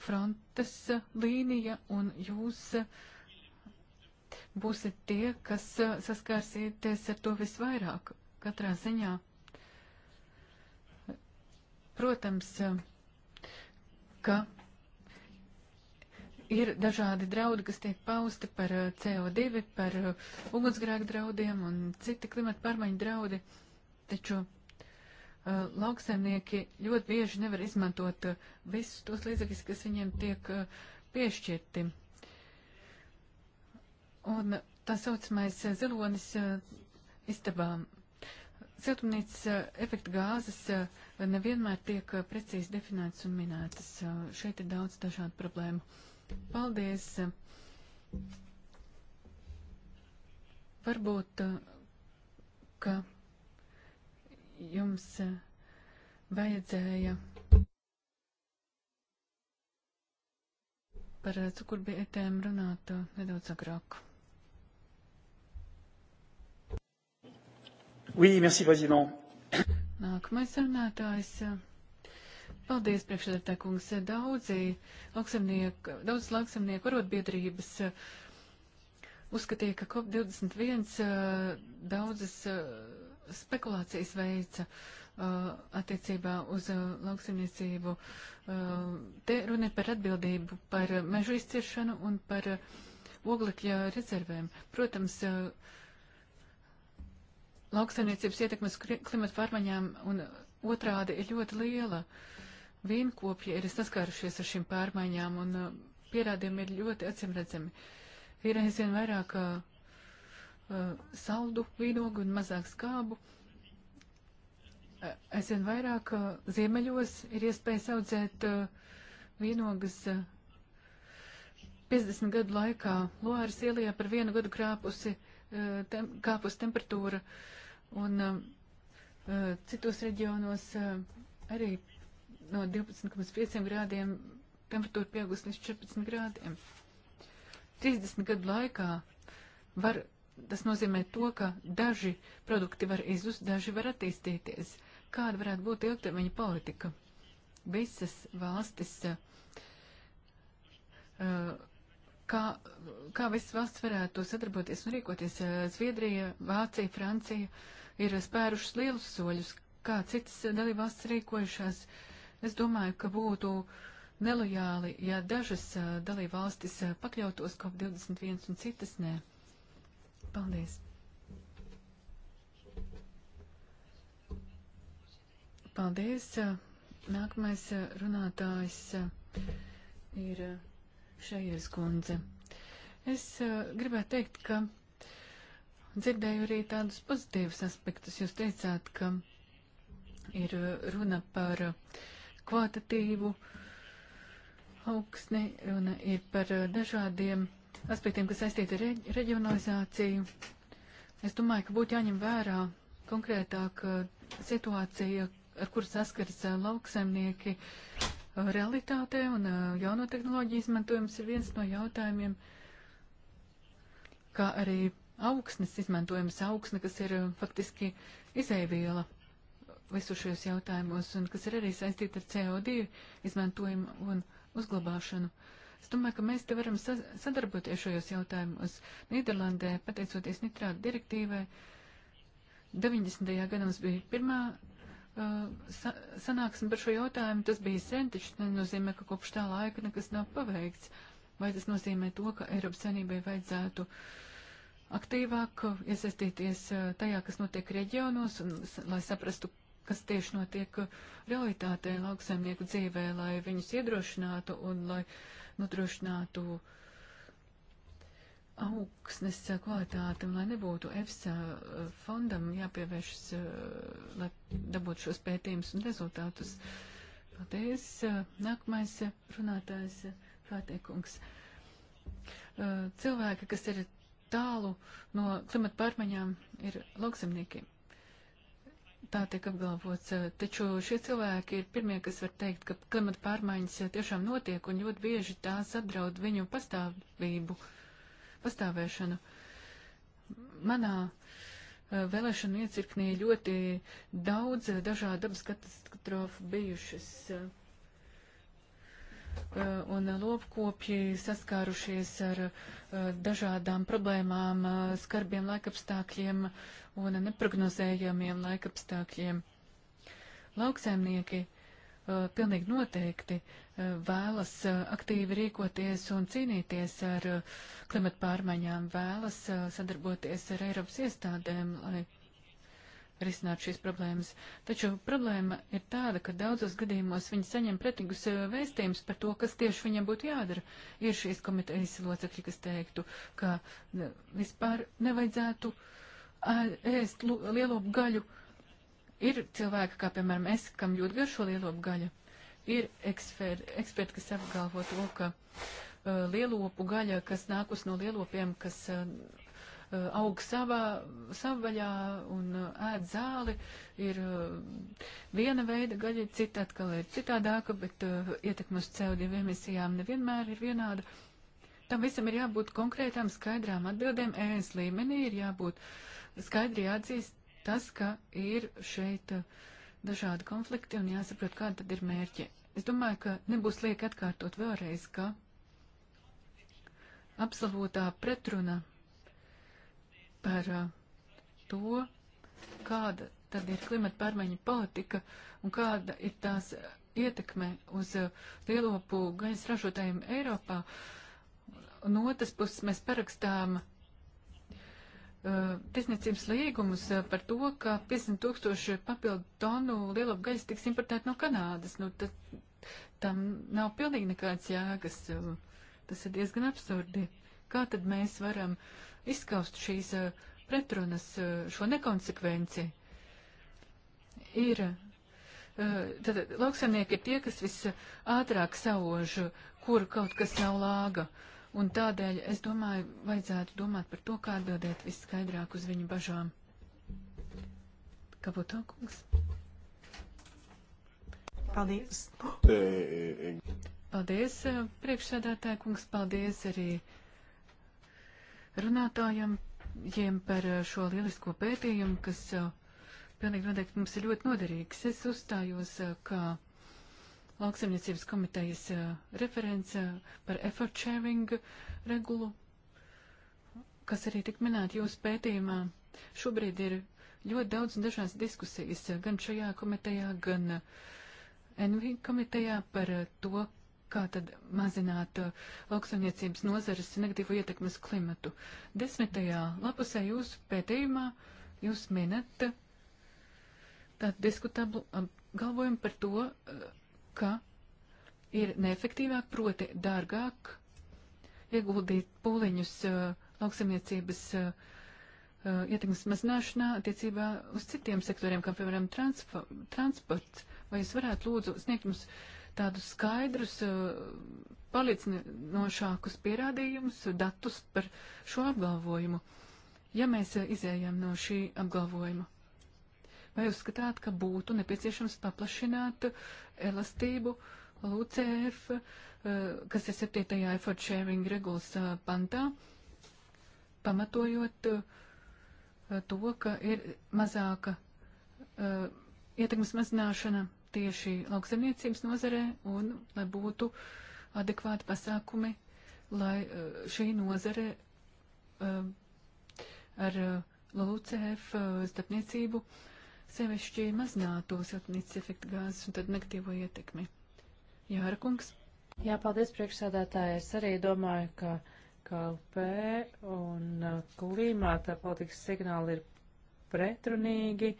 frontes līnija, un jūs būsiet tie, kas saskārsieties ar to visvairāk katrā ziņā. Protams, ka ir dažādi draudi, kas tiek pausti par CO2, par ugunsgrēku draudiem un citi klimata pārmaiņu draudi, taču Eh, lauksaimnieki ļoti bieži nevar izmantot eh, visus tos līdzekļus, kas viņiem tiek eh, piešķirti. Un tā saucamais zilonis istabām. Siltumnīcas efekta gāzes nevienmēr tiek precīzi definētas un minētas. Šeit ir daudz dažādu problēmu. Paldies! Varbūt, ka jums eh, vajadzēja par eh, cukurbietēm runāt eh, nedaudz agrāk. Oui, merci, président. Nākamais runātājs. Paldies, priekšsēdētāj kungs. Daudzi lauksamnieku, daudz lauksamnieku arotbiedrības uzskatīja, ka COP21 daudzas spekulācijas veica uh, attiecībā uz uh, lauksimniecību. Uh, te runa par atbildību par mežu izciršanu un par uh, oglekļa rezervēm. Protams, uh, lauksaimniecības ietekmes klimata pārmaiņām un otrādi ir ļoti liela. Vīnkopji ir saskārušies ar šīm pārmaiņām un uh, pierādījumi ir ļoti acimredzami. Ir aizvien vairāk uh, Eh, saldu vīnogu un mazāk skābu. Eh, aizvien vairāk eh, ziemeļos ir iespējas audzēt vīnogas 50 gadu laikā. Loāras ielijā par vienu gadu krāpusi, tem, kāpus temperatūra un citos reģionos arī no 12,5 grādiem temperatūra pieaugusi līdz 14 grādiem. 30 gadu laikā var tas nozīmē to, ka daži produkti var izzust, daži var attīstīties. Kāda varētu būt ilgtermiņa politika? Visas valstis, eh, kā, kā visas valsts varētu sadarboties un rīkoties? Eh, Zviedrija, Vācija, Francija ir spērušas lielus soļus, kā citas dalībvalsts rīkojušās. Es domāju, ka būtu nelojāli, ja dažas eh, dalībvalstis pakļautos COP21 un citas nē. Paldies! Paldies! Nākamais runātājs ir Šajers kundze. Es gribētu teikt, ka dzirdēju arī tādus pozitīvus aspektus. Jūs teicāt, ka ir runa par kvalitatīvu augsni, runa ir par dažādiem aspektiem, kas saistīti ar reģionalizāciju, es domāju, ka būtu jāņem vērā konkrētāk uh, situācija, ar kur saskaras uh, lauksaimnieki uh, realitātē, un jauno tehnoloģiju izmantojums ir viens no jautājumiem, kā arī augsnes izmantojums, augsne, kas ir faktiski izēviela visu šajos jautājumos, un kas ir arī saistīta ar CO2 izmantojumu un uzglabāšanu. Uh, Es domāju, ka mēs te varam sa sadarboties šajos jautājumos. Nīderlandē, pateicoties nitrāta direktīvai, 90. gadā mums bija pirmā uh, sa sanāksme par šo jautājumu. Tas bija sen, taču nenozīmē, ka kopš tā laika nekas nav paveikts. Vai tas nozīmē to, ka Eiropas Savienībai vajadzētu aktīvāk iesaistīties uh, tajā, kas notiek reģionos, un, lai saprastu, kas tieši notiek realitātē lauksaimnieku dzīvē, lai viņus iedrošinātu un lai nodrošinātu augsnes kvalitāti un lai nebūtu EFSA eh, fondam jāpievēršas, eh, lai dabūtu šos pētījumus un rezultātus. Paldies. Nākamais runātājs eh, Kātiekungs. Cilvēki, kas ir tālu no klimata pārmaiņām, ir lauksemnieki tā tiek apgalvots. Taču šie cilvēki ir pirmie, kas var teikt, ka klimata pārmaiņas tiešām notiek un ļoti bieži tās apdraud viņu pastāvību, pastāvēšanu. Manā eh, vēlēšana iecirknī ļoti daudz dažādu dabas katastrofu bijušas eh, un lopkopji saskārušies ar eh, dažādām problēmām, skarbiem laikapstākļiem, uh, un neprognozējamiem laikapstākļiem. Lauksaimnieki uh, pilnīgi noteikti uh, vēlas uh, aktīvi rīkoties un cīnīties ar uh, klimatu pārmaiņām, vēlas uh, sadarboties ar Eiropas iestādēm, lai risinātu šīs problēmas. Taču problēma ir tāda, ka daudzos gadījumos viņi saņem pretīgus uh, vēstījumus par to, kas tieši viņam būtu jādara. Ir šīs komitejas locekļi, kas teiktu, ka vispār nevajadzētu uh, ēst lielo gaļu. Ir cilvēki, kā piemēram es, kam ļoti garšo lielo gaļu. Ir eksper, eksperti, kas apgalvo to, ka uh, lielopu gaļa, kas nākus no lielopiem, kas uh, aug savā, savvaļā un uh, ēd zāli, ir uh, viena veida gaļa, cita atkal ir citādāka, bet uh, ietekmes CO2 emisijām nevienmēr ir vienāda. Tam visam ir jābūt konkrētām, skaidrām atbildēm. ES līmenī ir jābūt uh, skaidri jāatzīst tas, ka ir šeit uh, dažādi konflikti un jāsaprot, kāda tad ir mērķi. Es domāju, ka nebūs lieki atkārtot vēlreiz, ka absolūtā pretruna par uh, to, kāda tad ir klimata pārmaiņa politika un kāda ir tās ietekme uz uh, lielopu gaļas ražotājiem Eiropā. No otras puses mēs parakstām Uh, tirsniecības līgumus uh, par to, ka 50 tūkstoši papildu tonu lielapgaļas tiks importēt no Kanādas. Nu, tad, tam nav pilnīgi nekāds jēgas. Um, tas ir diezgan absurdi. Kā tad mēs varam izskaust šīs uh, pretrunas, šo nekonsekvenci? Ir. Tad lauksaimnieki ir tie, kas visātrāk sauž, kur kaut kas nav lāga. Uh, Un tādēļ, es domāju, vajadzētu domāt par to, kā atbildēt viskaidrāk uz viņu bažām. Kaputo kungs. Paldies. E, e. Paldies, e, priekšsēdētāji kungs, paldies arī runātājiem par šo lielisko pētījumu, kas pilnīgi noteikti mums ir ļoti noderīgs. Es uzstājos, ka. Kā lauksaimniecības komitejas referents par effort sharing regulu, kas arī tik minēta jūsu pētījumā. Šobrīd ir ļoti daudz un dažādas diskusijas gan šajā komitejā, gan NV komitejā par to, kā tad mazināt lauksaimniecības nozares negatīvo ietekmes klimatu. Desmitajā lapusē jūsu pētījumā jūs minat tādu diskutablu apgalvojumu par to, ka ir neefektīvāk, proti dārgāk ieguldīt pūliņus uh, lauksamniecības uh, uh, ietekmes mazināšanā attiecībā uz citiem sektoriem, kā piemēram transpo, transports. Vai jūs varētu lūdzu sniegt mums tādus skaidrus, uh, palicinošākus pierādījumus, datus par šo apgalvojumu, ja mēs uh, izējām no šī apgalvojuma? Vai uzskatāt, ka būtu nepieciešams paplašināt elastību LUCF, eh, kas ir 7. effort sharing regulas eh, pantā, pamatojot eh, to, ka ir mazāka ietekmes mazināšana tieši lauksaimniecības nozarē un lai būtu adekvāti pasākumi, lai šī nozare ar LUCF starpniecību uh, sevišķi mazinātos atnīcas efekta gāzes un tad negatīvo ietekmi. Jāra kungs. Jā, paldies priekšsādātāji. Es arī domāju, ka KLP un uh, klimāta politikas signāli ir pretrunīgi.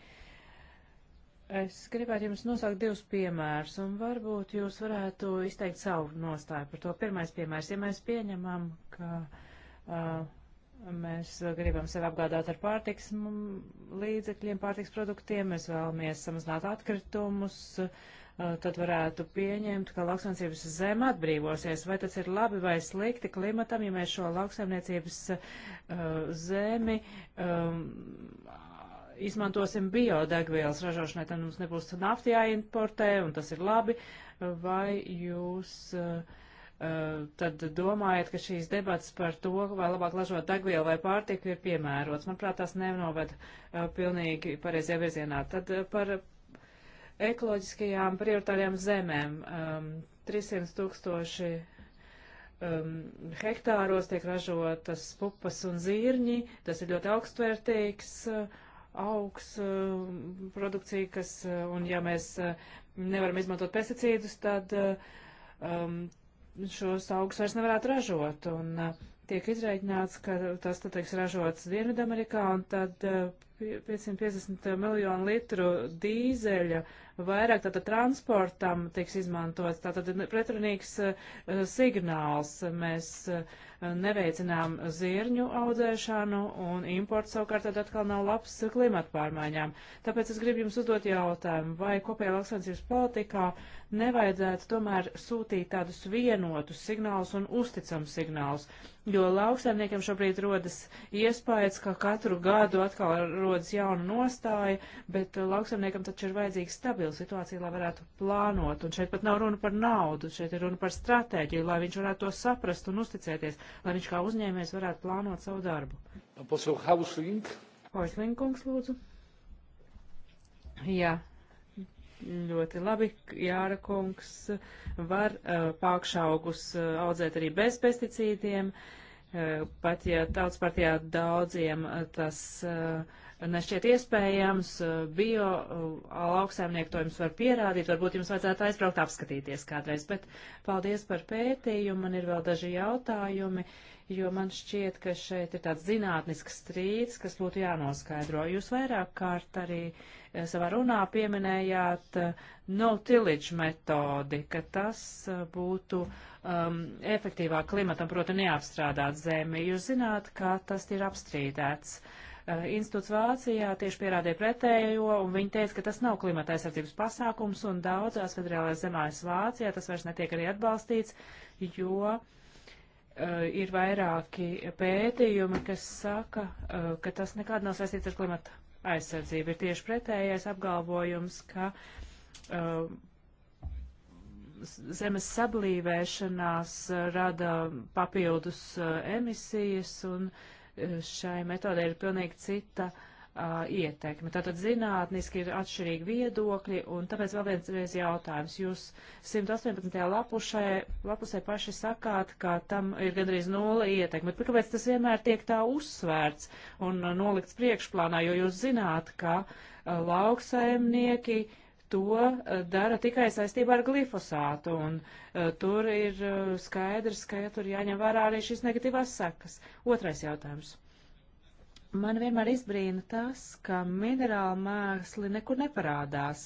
Es gribētu jums nosaukt divus piemērus, un varbūt jūs varētu izteikt savu nostāju par to. Pirmais piemērs, ja mēs pieņemam, ka uh, Mēs uh, gribam sevi apgādāt ar pārtiks līdzekļiem, pārtiks produktiem, mēs vēlamies samazināt atkritumus, uh, tad varētu pieņemt, ka lauksaimniecības zeme atbrīvosies. Vai tas ir labi vai slikti klimatam, ja mēs šo lauksaimniecības uh, zemi um, izmantosim biodegvielas ražošanai, tad mums nebūs nafti jāimportē, un tas ir labi, vai jūs. Uh, Eh, tad domājiet, ka šīs debats par to, vai labāk lažot degvielu vai pārtiku, ir piemērots. Manuprāt, tās nenovada eh, pilnīgi pareizajā virzienā. Tad eh, par ekoloģiskajām prioritārajām zemēm. Um, ehm, 300 tūkstoši um, hektāros tiek ražotas pupas un zirņi. Tas ir ļoti augstvērtīgs augs uh, produkcija, kas, un ja mēs uh, nevaram izmantot pesticīdus, tad uh, um, šos augus vairs nevarētu ražot. Un uh, tiek izreikināts, ka tas, tad, teiks, ražots Dienvidamerikā, un tad uh, 550 miljonu litru dīzeļa vairāk tātad transportam tiks izmantots. Tātad pretrunīgs uh, signāls. Mēs uh, neveicinām zirņu audzēšanu un imports savukārt tad atkal nav labs klimatu pārmaiņām. Tāpēc es gribu jums uzdot jautājumu, vai kopējā lauksainicības politikā nevajadzētu tomēr sūtīt tādus vienotus signālus un uzticams signālus, jo lauksainiekiem šobrīd rodas iespējas, ka katru gadu atkal rodas jauna nostāja, bet lauksaimniekam taču ir vajadzīga stabila situācija, lai varētu plānot. Un šeit pat nav runa par naudu, šeit ir runa par stratēģiju, lai viņš varētu to saprast un uzticēties lai viņš kā uzņēmējs varētu plānot savu darbu. Hoislinkungs, lūdzu. Jā, ļoti labi. Jāra kungs var uh, pākšaugus uh, audzēt arī bez pesticīdiem, uh, pat ja tautspartijā daudziem uh, tas. Uh, nešķiet iespējams, eh, bio eh, lauksaimniektojums var pierādīt, varbūt jums vajadzētu aizbraukt apskatīties kādreiz, bet paldies par pētījumu, man ir vēl daži jautājumi, jo man šķiet, ka šeit ir tāds zinātnisks strīds, kas būtu jānoskaidro. Jūs vairāk kārt arī eh, savā runā pieminējāt no-tillage metodi, ka tas būtu um, efektīvāk klimatam, proti neapstrādāt zemi. Jūs zināt, ka tas ir apstrīdēts. Uh, Eh, institūts Vācijā tieši pierādīja pretējo, un viņi teica, ka tas nav klimata aizsardzības pasākums, un daudzās federālajās zemēs Vācijā tas vairs netiek arī atbalstīts, jo eh, ir vairāki pētījumi, kas saka, eh, ka tas nekad nav saistīts ar klimata aizsardzību. Ir tieši pretējais apgalvojums, ka zemes sablīvēšanās rada papildus emisijas un uh, šai metodē ir pilnīgi cita uh, ietekme. Tātad zinātniski ir atšķirīgi viedokļi, un tāpēc vēl viens jautājums. Jūs 118. Lapušē, lapusē paši sakāt, ka tam ir gandrīz nula ietekme, bet kāpēc tas vienmēr tiek tā uzsvērts un nolikts priekšplānā, jo jūs zināt, ka uh, lauksaimnieki uh, to eh, dara tikai saistībā ar glifosātu, un uh, tur ir uh, skaidrs, ka ja tur jāņem vērā arī šīs negatīvās sekas. Otrais jautājums. Man vienmēr izbrīna tas, ka minerāla mēsli nekur neparādās.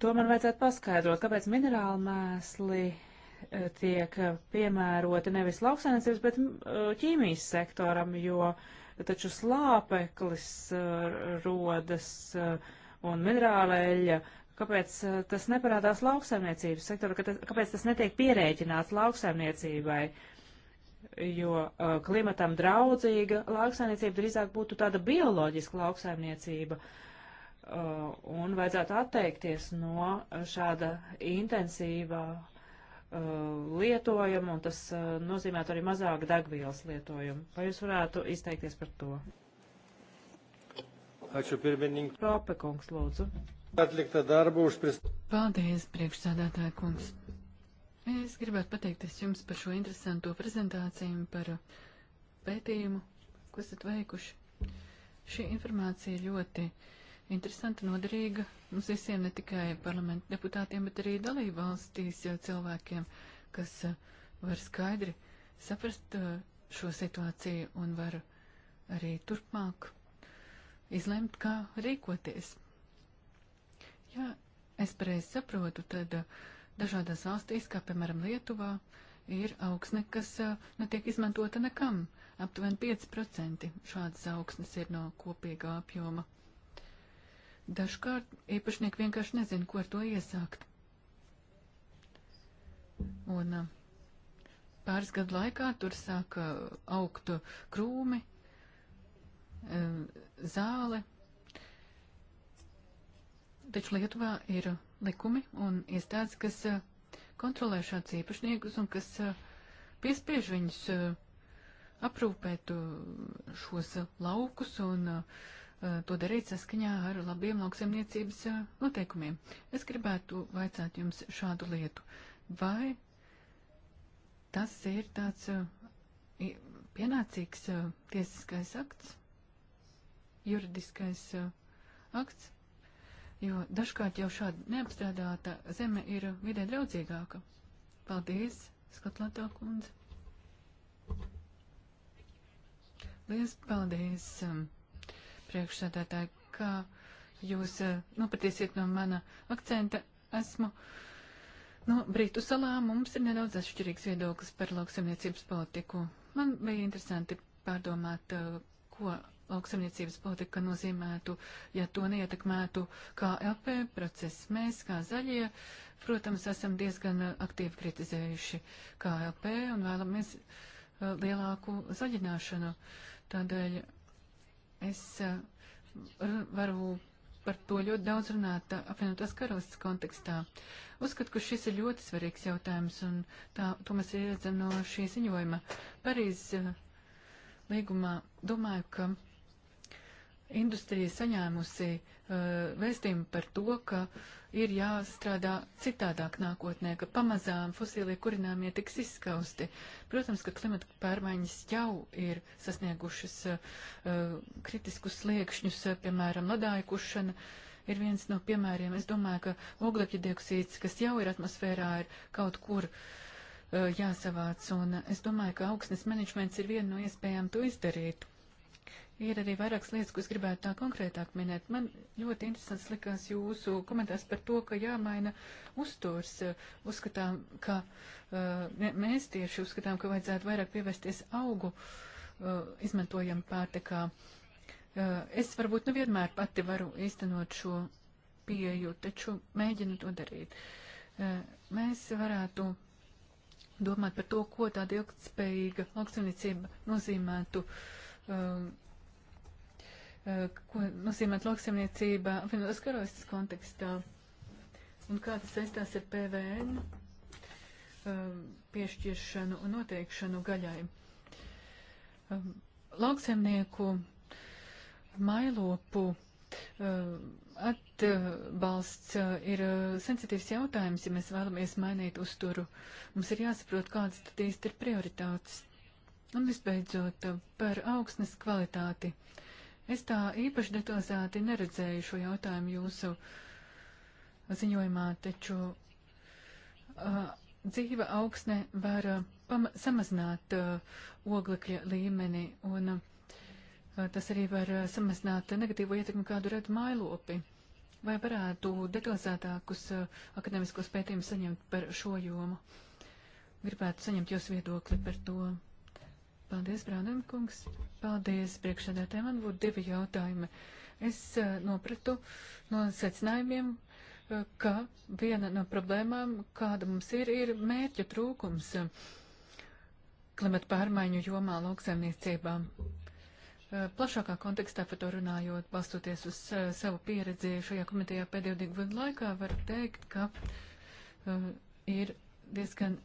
To man vajadzētu paskaidrot, kāpēc minerāla mēsli uh, tiek piemēroti nevis lauksainicības, bet ķīmijas sektoram, jo taču slāpeklis rodas uh, un minerāla eļļa, kāpēc eh, tas neparādās lauksaimniecības sektora, kāpēc tas netiek pierēķināts lauksaimniecībai, jo uh, klimatam draudzīga lauksaimniecība drīzāk būtu tāda bioloģiska lauksaimniecība. Uh, un vajadzētu atteikties no šāda intensīvā uh, lietojuma, un tas uh, nozīmētu arī mazāk degvielas lietojumu. Vai jūs varētu izteikties par to? Ačiū pirmininkai. Rāpe kungs, lūdzu. Atlikta darba už prist. Paldies, priekšsādātāja kungs. Es gribētu pateikties jums par šo interesanto prezentāciju, par pētījumu, ko esat veikuši. Šī informācija ļoti interesanta, noderīga mums visiem, ne tikai parlamentu deputātiem, bet arī dalību valstīs cilvēkiem, kas eh, var skaidri saprast eh, šo situāciju un var arī turpmāk izlemt, kā rīkoties. Ja es pareizi saprotu, tad uh, dažādās valstīs, kā piemēram Lietuvā, ir augsne, kas uh, netiek nu, izmantota nekam. Aptuveni 5% šādas augsnes ir no kopīgā apjoma. Dažkārt īpašnieki vienkārši nezina, ko ar to iesākt. Un uh, pāris gadu laikā tur sāka augt krūmi, Um, zāle. Taču Lietuvā ir likumi un iestādes, kas uh, kontrolē šādus īpašniekus un kas uh, piespiež viņus uh, aprūpēt šos laukus un to darīt saskaņā ar labiem lauksaimniecības noteikumiem. Es gribētu vaicāt jums šādu lietu. Vai tas ir tāds pienācīgs tiesiskais akts? juridiskais eh, akts, jo dažkārt jau šāda neapstrādāta zeme ir vidē draudzīgāka. Paldies, Skotlatā kundze! Liels paldies, eh, priekšsādātāji, kā jūs eh, nopatiesiet nu, no mana akcenta. Esmu no Britu salā, mums ir nedaudz atšķirīgs viedoklis par lauksaimniecības politiku. Man bija interesanti pārdomāt, ko lauksamniecības politika nozīmētu, ja to neietekmētu KLP process. Mēs, kā zaļie, protams, esam diezgan aktīvi kritizējuši KLP un vēlamies uh, lielāku zaļināšanu. Tādēļ es uh, varu par to ļoti daudz runāt uh, apvienotās karalistas kontekstā. Uzskatu, ka šis ir ļoti svarīgs jautājums, un tā, to mēs redzam no šī ziņojuma. Parīzes līgumā domāju, ka industrija saņēmusi uh, vēstījumu par to, ka ir jāstrādā citādāk nākotnē, ka pamazām fosilie kurināmie tiks izskausti. Protams, ka klimata pārmaiņas jau ir sasniegušas uh, kritiskus sliekšņus, eh, piemēram, ledājukušana. Ir viens no piemēriem, es domāju, ka oglekļa dioksīds, kas jau ir atmosfērā, ir kaut kur uh, jāsavāc, un es domāju, ka augsnes menedžments ir viena no iespējām to izdarīt. Ir arī vairākas lietas, ko es gribētu tā konkrētāk minēt. Man ļoti interesants likās jūsu komentārs par to, ka jāmaina uzturs. Uzskatām, ka uh, mēs tieši uzskatām, ka vajadzētu vairāk pievērsties augu uh, izmantojam pārtekā. Uh, es varbūt nevienmēr nu pati varu īstenot šo pieju, taču mēģinu to darīt. Mēs varētu domāt par to, ko tāda ilgtspējīga lauksaimniecība nozīmētu um, Eh, ko nozīmē lauksaimniecība apvienotās karalistas kontekstā un kā tas saistās ar PVN eh, piešķiršanu un noteikšanu gaļai. Eh, lauksaimnieku mailopu atbalsts ir sensitīvs jautājums, ja mēs vēlamies mainīt uzturu. Mums ir jāsaprot, kādas tad īsti ir prioritātes. Un visbeidzot, par augsnes kvalitāti. Uh, Es tā īpaši detalizēti neredzēju šo jautājumu jūsu ziņojumā, taču uh, dzīve augsne var uh, samazināt uh, oglekļa līmeni, un uh, tas arī var uh, samazināt negatīvo ietekmi, kādu redz mailopi. Vai varētu detalizētākus uh, akadēmiskos pētījumus saņemt par šo jomu? Gribētu saņemt jūs viedokli par to. Mm. Paldies, Brānēm kungs. Paldies, priekšsēdētāji. Man būtu divi jautājumi. Es uh, nopratu no secinājumiem, uh, ka viena no problēmām, kāda mums ir, ir mērķa trūkums uh, klimata pārmaiņu jomā lauksaimniecībām. Plašākā kontekstā par to runājot, balstoties uz savu pieredzi šajā komitejā pēdējo divu gadu laikā, var teikt, ka ir diezgan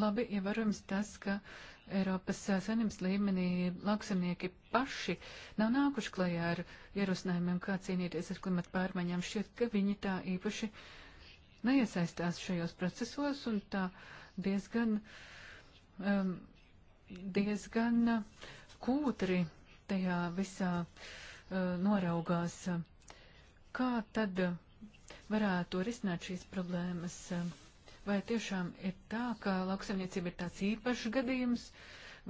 labi ievērojams tas, ka Eiropas saimnības līmenī lauksamnieki paši nav nākuši klajā ar ierosinājumiem, kā cīnīties ar klimatu pārmaiņām. Šķiet, ka viņi tā īpaši neiesaistās šajos procesos un tā diezgan, um, diezgan kūtri tajā visā uh, noraugās. Kā tad varētu risināt šīs problēmas? Uh, Vai tiešām ir tā, ka lauksaimniecība ir tāds īpašs gadījums,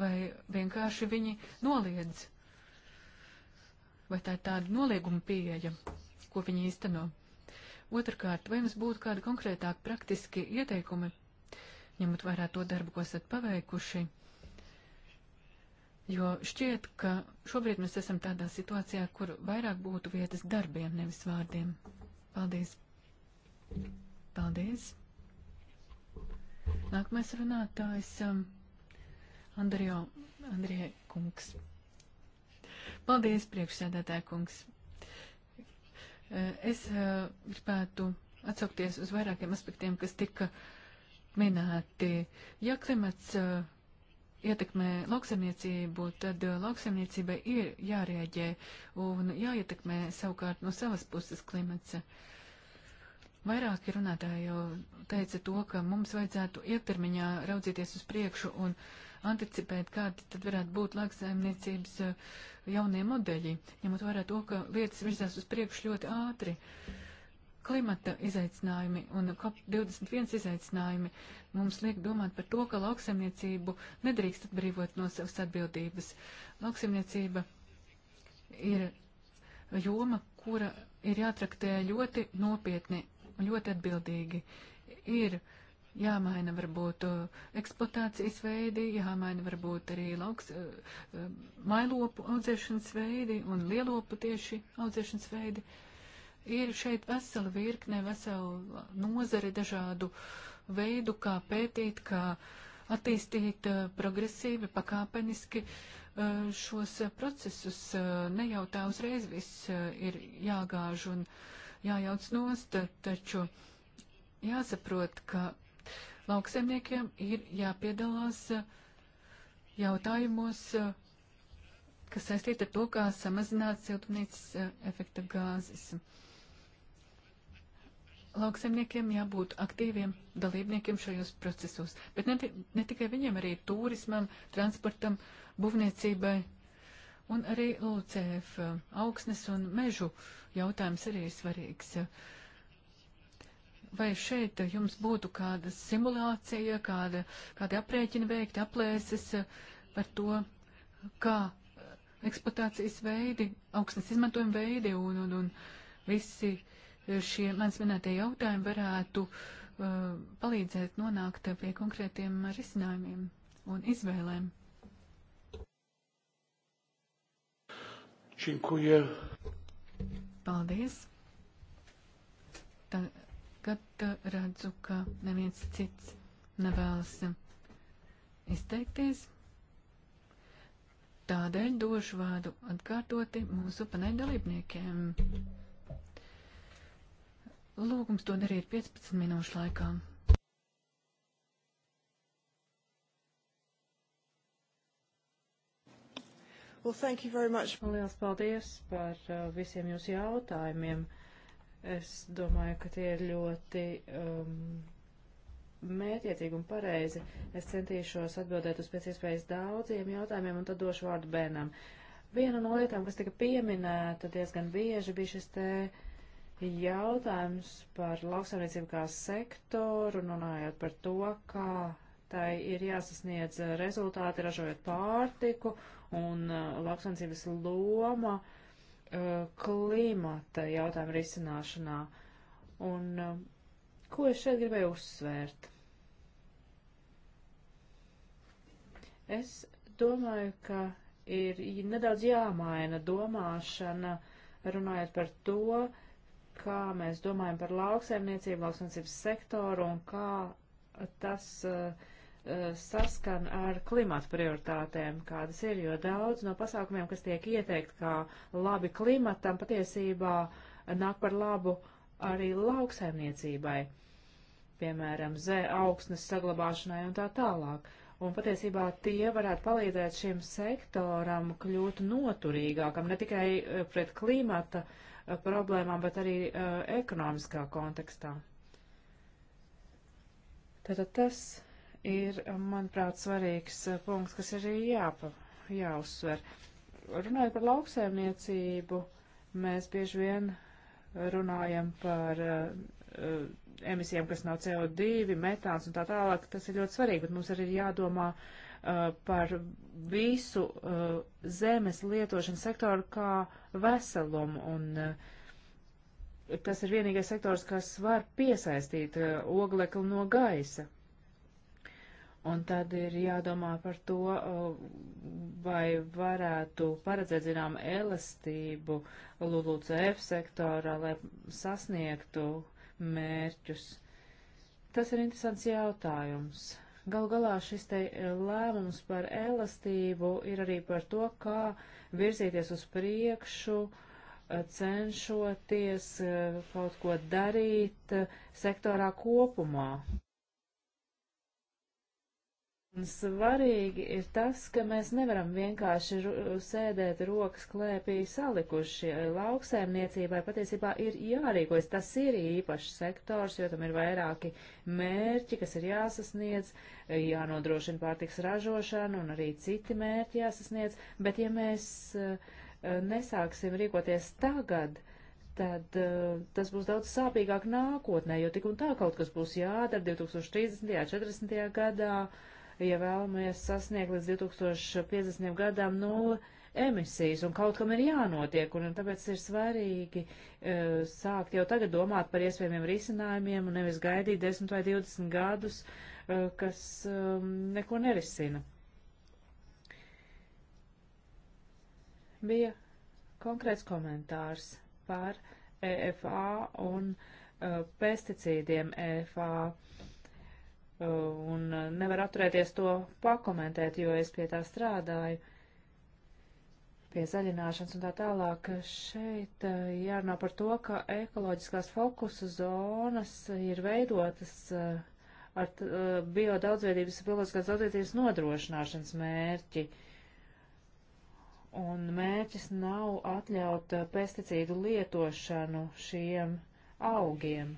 vai vienkārši viņi noliedz? Vai tā ir tāda nolieguma pieeja, ko viņi īsteno? Otrakārt, vai jums būtu kādi konkrētāki praktiski ieteikumi, ņemot vērā to darbu, ko esat paveikuši? Jo šķiet, ka šobrīd mēs esam tādā situācijā, kur vairāk būtu vietas darbiem, nevis vārdiem. Paldies! Paldies! Nākamais runātājs um, Andrijo, Andrija kungs. Paldies, priekšsēdētāja kungs. E, es uh, gribētu atsaukties uz vairākiem aspektiem, kas tika minēti. Ja klimats uh, ietekmē lauksaimniecību, tad uh, lauksaimniecībai ir jārēģē un jāietekmē savukārt no savas puses klimats. Uh, Vairāki runātāji jau teica to, ka mums vajadzētu ilgtermiņā raudzīties uz priekšu un anticipēt, kādi tad varētu būt lauksaimniecības eh, jaunie modeļi, ņemot vērā to, ka lietas virzās uz priekšu ļoti ātri. Klimata izaicinājumi un COP21 izaicinājumi mums liek domāt par to, ka lauksaimniecību nedrīkst atbrīvot no savas atbildības. Lauksaimniecība ir joma, kura ir jātraktē ļoti nopietni ļoti atbildīgi. Ir jāmaina varbūt uh, eksploatācijas veidi, jāmaina varbūt arī lauks, uh, uh, mailopu audzēšanas veidi un lielopu tieši audzēšanas veidi. Ir šeit vesela virkne, vesela nozare dažādu veidu, kā pētīt, kā attīstīt progresīvi, pakāpeniski šos procesus. Ne jau tā uzreiz viss ir jāgāž un jāgāž jājauc nost, taču jāsaprot, ka lauksaimniekiem ir jāpiedalās eh, jautājumos, eh, kas saistīti ar to, kā samazināt siltumnīcas eh, efekta gāzes. Lauksaimniekiem jābūt aktīviem dalībniekiem šajos procesos, bet ne, ne tikai viņiem, arī turismam, transportam, būvniecībai un arī LUCF augsnes un mežu uh, jautājums arī ir svarīgs. Vai šeit jums būtu kāda simulācija, kāda, kāda aprēķina veikti, aplēses par to, kā eksploatācijas veidi, augstnes izmantojuma veidi un, un, un visi šie mans minētie jautājumi varētu uh, palīdzēt nonākt pie konkrētiem risinājumiem un izvēlēm. Dziękuję. Paldies! Tagad redzu, ka neviens cits nevēlas izteikties. Tādēļ došu vārdu atkārtoti mūsu paneļdalībniekiem. Lūgums to darīt 15 minūšu laikā. Well, thank you very much. Lielas paldies par uh, visiem jūsu jautājumiem. Es domāju, ka tie ir ļoti um, mērķiecīgi un pareizi. Es centīšos atbildēt uz pēc iespējas daudziem jautājumiem un tad došu vārdu bērnam. Viena no lietām, kas tika pieminēta diezgan bieži, bija šis te jautājums par lauksaimniecību kā sektoru, runājot par to, kā tai ir jāsasniedz uh, rezultāti ražojot pārtiku un uh, lauksaimniecības loma uh, klimata jautājuma risināšanā. Un uh, ko es šeit gribēju uzsvērt? Es domāju, ka ir nedaudz jāmaina domāšana, runājot par to, kā mēs domājam par lauksaimniecību, lauksaimniecības sektoru un kā tas uh, Eh, saskan ar klimatu prioritātēm, kādas ir, jo daudz no pasākumiem, kas tiek ieteikt kā labi klimatam, patiesībā nāk par labu arī lauksaimniecībai, piemēram, ze augsnes saglabāšanai un tā tālāk. Un patiesībā tie varētu palīdzēt šim sektoram kļūt noturīgākam, ne tikai eh, pret klimata eh, problēmām, bet arī uh, ekonomiskā kontekstā. Tātad tas ir, manuprāt, svarīgs eh, punkts, kas arī jāpa, jāuzsver. Runājot par lauksēmniecību, mēs bieži vien runājam par uh, emisijām, kas nav CO2, metāns un tā tālāk. Tas ir ļoti svarīgi, bet mums arī ir jādomā uh, par visu uh, zemes lietošanas sektoru kā veselumu. Un, uh, Tas ir vienīgais sektors, kas var piesaistīt uh, oglekli no gaisa. Un tad ir jādomā par to, uh, vai varētu paredzēt zinām elastību LULUCF sektorā, lai sasniegtu mērķus. Tas ir interesants jautājums. Gal galā šis te lēmums par elastību ir arī par to, kā virzīties uz priekšu, uh, cenšoties uh, kaut ko darīt sektorā kopumā. Svarīgi ir tas, ka mēs nevaram vienkārši sēdēt rokas klēpī salikuši. Lauksēmniecībai patiesībā ir jārīkojas. Tas ir īpašs sektors, jo tam ir vairāki mērķi, kas ir jāsasniedz, jānodrošina pārtiks ražošana un arī citi mērķi jāsasniedz. Bet ja mēs eh, nesāksim rīkoties tagad, tad uh, tas būs daudz sāpīgāk nākotnē, jo tik un tā kaut kas būs jādara 2030. un 40. gadā. Uh, ja vēlamies sasniegt līdz 2050. gadam nulli emisijas, un kaut kam ir jānotiek, un, un tāpēc ir svarīgi uh, sākt jau tagad domāt par iespējamiem risinājumiem, un nevis gaidīt 10 vai 20 gadus, uh, kas um, neko nerisina. Bija konkrēts komentārs par EFA un uh, pesticīdiem EFA. Uh, Uh, un uh, nevar atturēties to pakomentēt, jo es pie tā strādāju, pie zaļināšanas un tā tālāk. Šeit uh, jārunā par to, ka ekoloģiskās fokusu zonas ir veidotas ar biodaudzveidības, bioloģiskās daudzveidības nodrošināšanas mērķi. Un mērķis nav atļaut pesticīdu lietošanu šiem augiem.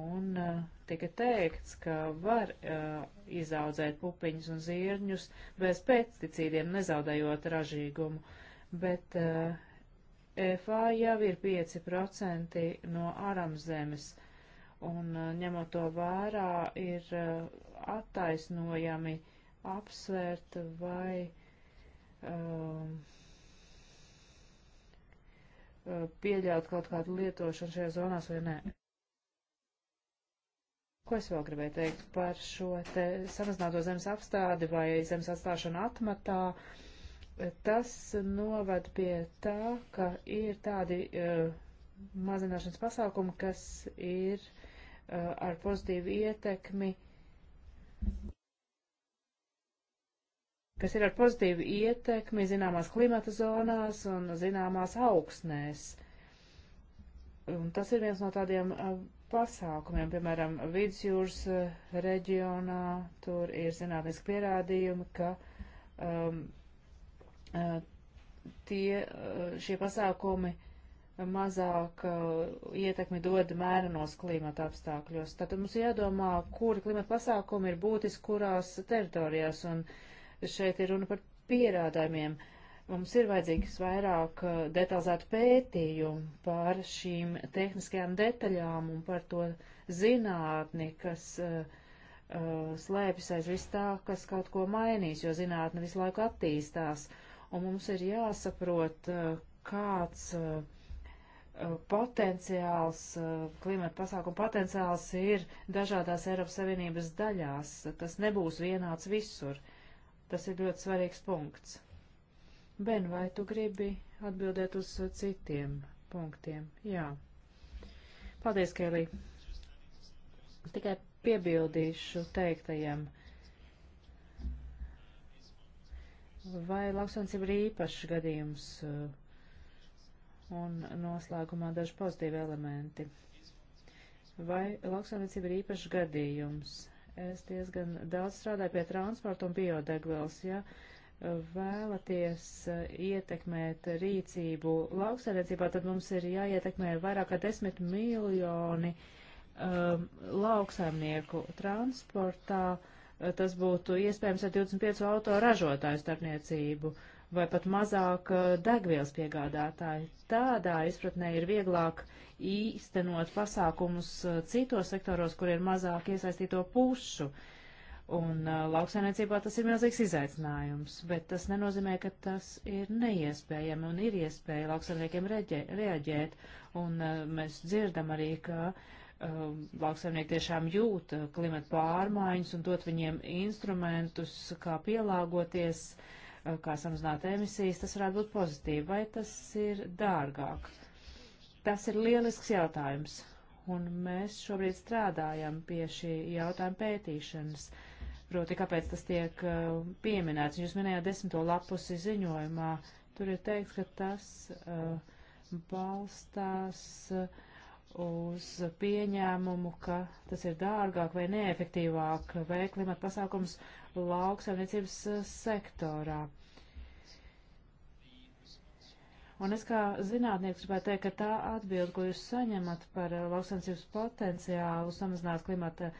Un uh, tika teikts, ka var uh, izaudzēt pupiņus un zirņus bez pesticīdiem, nezaudējot ražīgumu, bet uh, EFA jau ir 5% no aramzemes, un uh, ņemot to vērā, ir uh, attaisnojami apsvērt vai. Um, uh, pieļaut kaut kādu lietošanu šajā zonās vai nē. Ko es vēl gribēju teikt par šo te samazināto zemes apstādi vai zemes atstāšanu atmatā? Tas novad pie tā, ka ir tādi uh, mazināšanas pasākumi, kas ir uh, ar pozitīvu ietekmi kas ir ar pozitīvu ietekmi zināmās klimata zonās un zināmās augsnēs. Un tas ir viens no tādiem uh, pasākumiem, piemēram, vidusjūras eh, reģionā, tur ir zinātniski pierādījumi, ka um, eh, tie, eh, šie pasākumi mazāk uh, ietekmi dod mērenos klimata apstākļos. Tātad mums jādomā, kuri klimata pasākumi ir būtiski kurās teritorijās, un šeit ir runa par pierādājumiem. Uh, Mums ir vajadzīgs vairāk eh, detalizētu pētījumu par šīm tehniskajām detaļām un par to zinātni, kas uh, slēpjas aiz vis tā, kas kaut ko mainīs, jo zinātne visu laiku attīstās. Un mums ir jāsaprot, kāds potenciāls, klimata pasākuma potenciāls ir dažādās Eiropas Savienības daļās. Tas nebūs vienāds visur. Tas ir ļoti svarīgs punkts. Ben, vai tu gribi atbildēt uz citiem punktiem? Jā. Paldies, Kēlī. Tikai piebildīšu teiktajam. Vai lauksaimniecība ir īpašs gadījums uh, un noslēgumā daži pozitīvi elementi? Vai lauksaimniecība ir īpašs gadījums? Es diezgan daudz strādāju pie transporta un biodegvielas, ja vēlaties eh, ietekmēt rīcību lauksaimniecībā, tad mums ir jāietekmē vairāk kā desmit miljoni um, lauksaimnieku transportā. Eh, tas būtu iespējams ar 25 auto ražotāju starpniecību vai pat mazāk degvielas piegādātāji. Tādā izpratnē ir vieglāk īstenot pasākumus citos sektoros, kur ir mazāk iesaistīto pušu. Uh, Un uh, lauksainiecībā tas ir milzīgs izaicinājums, bet tas nenozīmē, ka tas ir neiespējami un ir iespēja lauksainiekiem reaģēt. Un uh, mēs dzirdam arī, ka uh, lauksainieki tiešām jūt klimata pārmaiņas un dot viņiem instrumentus, kā pielāgoties, uh, kā samazināt emisijas, tas varētu būt pozitīvi. Vai tas ir dārgāk? Tas ir lielisks jautājums. Un mēs šobrīd strādājam pie šī jautājuma pētīšanas. Uh, proti, kāpēc tas tiek uh, pieminēts. Jūs minējāt desmito lapusi ziņojumā. Tur ir teikts, ka tas uh, balstās uh, uz pieņēmumu, ka tas ir dārgāk vai neefektīvāk veikt klimata pasākums lauksaimniecības uh, sektorā. Un es kā zinātnieks gribētu teikt, ka tā atbilde, ko jūs saņemat par uh, lauksaimniecības potenciālu samazināt klimata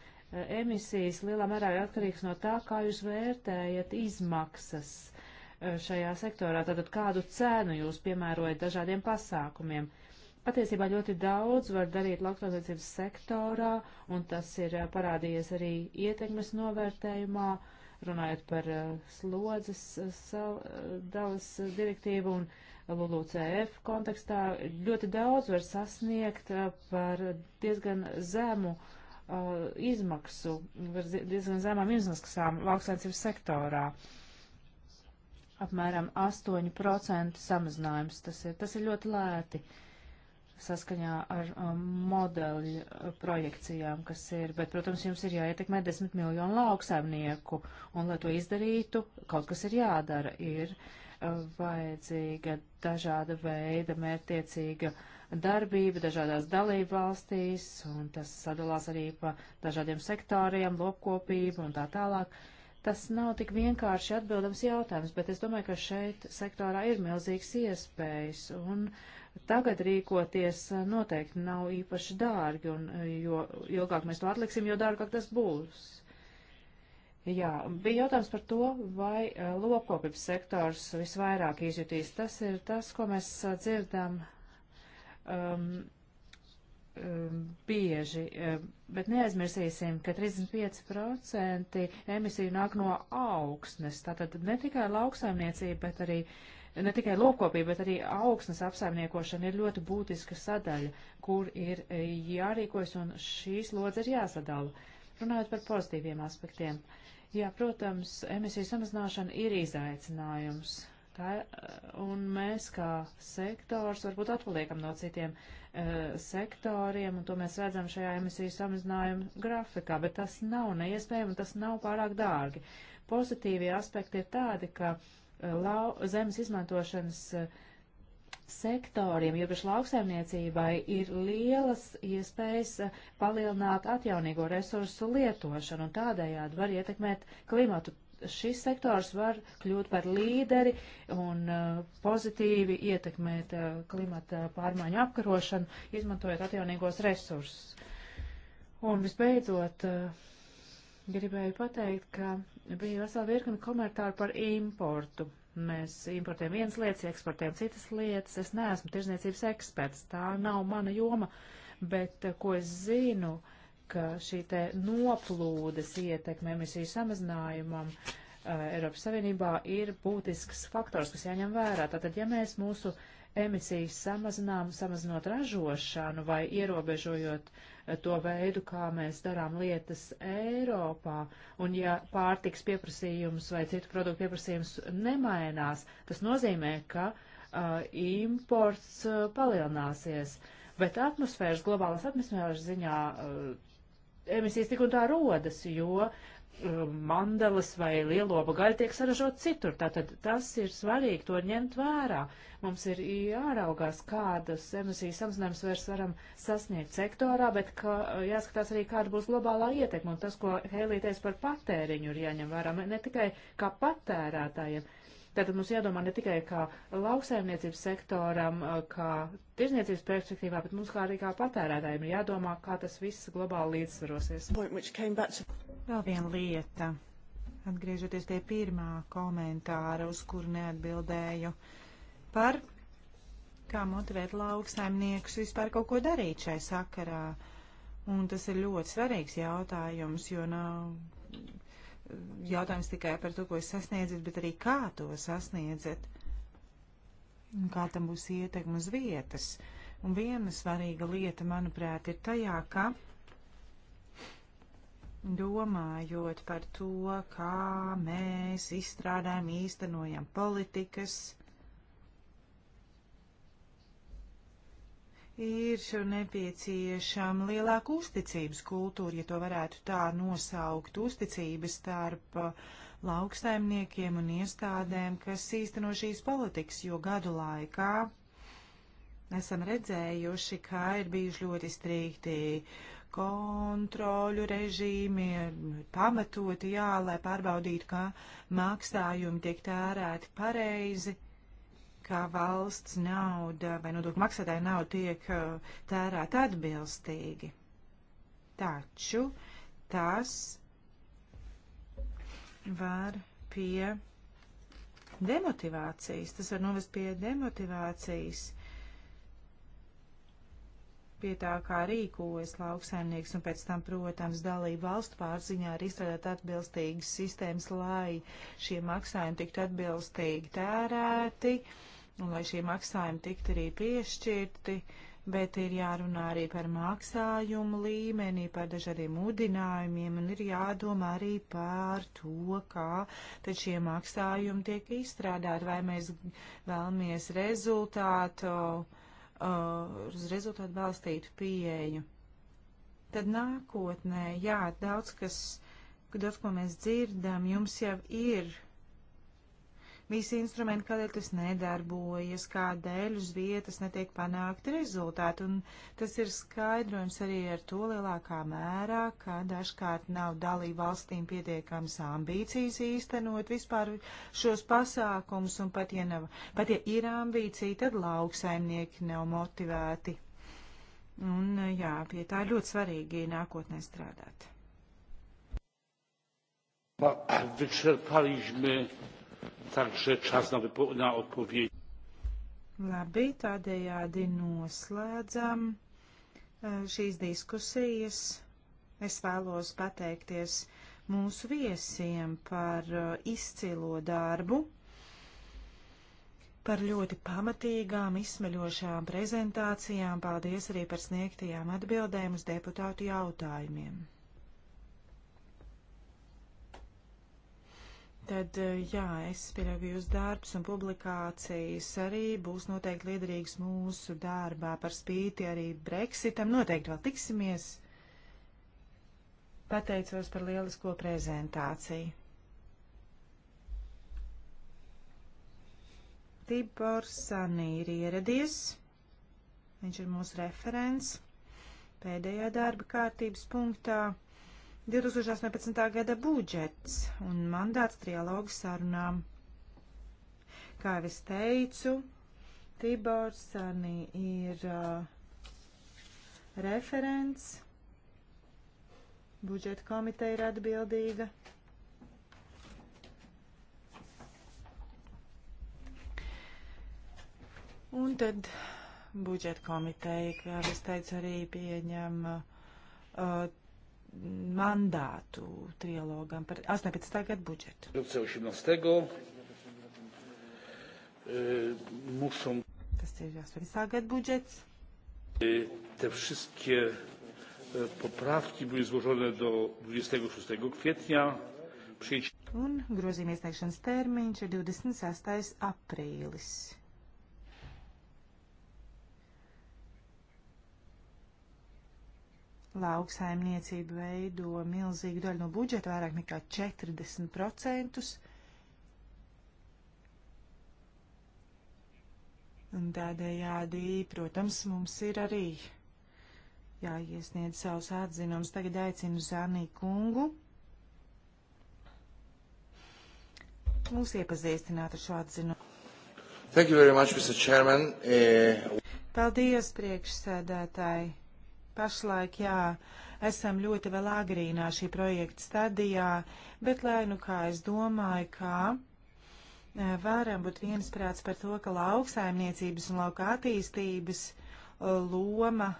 emisijas lielā mērā ir atkarīgs no tā, kā jūs vērtējat izmaksas e, šajā sektorā, tātad kādu cenu jūs piemērojat dažādiem pasākumiem. Patiesībā ļoti daudz var darīt lauksaimniecības sektorā, un tas ir e, parādījies arī ietekmes novērtējumā, runājot par e, slodzes dalas direktīvu un LULUCF kontekstā. Ļoti daudz var sasniegt par diezgan zemu uh, uh, izmaksu, par diezgan zemām izmaksām lauksaimniecības sektorā. Apmēram 8% samazinājums. Tas ir, tas ir ļoti lēti saskaņā ar um, modeļu uh, projekcijām, kas ir, bet, protams, jums ir jāietekmē 10 miljonu lauksaimnieku, un, lai to izdarītu, kaut kas ir jādara, ir uh, vajadzīga dažāda veida mērtiecīga uh, darbība dažādās dalību valstīs, un tas sadalās arī pa dažādiem sektoriem, lopkopību un tā tālāk. Tas nav tik vienkārši atbildams jautājums, bet es domāju, ka šeit sektorā ir milzīgs iespējas, un tagad rīkoties noteikti nav īpaši dārgi, un jo ilgāk mēs to atliksim, jo dārgāk tas būs. Jā, bija jautājums par to, vai eh, lopkopības sektors visvairāk izjutīs. Tas ir tas, ko mēs eh, dzirdam Um, um, bieži, um, bet neaizmirsīsim, ka 35% emisiju nāk no augsnes. Tātad ne tikai lauksaimniecība, bet arī ne tikai lokopība, bet arī augsnes apsaimniekošana ir ļoti būtiska sadaļa, kur ir e, jārīkojas un šīs lodes ir jāsadala. Runājot par pozitīviem aspektiem. Jā, protams, emisiju samazināšana ir izaicinājums Tā, eh, un mēs kā sektors varbūt atpaliekam no citiem e, sektoriem, un to mēs redzam šajā emisiju samazinājuma grafikā, bet tas nav neiespējami, tas nav pārāk dārgi. Pozitīvie aspekti ir tādi, ka eh, lau, zemes izmantošanas sektoriem, jo paši lauksaimniecībai ir lielas iespējas palielināt atjaunīgo resursu lietošanu, un tādējādi var ietekmēt klimatu šis sektors var kļūt par līderi un uh, pozitīvi ietekmēt uh, klimata pārmaiņu apkarošanu, izmantojot atjaunīgos resursus. Un visbeidzot, uh, gribēju pateikt, ka bija vesela virkni komentāru par importu. Mēs importējam vienas lietas, eksportējam citas lietas. Es neesmu tirzniecības eksperts, tā nav mana joma, bet ko es zinu, uh, ka šī te noplūdes ietekme emisiju samazinājumam uh, Eiropas Savienībā ir būtisks faktors, kas jāņem vērā. Tātad, ja mēs mūsu emisijas samazinām, samazinot ražošanu vai ierobežojot uh, to veidu, kā mēs darām lietas Eiropā, un ja pārtiks pieprasījums vai citu produktu pieprasījums nemainās, tas nozīmē, ka uh, imports uh, palielināsies. Bet atmosfēras, globālās atmosfēras ziņā uh, emisijas tik un tā rodas, jo um, mandelas vai lielopa gaļa tiek saražot citur. Tātad tas ir svarīgi, to ņemt vērā. Mums ir jāraugās, kādas emisijas samazinājums vairs varam sasniegt sektorā, bet ka, jāskatās arī, kāda būs globālā ietekme. Un tas, ko Hēlīties par patēriņu, ir jāņem vērā ne tikai kā patērētājiem, Tātad mums jādomā ne tikai kā lauksaimniecības sektoram, kā tirzniecības perspektīvā, bet mums kā arī kā patērētājiem ir jādomā, kā tas viss globāli līdzsvarosies. Vēl viena lieta, atgriežoties pie pirmā komentāra, uz kuru neatbildēju, par kā motivēt lauksaimniekus vispār kaut ko darīt šai sakarā. Un tas ir ļoti svarīgs jautājums, jo nav nu, jautājums tikai par to, ko es sasniedzat, bet arī kā to sasniedzat. Un kā tam būs ietekme uz vietas. Un viena svarīga lieta, manuprāt, ir tajā, ka domājot par to, kā mēs izstrādājam, īstenojam politikas, ir nepieciešama lielāka uzticības kultūra, ja to varētu tā nosaukt, uzticības starp uh, lauksaimniekiem un iestādēm, kas īsteno šīs politikas, jo gadu laikā esam redzējuši, kā ir bijuši ļoti strīkti kontroļu režīmi, pamatoti jā, lai pārbaudītu, kā maksājumi tiek tērēti pareizi kā valsts nauda vai nodokļu maksātāja nauda tiek uh, tērēta atbilstīgi. Taču tas var pie demotivācijas, tas var novest pie demotivācijas, pie tā kā rīkojas lauksaimnieks, un pēc tam, protams, dalība valstu pārziņā ir izstrādāt atbilstīgas sistēmas, lai šie maksājumi tiktu atbilstīgi tērēti. Uh, un lai šie maksājumi tiktu arī piešķirti, bet ir jārunā arī par maksājumu līmenī, par dažādiem mudinājumiem, un ir jādomā arī par to, kā tad šie maksājumi tiek izstrādāti, vai mēs vēlamies rezultātu, uh, uz rezultātu balstītu pieeju. Tad nākotnē, jā, daudz kas, daudz ko mēs dzirdam, jums jau ir visi instrumenti, kādēļ tas nedarbojas, kādēļ uz vietas netiek panākti rezultāti. Un tas ir skaidrojums arī ar to lielākā mērā, ka dažkārt nav dalību valstīm pietiekams ambīcijas īstenot vispār šos pasākums, un pat ja, nav, pat ja ir ambīcija, tad lauksaimnieki nav motivēti. Un jā, pie tā ir ļoti svarīgi nākotnē strādāt. Wyczerpaliśmy Także čas na, na odpowiedzi. Labi, tādējādi noslēdzam e, šīs diskusijas. Es vēlos pateikties mūsu viesiem par e, izcilo darbu, par ļoti pamatīgām, izsmeļošām prezentācijām. Paldies arī par sniegtajām atbildēm uz deputātu jautājumiem. Tad, eh, jā, es pieļauju, ka jūsu darbs un publikācijas arī būs noteikti liederīgs mūsu darbā par spīti arī Brexitam. Noteikti vēl tiksimies. Pateicos par lielisko prezentāciju. Tibor Sanī ir ieradies. Viņš ir mūsu referents pēdējā darba kārtības punktā. 2018. gada budžets un mandāts trialogu sarunām. Kā jau es teicu, Tibors Sanī ir uh, referents, budžeta komiteja ir atbildīga. Un tad budžeta komiteja, kā es teicu, arī pieņem uh, mandātu trilogam par 18. gadu budžetu. 18. E, muszą... Tas ir 18. gadu budžets. E, te wszystkie e, poprawki były złożone do 26 kwietnia. Przyjęcie... Un grozījuma iesniegšanas termiņš ir 26. aprīlis. Lauksaimniecība veido milzīgu daļu no budžeta, vairāk nekā 40%. Un tādējādi, protams, mums ir arī jāiesniedz savus atzinums. Tagad aicinu Zanī kungu. Mūs iepazīstināt ar šo atzinumu. Thank you very much, Mr. Chairman. Uh... Paldies, priekšsēdētāji. Pašlaik, jā, esam ļoti vēl agrīnā šī projekta stadijā, bet lai nu kā es domāju, kā e, varam būt viensprāts par to, ka lauksaimniecības un lauka attīstības e, loma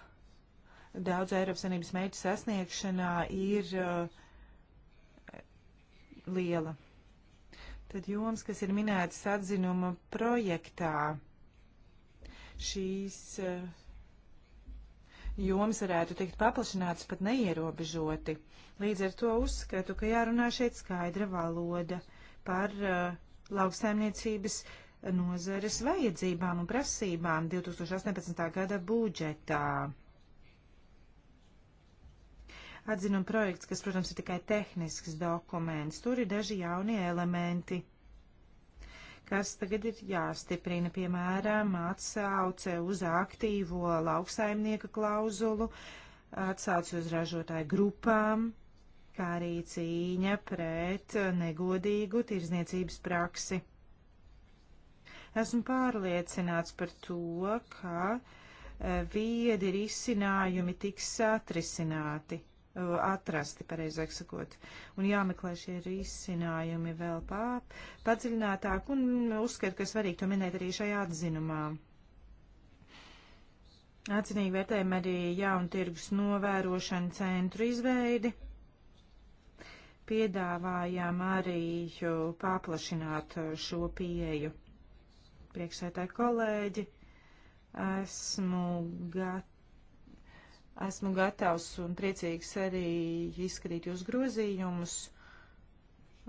daudz Eiropas Savienības mērķu sasniegšanā ir e, liela. Tad joms, kas ir minētas atzinuma projektā, šīs uh, jomas varētu tikt paplašinātas pat neierobežoti. Līdz ar to uzskatu, ka jārunā šeit skaidra valoda par uh, lauksaimniecības nozares vajadzībām un prasībām 2018. gada budžetā. Atzinuma projekts, kas, protams, ir tikai tehnisks dokuments, tur ir daži jaunie elementi – kas tagad ir jāstiprina, piemēram, atsauce uz aktīvo lauksaimnieka klauzulu, atsauce uz ražotāju grupām, kā arī cīņa pret negodīgu tirzniecības praksi. Esmu pārliecināts par to, ka eh, viedi risinājumi tiks atrisināti Uh, atrasti, pareizāk sakot, un jāmeklē šie risinājumi vēl pā, padziļinātāk, un uzskatu, ka svarīgi to minēt arī šajā atzinumā. Atzinīgi vērtējam arī jaunu tirgus novērošanu centru izveidi. Piedāvājām arī paplašināt uh, šo pieeju. Priekšsētāji kolēģi, esmu gat Esmu gatavs un priecīgs arī izskatīt jūs grozījumus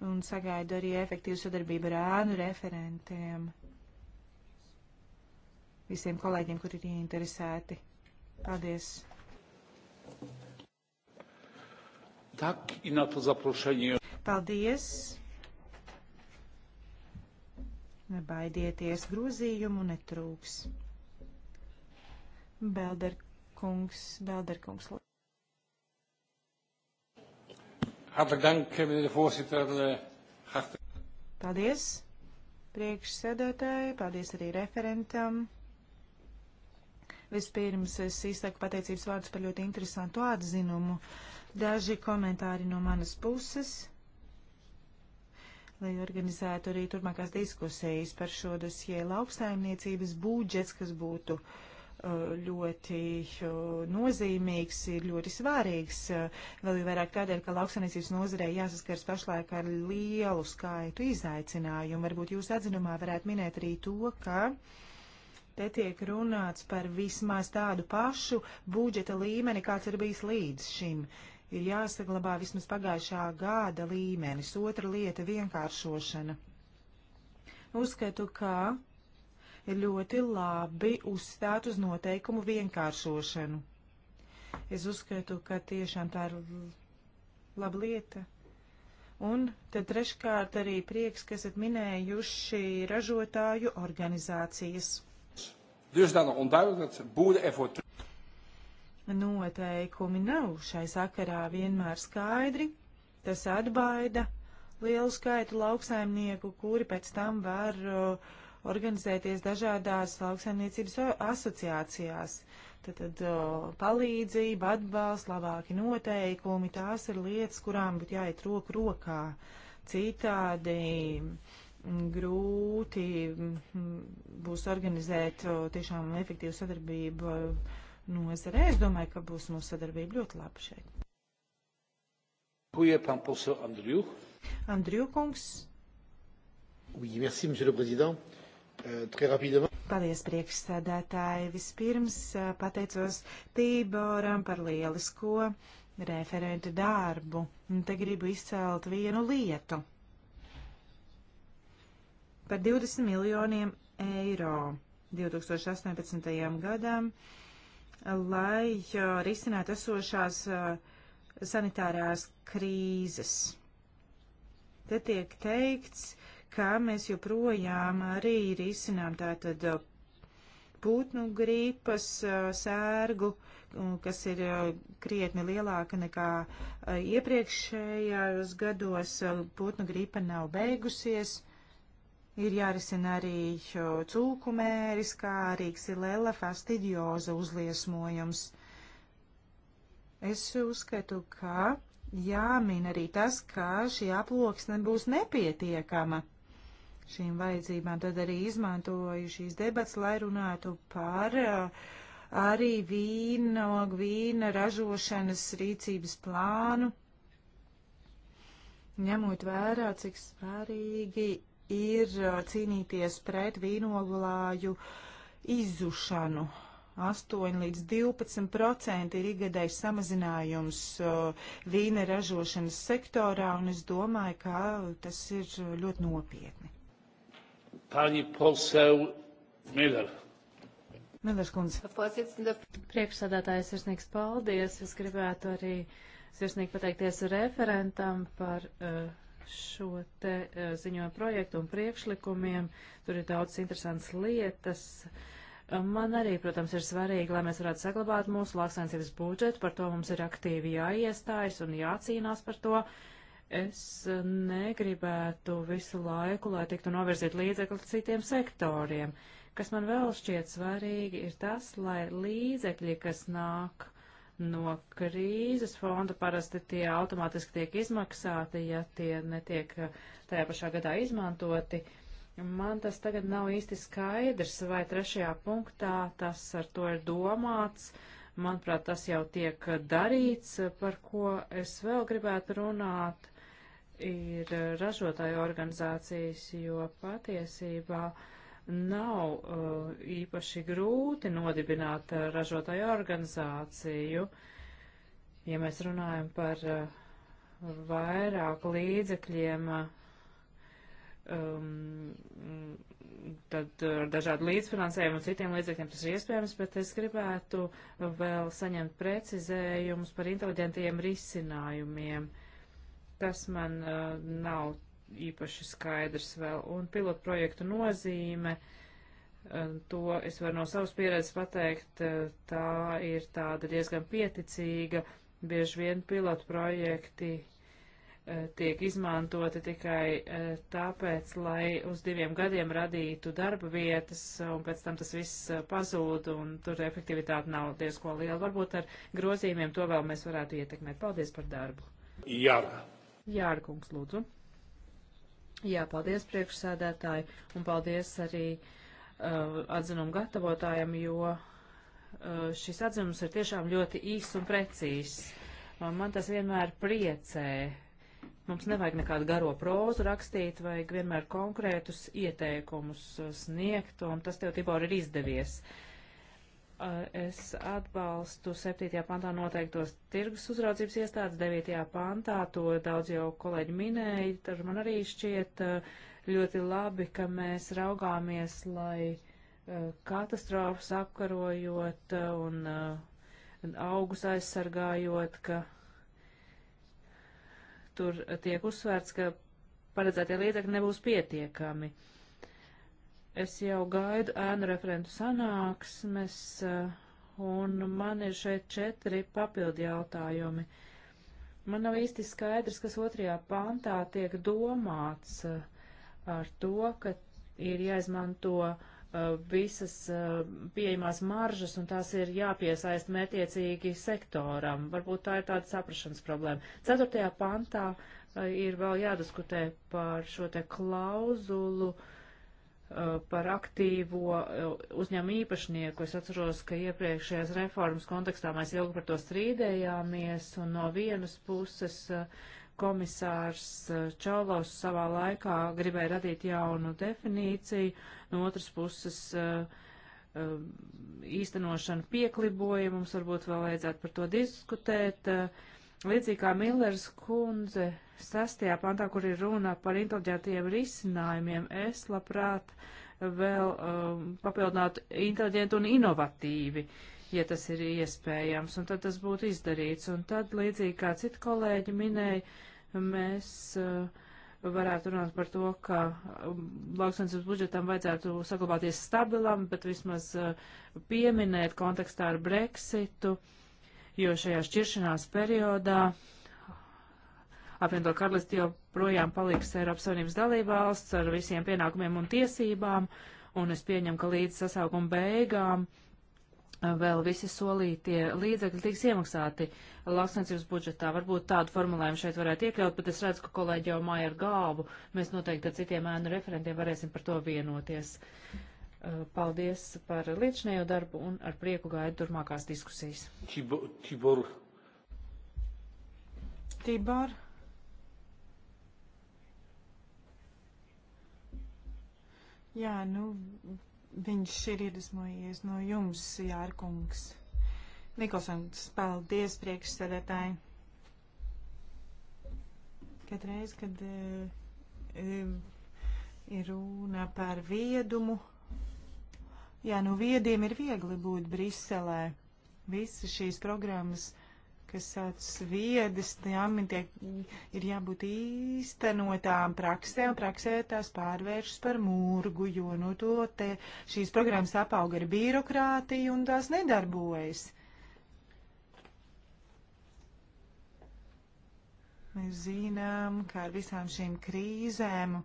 un sagaidu arī efektīvu sadarbību ar ēnu referentiem, visiem kolēģiem, kuri ir interesēti. Paldies! Tak i na to zaproszenie. Paldies! Nebaidieties grozījumu netrūks. Belder kungs, Belder kungs. Hartelijk dank, meneer de voorzitter. Eh, paldies priekšsēdētāji, paldies arī referentam. Vispirms es izsaku pateicības vārdus par ļoti interesantu atzinumu. Daži komentāri no manas puses, lai organizētu arī turpmākās diskusijas par šo dosie lauksaimniecības būdžets, kas būtu uh, ļoti uh, nozīmīgs, ir ļoti svarīgs, uh, vēl jau vairāk tādēļ, ka lauksainiecības nozarei jāsaskars pašlaik ar lielu skaitu izaicinājumu. Varbūt jūs atzinumā varētu minēt arī to, ka te tiek runāts par vismaz tādu pašu budžeta līmeni, kāds ir bijis līdz šim. Ir jāsaglabā vismaz pagājušā gada līmenis. Otra lieta - vienkāršošana. Uzskatu, ka ir ļoti labi uzstāt uz noteikumu vienkāršošanu. Es uzskatu, ka tiešām tā ir laba lieta. Un tad treškārt arī prieks, ka esat minējuši ražotāju organizācijas. Dusdanig onduidelijk dat boeren ervoor noteikumi nav šai sakarā vienmēr skaidri, tas atbaida lielu skaitu lauksaimnieku, kuri pēc tam var uh, organizēties dažādās lauksaimniecības asociācijās. Tad, tad palīdzība, atbalsts, labāki noteikumi, tās ir lietas, kurām būtu jāiet roku rokā. Citādi grūti būs organizēt tiešām efektīvu sadarbību nozarē. Es domāju, ka būs mūsu sadarbība ļoti laba šeit. Andriju kungs. Oui, merci, monsieur le président. Paldies, priekšsēdētāji. Vispirms pateicos Tīboram par lielisko referentu darbu. Un te gribu izcelt vienu lietu. Par 20 miljoniem eiro 2018. gadam, lai risinātu esošās sanitārās krīzes. Te tiek teikts, ka mēs joprojām arī risinām tātad uh, putnu gripas uh, sērgu, kas ir uh, krietni lielāka nekā iepriekšējos gados. Putnu gripa nav beigusies. Ir jārisina arī cūku mēris, kā arī ksilela fastidioza uzliesmojums. Es uzskatu, ka jāmin arī tas, ka šī aploksne būs nepietiekama šīm vajadzībām, tad arī izmantoju šīs debats, lai runātu par uh, arī vīno, vīna ražošanas rīcības plānu, ņemot vērā, cik svarīgi ir uh, cīnīties pret vīnoglāju izzušanu. 8 līdz 12 procenti ir igadējs samazinājums uh, vīna ražošanas sektorā, un es domāju, ka tas ir ļoti nopietni. Pani Polseu Miller. Millers kundze. Priekšsādātājs sirsnīgs paldies. Es gribētu arī sirsnīgi pateikties referentam par uh, šo te uh, ziņojumu projektu un priekšlikumiem. Tur ir daudz interesants lietas. Man arī, protams, ir svarīgi, lai mēs varētu saglabāt mūsu lauksainsības budžetu, par to mums ir aktīvi jāiestājas un jācīnās par to. Uh, Es eh, negribētu visu laiku, lai tiktu novirzīt līdzekļi citiem sektoriem. Kas man vēl šķiet svarīgi, ir tas, lai līdzekļi, kas nāk no krīzes fonda, parasti tie automātiski tiek izmaksāti, ja tie netiek eh, tajā pašā gadā izmantoti. Man tas tagad nav īsti skaidrs, vai trešajā punktā tas ar to ir domāts. Manuprāt, tas jau tiek darīts, par ko es vēl gribētu runāt ir ražotāju organizācijas, jo patiesībā nav uh, īpaši grūti nodibināt uh, ražotāju organizāciju, ja mēs runājam par uh, vairāk līdzekļiem, uh, um, tad ar uh, dažādu līdzfinansējumu un citiem līdzekļiem tas ir iespējams, bet es gribētu vēl saņemt precizējumus par inteliģentiem risinājumiem. Uh, Tas man uh, nav īpaši skaidrs vēl. Un pilotu projektu nozīme, uh, to es varu no savas pieredzes pateikt, uh, tā ir tāda diezgan pieticīga. Bieži vien pilotu projekti uh, tiek izmantoti tikai tāpēc, lai uz diviem gadiem radītu darba vietas, un pēc tam tas viss pazūd, un tur efektivitāte nav diezko liela. Varbūt ar grozījumiem to vēl mēs varētu ietekmēt. Paldies par darbu. Jā. Jārkungs, lūdzu. Jā, paldies priekšsēdētāji un paldies arī uh, atzinumu gatavotājiem, jo uh, šis atzinums ir tiešām ļoti īss un precīzs. Uh, man tas vienmēr priecē. Mums nevajag nekādu garo prozu rakstīt, vajag vienmēr konkrētus ieteikumus uh, sniegt, un tas tev, Tibor, ir izdevies. Uh, es atbalstu 7. pantā noteiktos tirgus uzraudzības iestādes, 9. pantā to daudz jau kolēģi minēja, tad man arī šķiet ļoti labi, ka mēs raugāmies, lai katastrofas apkarojot un augus aizsargājot, ka tur tiek uzsvērts, ka paredzētie līdzekļi nebūs pietiekami. Uh, Es jau gaidu ēnu referentu sanāksmes, eh, un man ir šeit četri papildi jautājumi. Man nav īsti skaidrs, kas otrajā pantā tiek domāts eh, ar to, ka ir jāizmanto eh, visas pieejamās maržas, un tās ir jāpiesaist mētiecīgi sektoram. Varbūt tā ir tāda saprašanas problēma. Ceturtajā pantā ir vēl jādiskutē par šo te klauzulu uh, Uh, par aktīvo uh, uzņēmumu īpašnieku. Es atceros, ka iepriekšējās reformas kontekstā mēs ilgi par to strīdējāmies, un no vienas puses uh, komisārs Čaulaus savā laikā gribēja radīt jaunu definīciju, no otras puses um, īstenošana piekliboja, mums varbūt vēl vajadzētu par to diskutēt. Līdzīgi kā Millers kundze sastajā pantā, kur ir runa par inteliģentiem risinājumiem, es labprāt vēl um, papildinātu inteliģenti un inovatīvi, ja tas ir iespējams, un tad tas būtu izdarīts. Un tad, līdzīgi kā citi kolēģi minēja, mēs uh, varētu runāt par to, ka um, lauksaimniecības budžetam vajadzētu saglabāties stabilam, bet vismaz uh, pieminēt kontekstā ar Brexitu, jo šajā šķiršanās periodā. Uh, apvienoto karalisti joprojām paliks Eiropas Savienības dalībvalsts ar visiem pienākumiem un tiesībām, un es pieņemu, ka līdz sasaukuma beigām eh, vēl visi solītie līdzekļi tiks iemaksāti lauksainicības budžetā. Varbūt tādu formulējumu šeit varētu iekļaut, bet es redzu, ka kolēģi jau māja ar galvu. Mēs noteikti ar citiem ēnu referentiem varēsim par to vienoties. Eh, paldies par līdzinējo darbu un ar prieku gaidu turmākās diskusijas. Tibor. Tibor. Jā, nu, viņš ir iedvesmojies no jums, Jārkungs. Nikolsons, paldies priekšsēdētāji. Katreiz, kad uh, ir runa par viedumu, jā, nu viediem ir viegli būt Briselē. Visas šīs programmas kas sauc viedas, tām tiek, ir jābūt īstenotām praksē, un praksē tās pārvēršas par mūrgu, jo no nu, to te šīs programmas apauga ar birokrātiju un tās nedarbojas. Mēs zinām, ka ar visām šīm krīzēm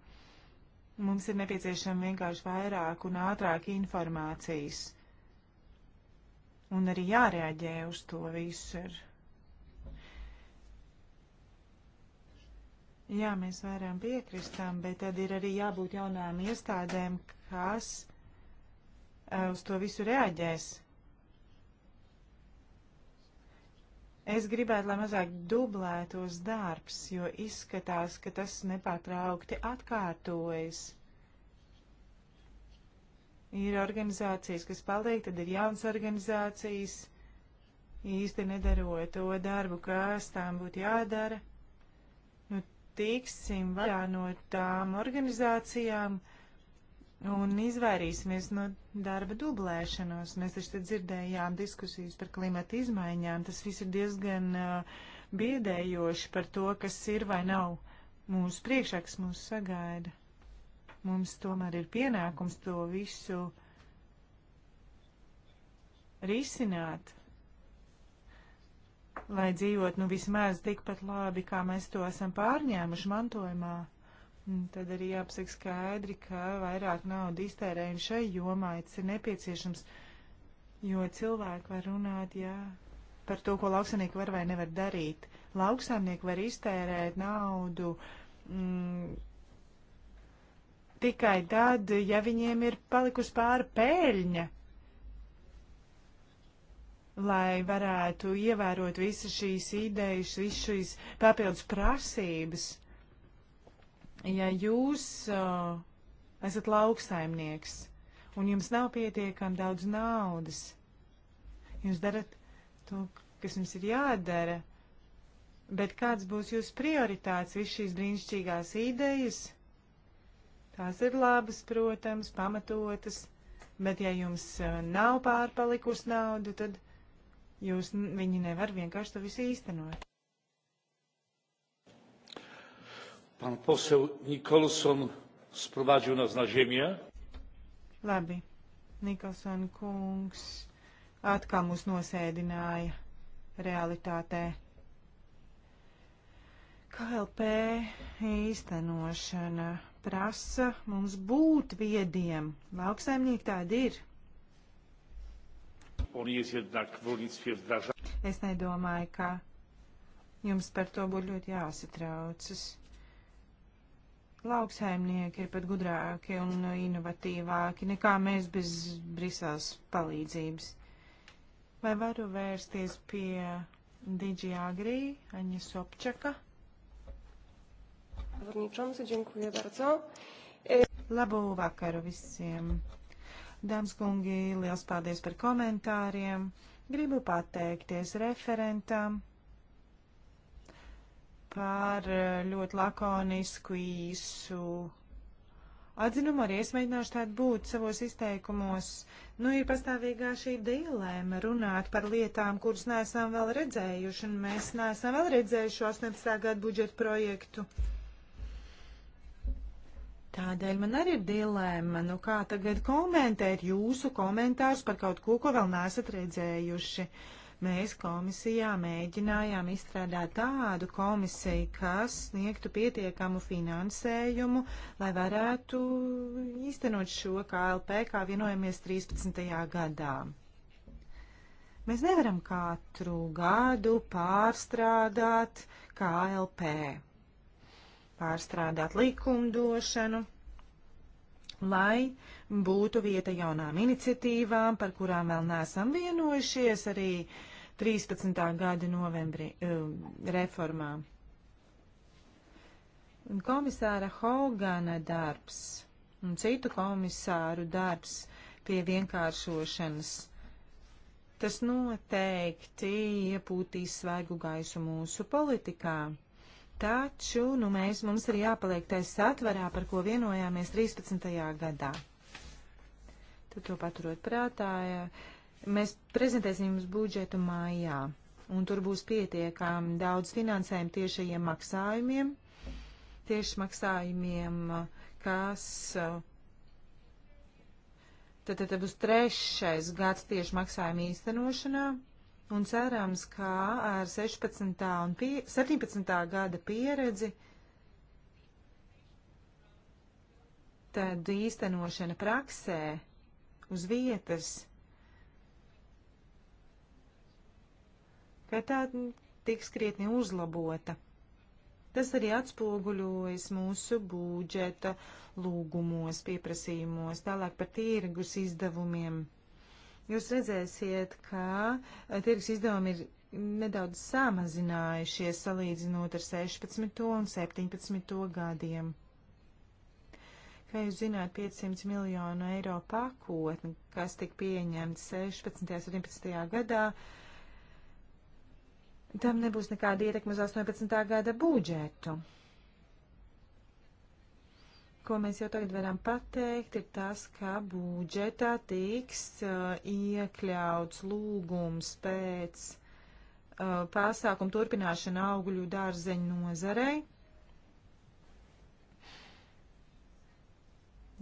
mums ir nepieciešama vienkārši vairāk un ātrāk informācijas. Un arī jārēģē uz to visu. Ir Jā, mēs varam piekristām, bet tad ir arī jābūt jaunām iestādēm, kas uh, uz to visu reaģēs. Es gribētu, lai mazāk dublētos darbs, jo izskatās, ka tas nepārtraukti atkārtojas. Ir organizācijas, kas paliek, tad ir jauns organizācijas, īsti nedarot to darbu, kas tām būtu jādara tiksim vaļā no tām organizācijām un izvairīsimies no darba dublēšanos. Mēs taču te dzirdējām diskusijas par klimata izmaiņām. Tas viss ir diezgan uh, biedējoši par to, kas ir vai nav mūsu priekšā, kas mūs sagaida. Mums tomēr ir pienākums to visu risināt lai dzīvot nu vismaz tikpat labi, kā mēs to esam pārņēmuši mantojumā. Tad arī jāpasaka skaidri, ka vairāk naudu iztērējumi šai jomai tas ir nepieciešams, jo cilvēki var runāt, jā, par to, ko lauksaimnieki var vai nevar darīt. Lauksaimnieki var iztērēt naudu mm, tikai tad, ja viņiem ir palikusi pāri pēļņa lai varētu ievērot visas šīs idejas, visas šīs papildus prasības. Ja jūs uh, esat lauksaimnieks un jums nav pietiekami daudz naudas, jūs darat to, kas jums ir jādara, bet kāds būs jūsu prioritāts visas šīs brīnišķīgās idejas? Tās ir labas, protams, pamatotas, bet ja jums uh, nav pārpalikusi nauda, tad Jūs, viņi nevar vienkārši to visu īstenot. Pan poseł Nicholson sprowadził nas na ziemię. Labi. Nikolson kungs atkal mūs nosēdināja realitātē. KLP īstenošana prasa mums būt viediem. Lauksaimnieki tādi ir on jest jednak w rolnictwie wdrażany. Es nedomāju, ka jums par to būtu ļoti jāsatraucas. Lauksaimnieki ir pat gudrāki un inovatīvāki nekā mēs bez Briseles palīdzības. Vai varu vērsties pie Digiagri, Aņa Sopčaka? Varničonsi, dziękuję bardzo. Labu vakaru visiem! Dāmas kungi, liels paldies par komentāriem. Gribu pateikties referentam par eh, ļoti lakonisku īsu atzinumu arī es mēģināšu tādu būt savos izteikumos. Nu, ir pastāvīgā šī dilēma runāt par lietām, kuras neesam vēl redzējuši, un mēs neesam vēl redzējuši 18. gadu budžetu projektu. Tādēļ man arī ir dilemma, nu kā tagad komentēt jūsu komentārus par kaut ko, ko vēl neesat redzējuši. Mēs komisijā mēģinājām izstrādāt tādu komisiju, kas sniegtu pietiekamu finansējumu, lai varētu īstenot šo KLP, kā vienojamies 13. gadā. Mēs nevaram katru gadu pārstrādāt KLP pārstrādāt likumdošanu, lai būtu vieta jaunām iniciatīvām, par kurām vēl neesam vienojušies arī 13. gada novembrī eh, reformā. Komisāra Hogana darbs un citu komisāru darbs pie vienkāršošanas. Tas noteikti iepūtīs svaigu gaisu mūsu politikā. Taču nu, mēs, mums ir jāpaliek tajā satvarā, par ko vienojāmies 13. gadā. Tad to paturot prātā, mēs prezentēsim jums budžetu mājā, un tur būs pietiekami daudz finansējumu tiešajiem maksājumiem, tieši maksājumiem, kas tad, tad būs trešais gads tieši maksājuma īstenošanā un cerams, ka ar 16. un pie, 17. gada pieredzi tad īstenošana praksē uz vietas, ka tā tiks krietni uzlabota. Tas arī atspoguļojas mūsu budžeta lūgumos, pieprasījumos, tālāk par tirgus izdevumiem. Jūs redzēsiet, ka eh, tirgus izdevumi ir nedaudz samazinājušies salīdzinot ar 16. un 17. gadiem. Kā jūs zināt, 500 miljonu eiro pakotni, kas tika pieņemta 16. un 17. gadā, tam nebūs nekāda ietekme uz 18. gada budžetu ko mēs jau tagad varam pateikt, ir tas, ka budžetā tiks uh, iekļauts lūgums pēc uh, pasākumu turpināšana augļu dārzeņu nozarei.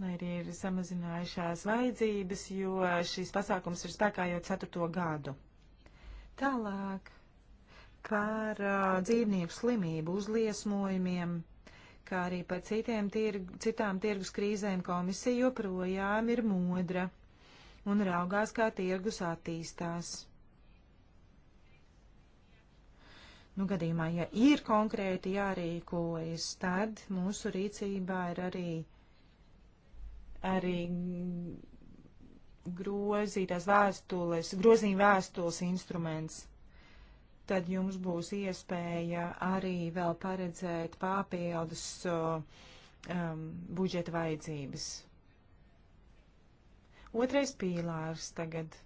Lai arī ir samazinājušās vajadzības, jo šīs pasākums ir spēkā jau ceturto gadu. Tālāk par uh, dzīvnieku slimību uzliesmojumiem kā arī par citiem tirg, citām tirgus krīzēm komisija joprojām ir modra un raugās, kā tirgus attīstās. Nu, gadījumā, ja ir konkrēti jārīkojas, tad mūsu rīcībā ir arī, arī grozītās vēstules, grozījuma vēstules instruments tad jums būs iespēja arī vēl paredzēt papildus um, budžeta vajadzības. Otrais pīlārs tagad.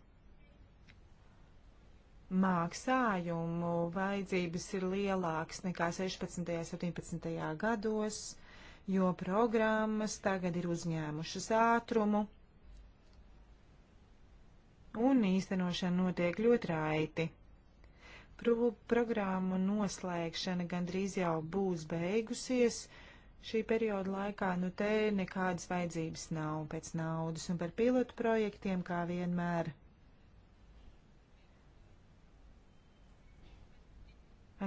Mākslājumu vajadzības ir lielākas nekā 16. un 17. gados, jo programmas tagad ir uzņēmušas ātrumu, un īstenošana notiek ļoti raiti programmu noslēgšana gandrīz jau būs beigusies šī perioda laikā, nu te nekādas vajadzības nav pēc naudas un par pilotu projektiem kā vienmēr.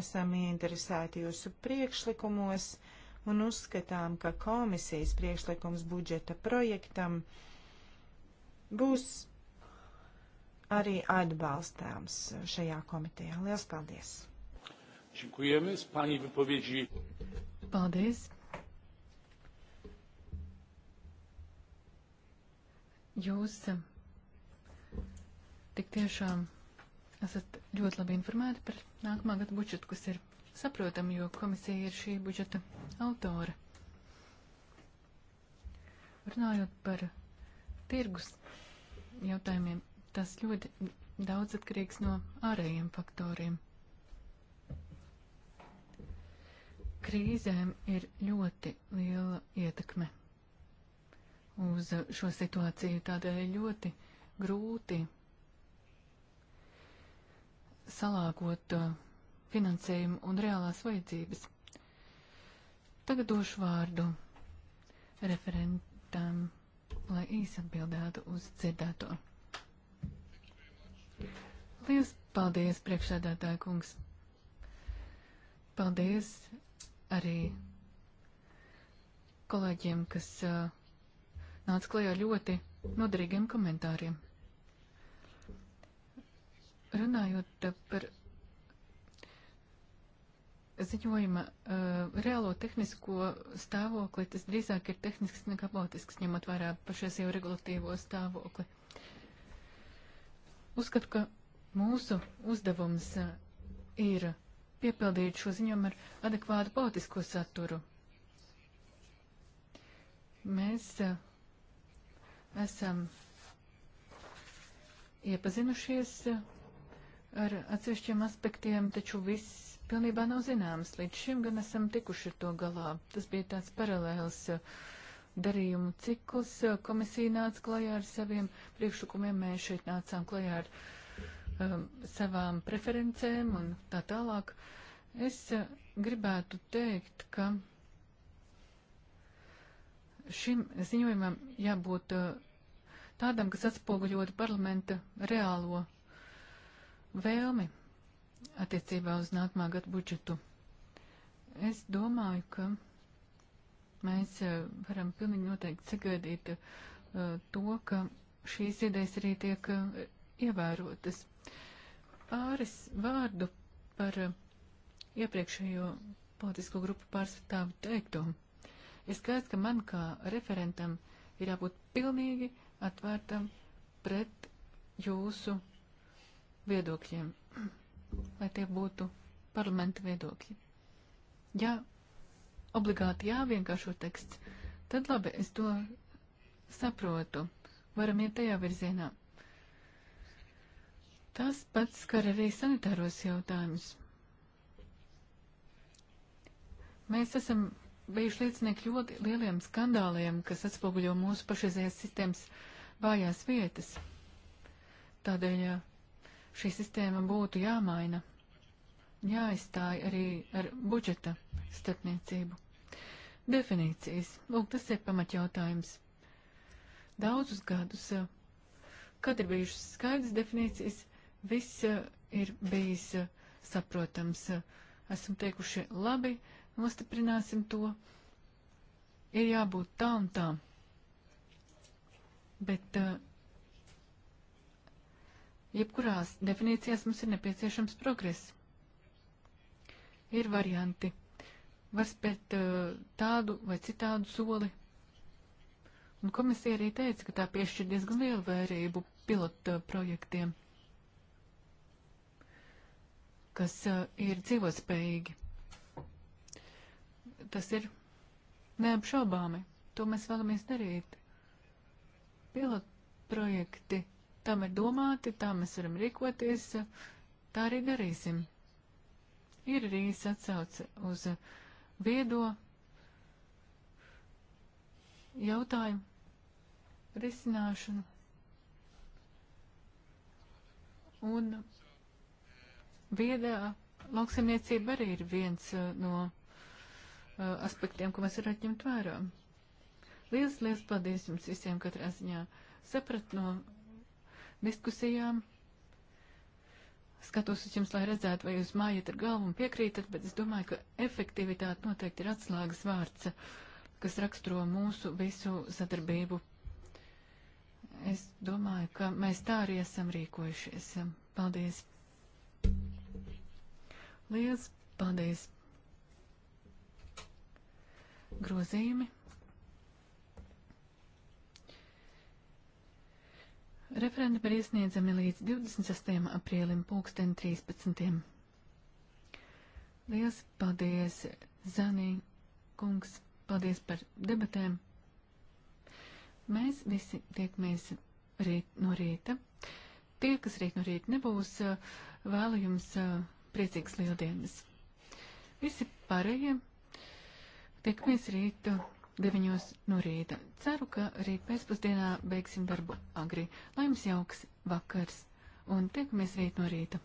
Esam ieinteresēti jūsu priekšlikumos un uzskatām, ka komisijas priekšlikums budžeta projektam būs arī atbalstāms šajā komitejā. Lielas paldies! Dziękujemy z Pani wypowiedzi. Paldies. Jūs eh, tik tiešām esat ļoti labi informēti par nākamā gada budžetu, kas ir saprotami, jo komisija ir šī budžeta autora. Runājot par tirgus jautājumiem, tas ļoti daudz atkarīgs no ārējiem faktoriem. Krīzēm ir ļoti liela ietekme uz šo situāciju, tādēļ ļoti grūti salāgot uh, finansējumu un reālās vajadzības. Tagad došu vārdu referentam, lai īsi atbildētu uz dzirdēto. Lielas paldies, priekšsēdētāja kungs. Paldies arī kolēģiem, kas uh, nāca klajā ļoti noderīgiem komentāriem. Runājot uh, par ziņojuma uh, reālo tehnisko stāvokli, tas drīzāk ir tehnisks nekā politisks, ņemot vērā pašais jau regulatīvo stāvokli. Uzskatu, ka Mūsu uzdevums uh, ir piepildīt šo ziņojumu ar adekvātu politisko saturu. Mēs uh, esam iepazinušies uh, ar atsevišķiem aspektiem, taču viss pilnībā nav zināms. Līdz šim gan esam tikuši ar to galā. Tas bija tāds paralēls darījumu cikls. Komisija nāca klajā ar saviem priekšlikumiem, mēs šeit nācām klajā ar uh, um, savām preferencēm un tā tālāk. Es uh, gribētu teikt, ka šim ziņojumam jābūt uh, tādam, kas atspoguļot parlamenta reālo vēlmi attiecībā uz nākamā gada budžetu. Es domāju, ka mēs uh, varam pilnīgi noteikti sagaidīt uh, to, ka šīs idejas arī tiek uh, ievērotas. Pāris vārdu par eh, iepriekšējo politisko grupu pārstāvu teikto. Ir skaidrs, ka man kā referentam ir jābūt pilnīgi atvērtam pret jūsu viedokļiem, lai tie būtu parlamenta viedokļi. Ja obligāti jāvienkāršo teksts, tad labi, es to saprotu, varam iet tajā virzienā. Tas pats skar arī sanitāros jautājumus. Mēs esam bijuši liecinieki ļoti lieliem skandāliem, kas atspoguļo mūsu pašreizējās sistēmas vājās vietas. Tādēļ šī sistēma būtu jāmaina, jāizstāja arī ar budžeta starpniecību. Definīcijas. Lūk, tas ir pamatjautājums. Daudzus gadus, eh, kad ir bijušas skaidrs definīcijas, Viss eh, ir bijis eh, saprotams. Eh, esam teikuši labi, nostiprināsim to. Ir jābūt tā un tā. Bet jebkurās definīcijās mums ir nepieciešams progress. Ir varianti. Var spēt tādu vai citādu soli. Un komisija arī teica, ka tā piešķir diezgan lielu vērību pilotu projektiem kas ir dzīvotspējīgi. Tas ir neapšaubāmi. To mēs vēlamies darīt. Pilotprojekti tam ir domāti, tā mēs varam rīkoties, tā arī darīsim. Ir arī atsauce uz viedo jautājumu risināšanu. Un Viedā lauksaimniecība arī ir viens uh, no uh, aspektiem, ko mēs varētu ņemt vērā. Liels, liels paldies jums visiem katrā ziņā. Saprat no diskusijām. Skatos uz jums, lai redzētu, vai jūs mājat ar galvu un piekrītat, bet es domāju, ka efektivitāte noteikti ir atslēgas vārds, kas raksturo mūsu visu sadarbību. Es domāju, ka mēs tā arī esam rīkojušies. Paldies! Liels paldies! Grozījumi. Referenti par iesniedzami līdz 26. aprīlim pulksten 13. Liels paldies, Zanī, kungs, paldies par debatēm. Mēs visi tiekamies rīt no rīta. Tie, kas rīt no rīta nebūs, vēlu jums priecīgas lieldienas. Visi pārējie tiekamies rītu 9 no rīta. Ceru, ka rīt pēcpusdienā beigsim darbu agri. Lai jums jauks vakars un tiekamies rīt no rīta.